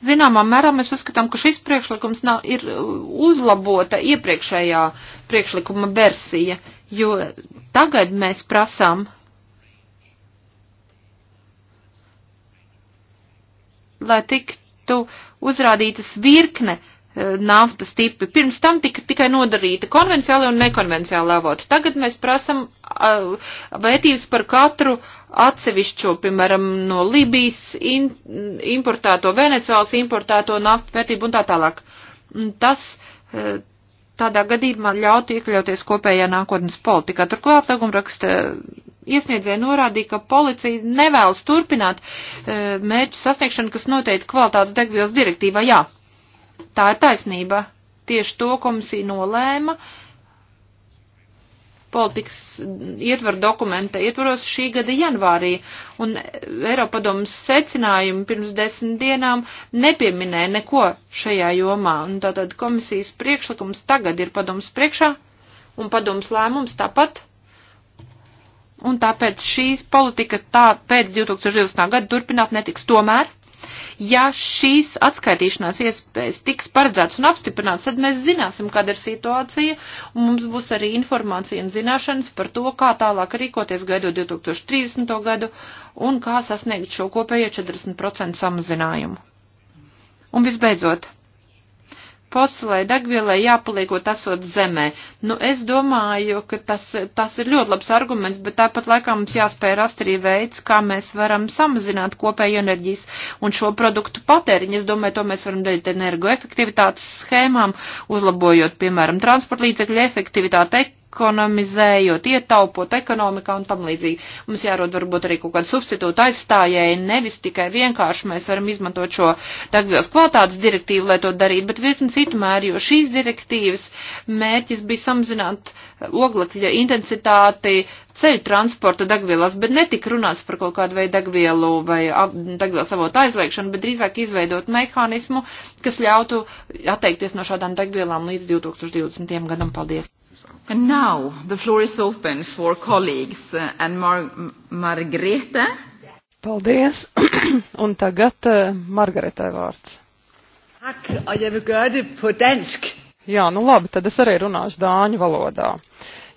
Zināmā mērā mēs uzskatām, ka šis priekšlikums nav, ir uh, uzlabota iepriekšējā priekšlikuma versija, jo tagad mēs prasām, lai tiktu uzrādītas virkne Eh, naftas tipi. Pirms tam tika tikai nodarīta konvenciāli un nekonvenciāli avoti. Tagad mēs prasam uh, vērtības par katru atsevišķo, piemēram, no Libijas in, importēto, Venecuālas importēto naftu vērtību un tā tālāk. Tas uh, tādā gadījumā ļautu iekļauties kopējā nākotnes politikā. Turklāt lagumraksta iesniedzēja norādīja, ka policija nevēlas turpināt uh, mērķu sasniegšanu, kas noteikti kvalitātes degvielas direktīvā. Jā, Tā ir taisnība. Tieši to komisija nolēma politikas ietvaru dokumenta ietvaros šī gada janvārī, un Eiropadomas secinājumi pirms desmit dienām nepieminēja neko šajā jomā, un tātad komisijas priekšlikums tagad ir padomas priekšā, un padomas lēmums tāpat, un tāpēc šīs politika tā pēc 2020. gada turpināt netiks tomēr. Ja šīs atskaitīšanās iespējas tiks paredzētas un apstiprināts, tad mēs zināsim, kāda ir situācija, un mums būs arī informācija un zināšanas par to, kā tālāk rīkoties gaidot 2030. gadu un kā sasniegt šo kopējo 40% samazinājumu. Un visbeidzot, fosilai degvielai jāpaliekot esot zemē. Nu, es domāju, ka tas, tas ir ļoti labs arguments, bet tāpat laikā mums jāspēj rast arī veids, kā mēs varam samazināt kopēju enerģijas un šo produktu patēriņu. Es domāju, to mēs varam darīt energoefektivitātes schēmām, uzlabojot, piemēram, transportlīdzekļu efektivitāti, ekonomizējot, ietaupot ekonomikā un tam līdzīgi. Mums jārod varbūt arī kaut kādu substitūtu aizstājēju, nevis tikai vienkārši mēs varam izmantot šo degvielas kvalitātes direktīvu, lai to darītu, bet virkni citu mēri, jo šīs direktīvas mērķis bija samazināt oglekļa intensitāti ceļu transporta degvielās, bet netika runāts par kaut kādu veidu degvielu vai degvielas avotu aizliekšanu, bet drīzāk izveidot mehānismu, kas ļautu atteikties no šādām degvielām līdz 2020. gadam. Paldies! And now the floor is open for colleagues uh, and Mar Margrete. Paldies. Un tagad uh, Margaretai vārds. Tak, og jeg vil gøre det på dansk. Jā, nu labi, tad es arī runāšu dāņu valodā.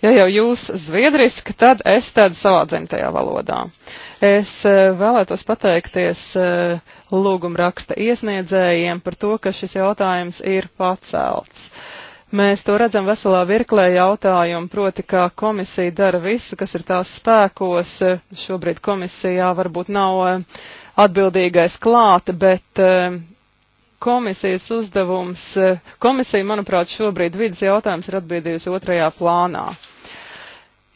Ja jau jūs zviedriski, tad es tad savā dzimtajā valodā. Es uh, vēlētos pateikties uh, lūgumraksta iesniedzējiem par to, ka šis jautājums ir pacelts. Uh, Mēs to redzam veselā virklē jautājumu, proti, ka komisija dara visu, kas ir tās spēkos. Šobrīd komisijā varbūt nav eh, atbildīgais klāt, bet eh, komisijas uzdevums, eh, komisija, manuprāt, šobrīd vidas jautājums ir atbildījusi otrajā plānā.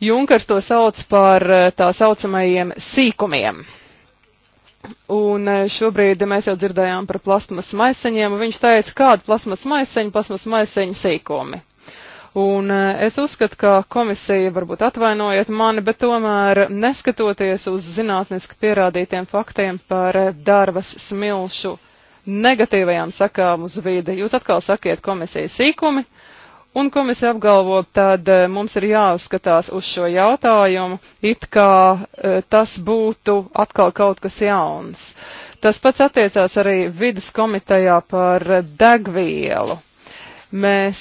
Junkars to sauc par tā saucamajiem sīkumiem. Un e, šobrīd mēs jau dzirdējām par plasmas maiseņiem, un viņš teica, kāda plasmas maiseņa, plasmas maiseņa sīkumi. Un e, es uzskatu, ka komisija varbūt atvainojiet mani, bet tomēr neskatoties uz zinātniski pierādītiem faktiem par e, darbas smilšu negatīvajām sakām uz vidi, jūs atkal sakiet komisijas sīkumi, Un komisija apgalvo, tad eh, mums ir jāskatās uz šo jautājumu, it kā e, tas būtu atkal kaut kas jauns. Tas pats attiecās arī vidas komitejā par degvielu. Mēs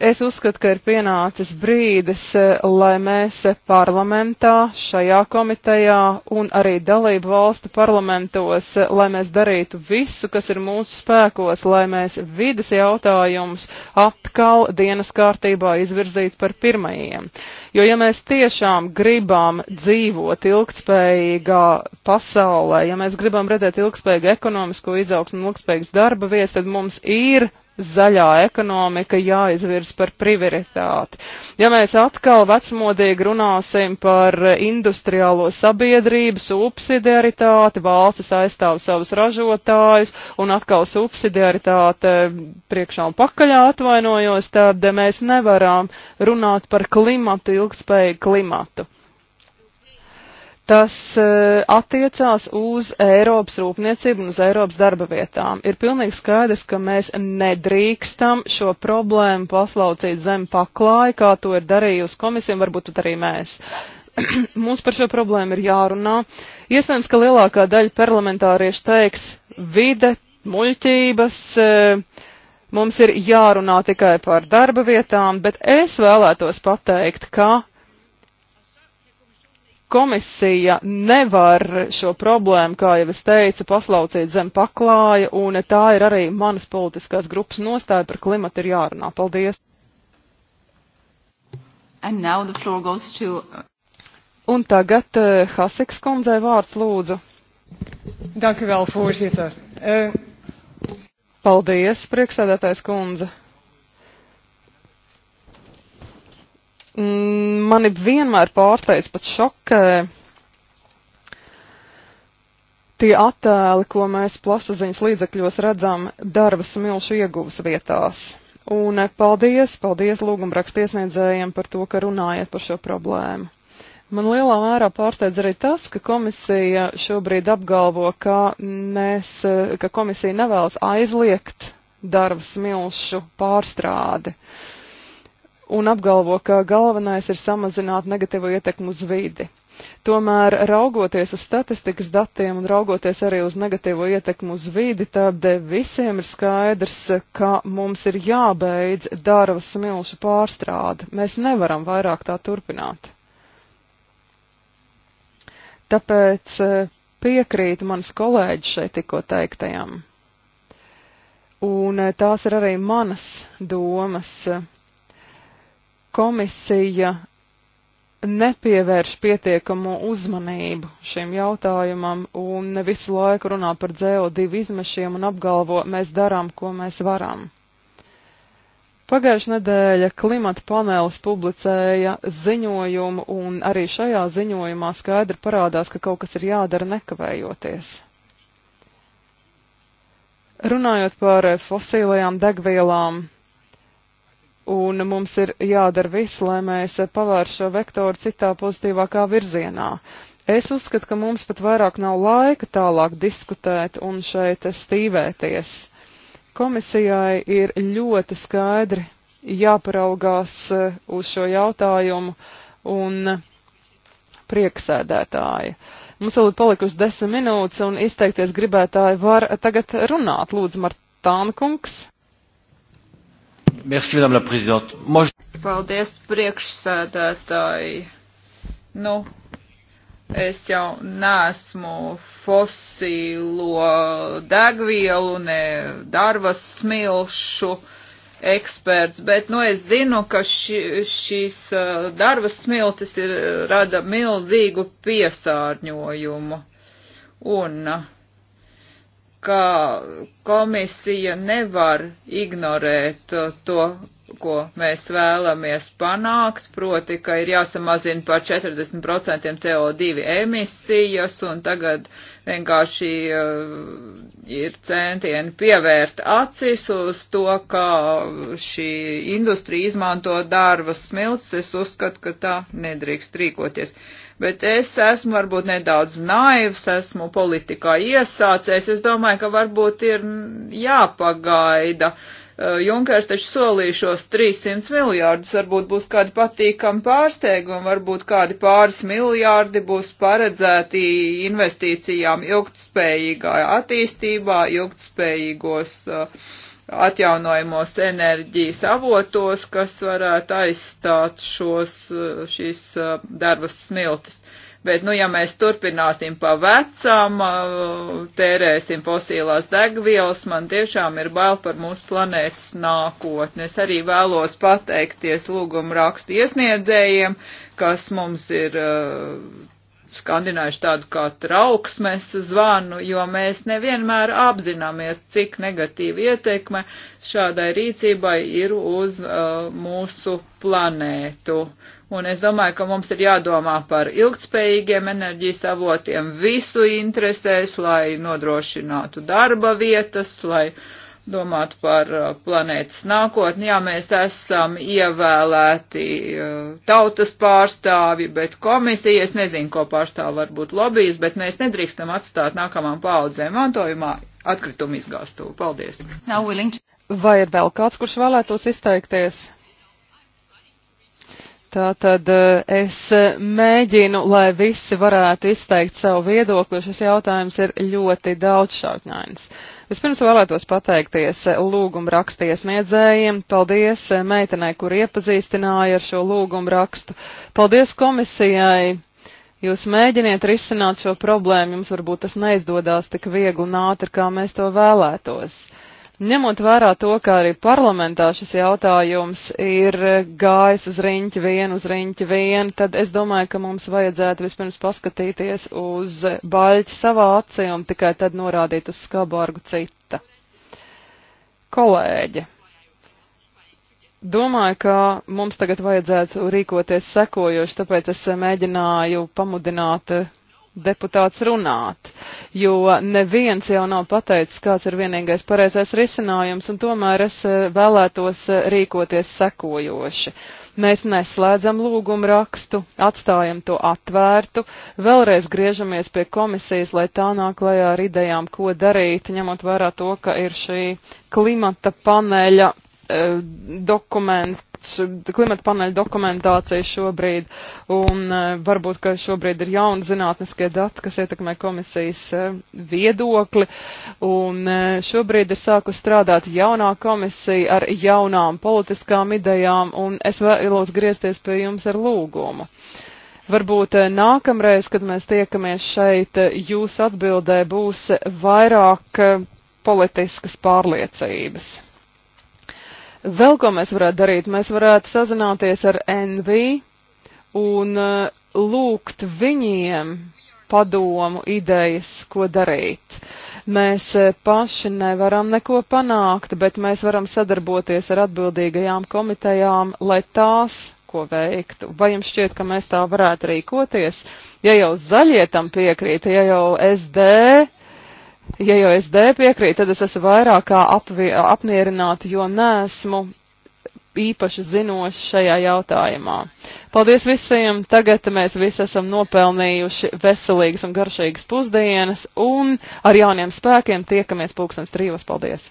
Es uzskatu, ka ir pienācis brīdis, e, lai mēs parlamentā, šajā komitejā un arī dalību valstu parlamentos, e, lai mēs darītu visu, kas ir mūsu spēkos, lai mēs vidas jautājumus atkal dienas kārtībā izvirzītu par pirmajiem. Jo ja mēs tiešām gribam dzīvot ilgtspējīgā pasaulē, ja mēs gribam redzēt ilgtspējīgu ekonomisko izaugsmu un ilgtspējīgas darba vietas, tad mums ir zaļā ekonomika jāizvirs par prioritāti. Ja mēs atkal vecmodīgi runāsim par industriālo sabiedrību, subsidiaritāti, valstis aizstāv savus ražotājus un atkal subsidiaritāte priekšā un pakaļā atvainojos, tad mēs nevaram runāt par klimatu, ilgspēju klimatu. Tas uh, attiecās uz Eiropas rūpniecību un uz Eiropas darba vietām. Ir pilnīgi skaidrs, ka mēs nedrīkstam šo problēmu paslaucīt zem paklāja, kā to ir darījusi komisija, un varbūt arī mēs. Mums par šo problēmu ir jārunā. Iespējams, ka lielākā daļa parlamentāriešu teiks vide, muļķības, uh, mums ir jārunā tikai par darba vietām, bet es vēlētos pateikt, ka komisija nevar šo problēmu, kā jau es teicu, paslaucīt zem paklāja, un tā ir arī manas politiskās grupas nostāja par klimatu ir jārunā. Paldies! To... Un tagad uh, eh, Hasiks kundzei vārds lūdzu. Dank u wel, voorzitter. Uh... Paldies, priekšsēdētājs kundze. Mm mani vienmēr pārsteidz pat šokē tie attēli, ko mēs plašsaziņas līdzekļos redzam darba smilšu ieguvas vietās. Un eh, paldies, paldies lūgumrakstu iesniedzējiem par to, ka runājat par šo problēmu. Man lielā mērā pārsteidz arī tas, ka komisija šobrīd apgalvo, ka, mēs, eh, ka komisija nevēlas aizliegt darba smilšu pārstrādi. Uh, un apgalvo, ka galvenais ir samazināt negatīvo ietekmu uz vidi. Tomēr, raugoties uz statistikas datiem un raugoties arī uz negatīvo ietekmu uz vidi, tad visiem ir skaidrs, ka mums ir jābeidz darbas smilšu pārstrāde. Mēs nevaram vairāk tā turpināt. Tāpēc eh, piekrīt mans kolēģis šeit tikko teiktajam. Un eh, tās ir arī manas domas komisija nepievērš pietiekamu uzmanību šim jautājumam un ne visu laiku runā par CO2 izmešiem un apgalvo, mēs darām, ko mēs varam. Pagājušā nedēļa klimata panelis publicēja ziņojumu, un arī šajā ziņojumā skaidri parādās, ka kaut kas ir jādara nekavējoties. Runājot par fosīlajām degvielām, un mums ir jādara viss, lai mēs pavērš šo vektoru citā pozitīvākā virzienā. Es uzskatu, ka mums pat vairāk nav laika tālāk diskutēt un šeit stīvēties. Komisijai ir ļoti skaidri jāparaugās eh, uz šo jautājumu un prieksēdētāji. Mums vēl ir palikusi desmit minūtes un izteikties gribētāji var tagad runāt. Lūdzu, Martāna kungs. Merci, madame la présidente. Moi... Paldies, priekšsēdētāji. Nu, es jau nesmu fosīlo degvielu, ne darvas smilšu eksperts, bet, nu, es zinu, ka ši, šīs uh, darvas smiltis ir, rada milzīgu piesārņojumu. Un uh, ka komisija nevar ignorēt to, ko mēs vēlamies panākt, proti, ka ir jāsamazina par 40% CO2 emisijas, un tagad vienkārši uh, ir centieni pievērt acis uz to, kā šī industrija izmanto dārvas smilts. Es uzskatu, ka tā nedrīkst rīkoties. Uh, bet es esmu varbūt nedaudz naivs, esmu politikā iesācējs. Es domāju, ka varbūt ir jāpagaida. Uh, Junkers taču solīja šos 300 miljārdus, varbūt būs kādi patīkami pārsteigumi, varbūt kādi pāris miljārdi būs paredzēti investīcijām ilgtspējīgā attīstībā, ilgtspējīgos uh, atjaunojumos enerģijas avotos, kas varētu aizstāt šos, šīs darbas smiltis. Bet, nu, ja mēs turpināsim pa vecam, tērēsim fosīlās degvielas, man tiešām ir bail par mūsu planētas nākotni. Es arī vēlos pateikties lūgumu rakstu iesniedzējiem, kas mums ir uh, skandinājuši tādu kā trauksmes zvanu, jo mēs nevienmēr apzināmies, cik negatīva ietekme šādai rīcībai ir uz uh, mūsu planētu. Un es domāju, ka mums ir jādomā par ilgtspējīgiem enerģijas avotiem visu interesēs, lai nodrošinātu darba vietas, lai uh, domāt par uh, planētas nākotni. Jā, mēs esam ievēlēti uh, tautas pārstāvi, bet komisija, es nezinu, ko pārstāv varbūt lobijas, bet mēs nedrīkstam atstāt nākamām paudzēm mantojumā atkritumu izgāstuvu. Paldies! Vai ir vēl kāds, kurš vēlētos izteikties? Tātad eh, es mēģinu, lai visi varētu izteikt savu viedokli, šis jautājums ir ļoti daudzšķautņains. Vispirms vēlētos pateikties eh, lūgumu rakstu iesniedzējiem, paldies eh, meitenei, kur iepazīstināja ar šo lūgumu rakstu, paldies komisijai, jūs mēģiniet risināt šo problēmu, jums varbūt tas neizdodās tik viegli un ātri, kā mēs to vēlētos. Ņemot vērā to, ka arī parlamentā šis jautājums ir gājis uz riņķi vienu, uz riņķi vienu, tad es domāju, ka mums vajadzētu vispirms paskatīties uz baļķi savā acī un tikai tad norādīt uz skabargu cita. Kolēģi! Domāju, ka mums tagad vajadzētu rīkoties sekojoši, tāpēc es mēģināju pamudināt deputāts runāt, jo neviens jau nav pateicis, kāds ir vienīgais pareizais risinājums, un tomēr es eh, vēlētos eh, rīkoties sekojoši. Mēs neslēdzam lūgumu rakstu, atstājam to atvērtu, vēlreiz griežamies pie komisijas, lai tā nāk klajā ar idejām, ko darīt, ņemot vērā to, ka ir šī klimata paneļa eh, dokumenta dokuments, klimata paneļa dokumentācija šobrīd, un e, varbūt, ka šobrīd ir jauni zinātniskie dati, kas ietekmē komisijas e, viedokli, un e, šobrīd ir sākus strādāt jaunā komisija ar jaunām politiskām idejām, un es vēlos griezties pie jums ar lūgumu. Varbūt nākamreiz, kad mēs tiekamies šeit, jūs atbildē būs vairāk politiskas pārliecības. Vēl ko mēs varētu darīt? Mēs varētu sazināties ar NV un uh, lūgt viņiem padomu, idejas, ko darīt. Mēs uh, paši nevaram neko panākt, bet mēs varam sadarboties ar atbildīgajām komitejām, lai tās ko veiktu. Vai jums šķiet, ka mēs tā varētu rīkoties? Ja jau zaļie tam piekrīt, ja jau SD Ja jau es D piekrītu, tad es esmu vairāk kā apvi, apmierināta, jo nesmu īpaši zinoši šajā jautājumā. Paldies visiem! Tagad mēs visi esam nopelnījuši veselīgas un garšīgas pusdienas, un ar jauniem spēkiem tiekamies pulkstens trīvas. Paldies!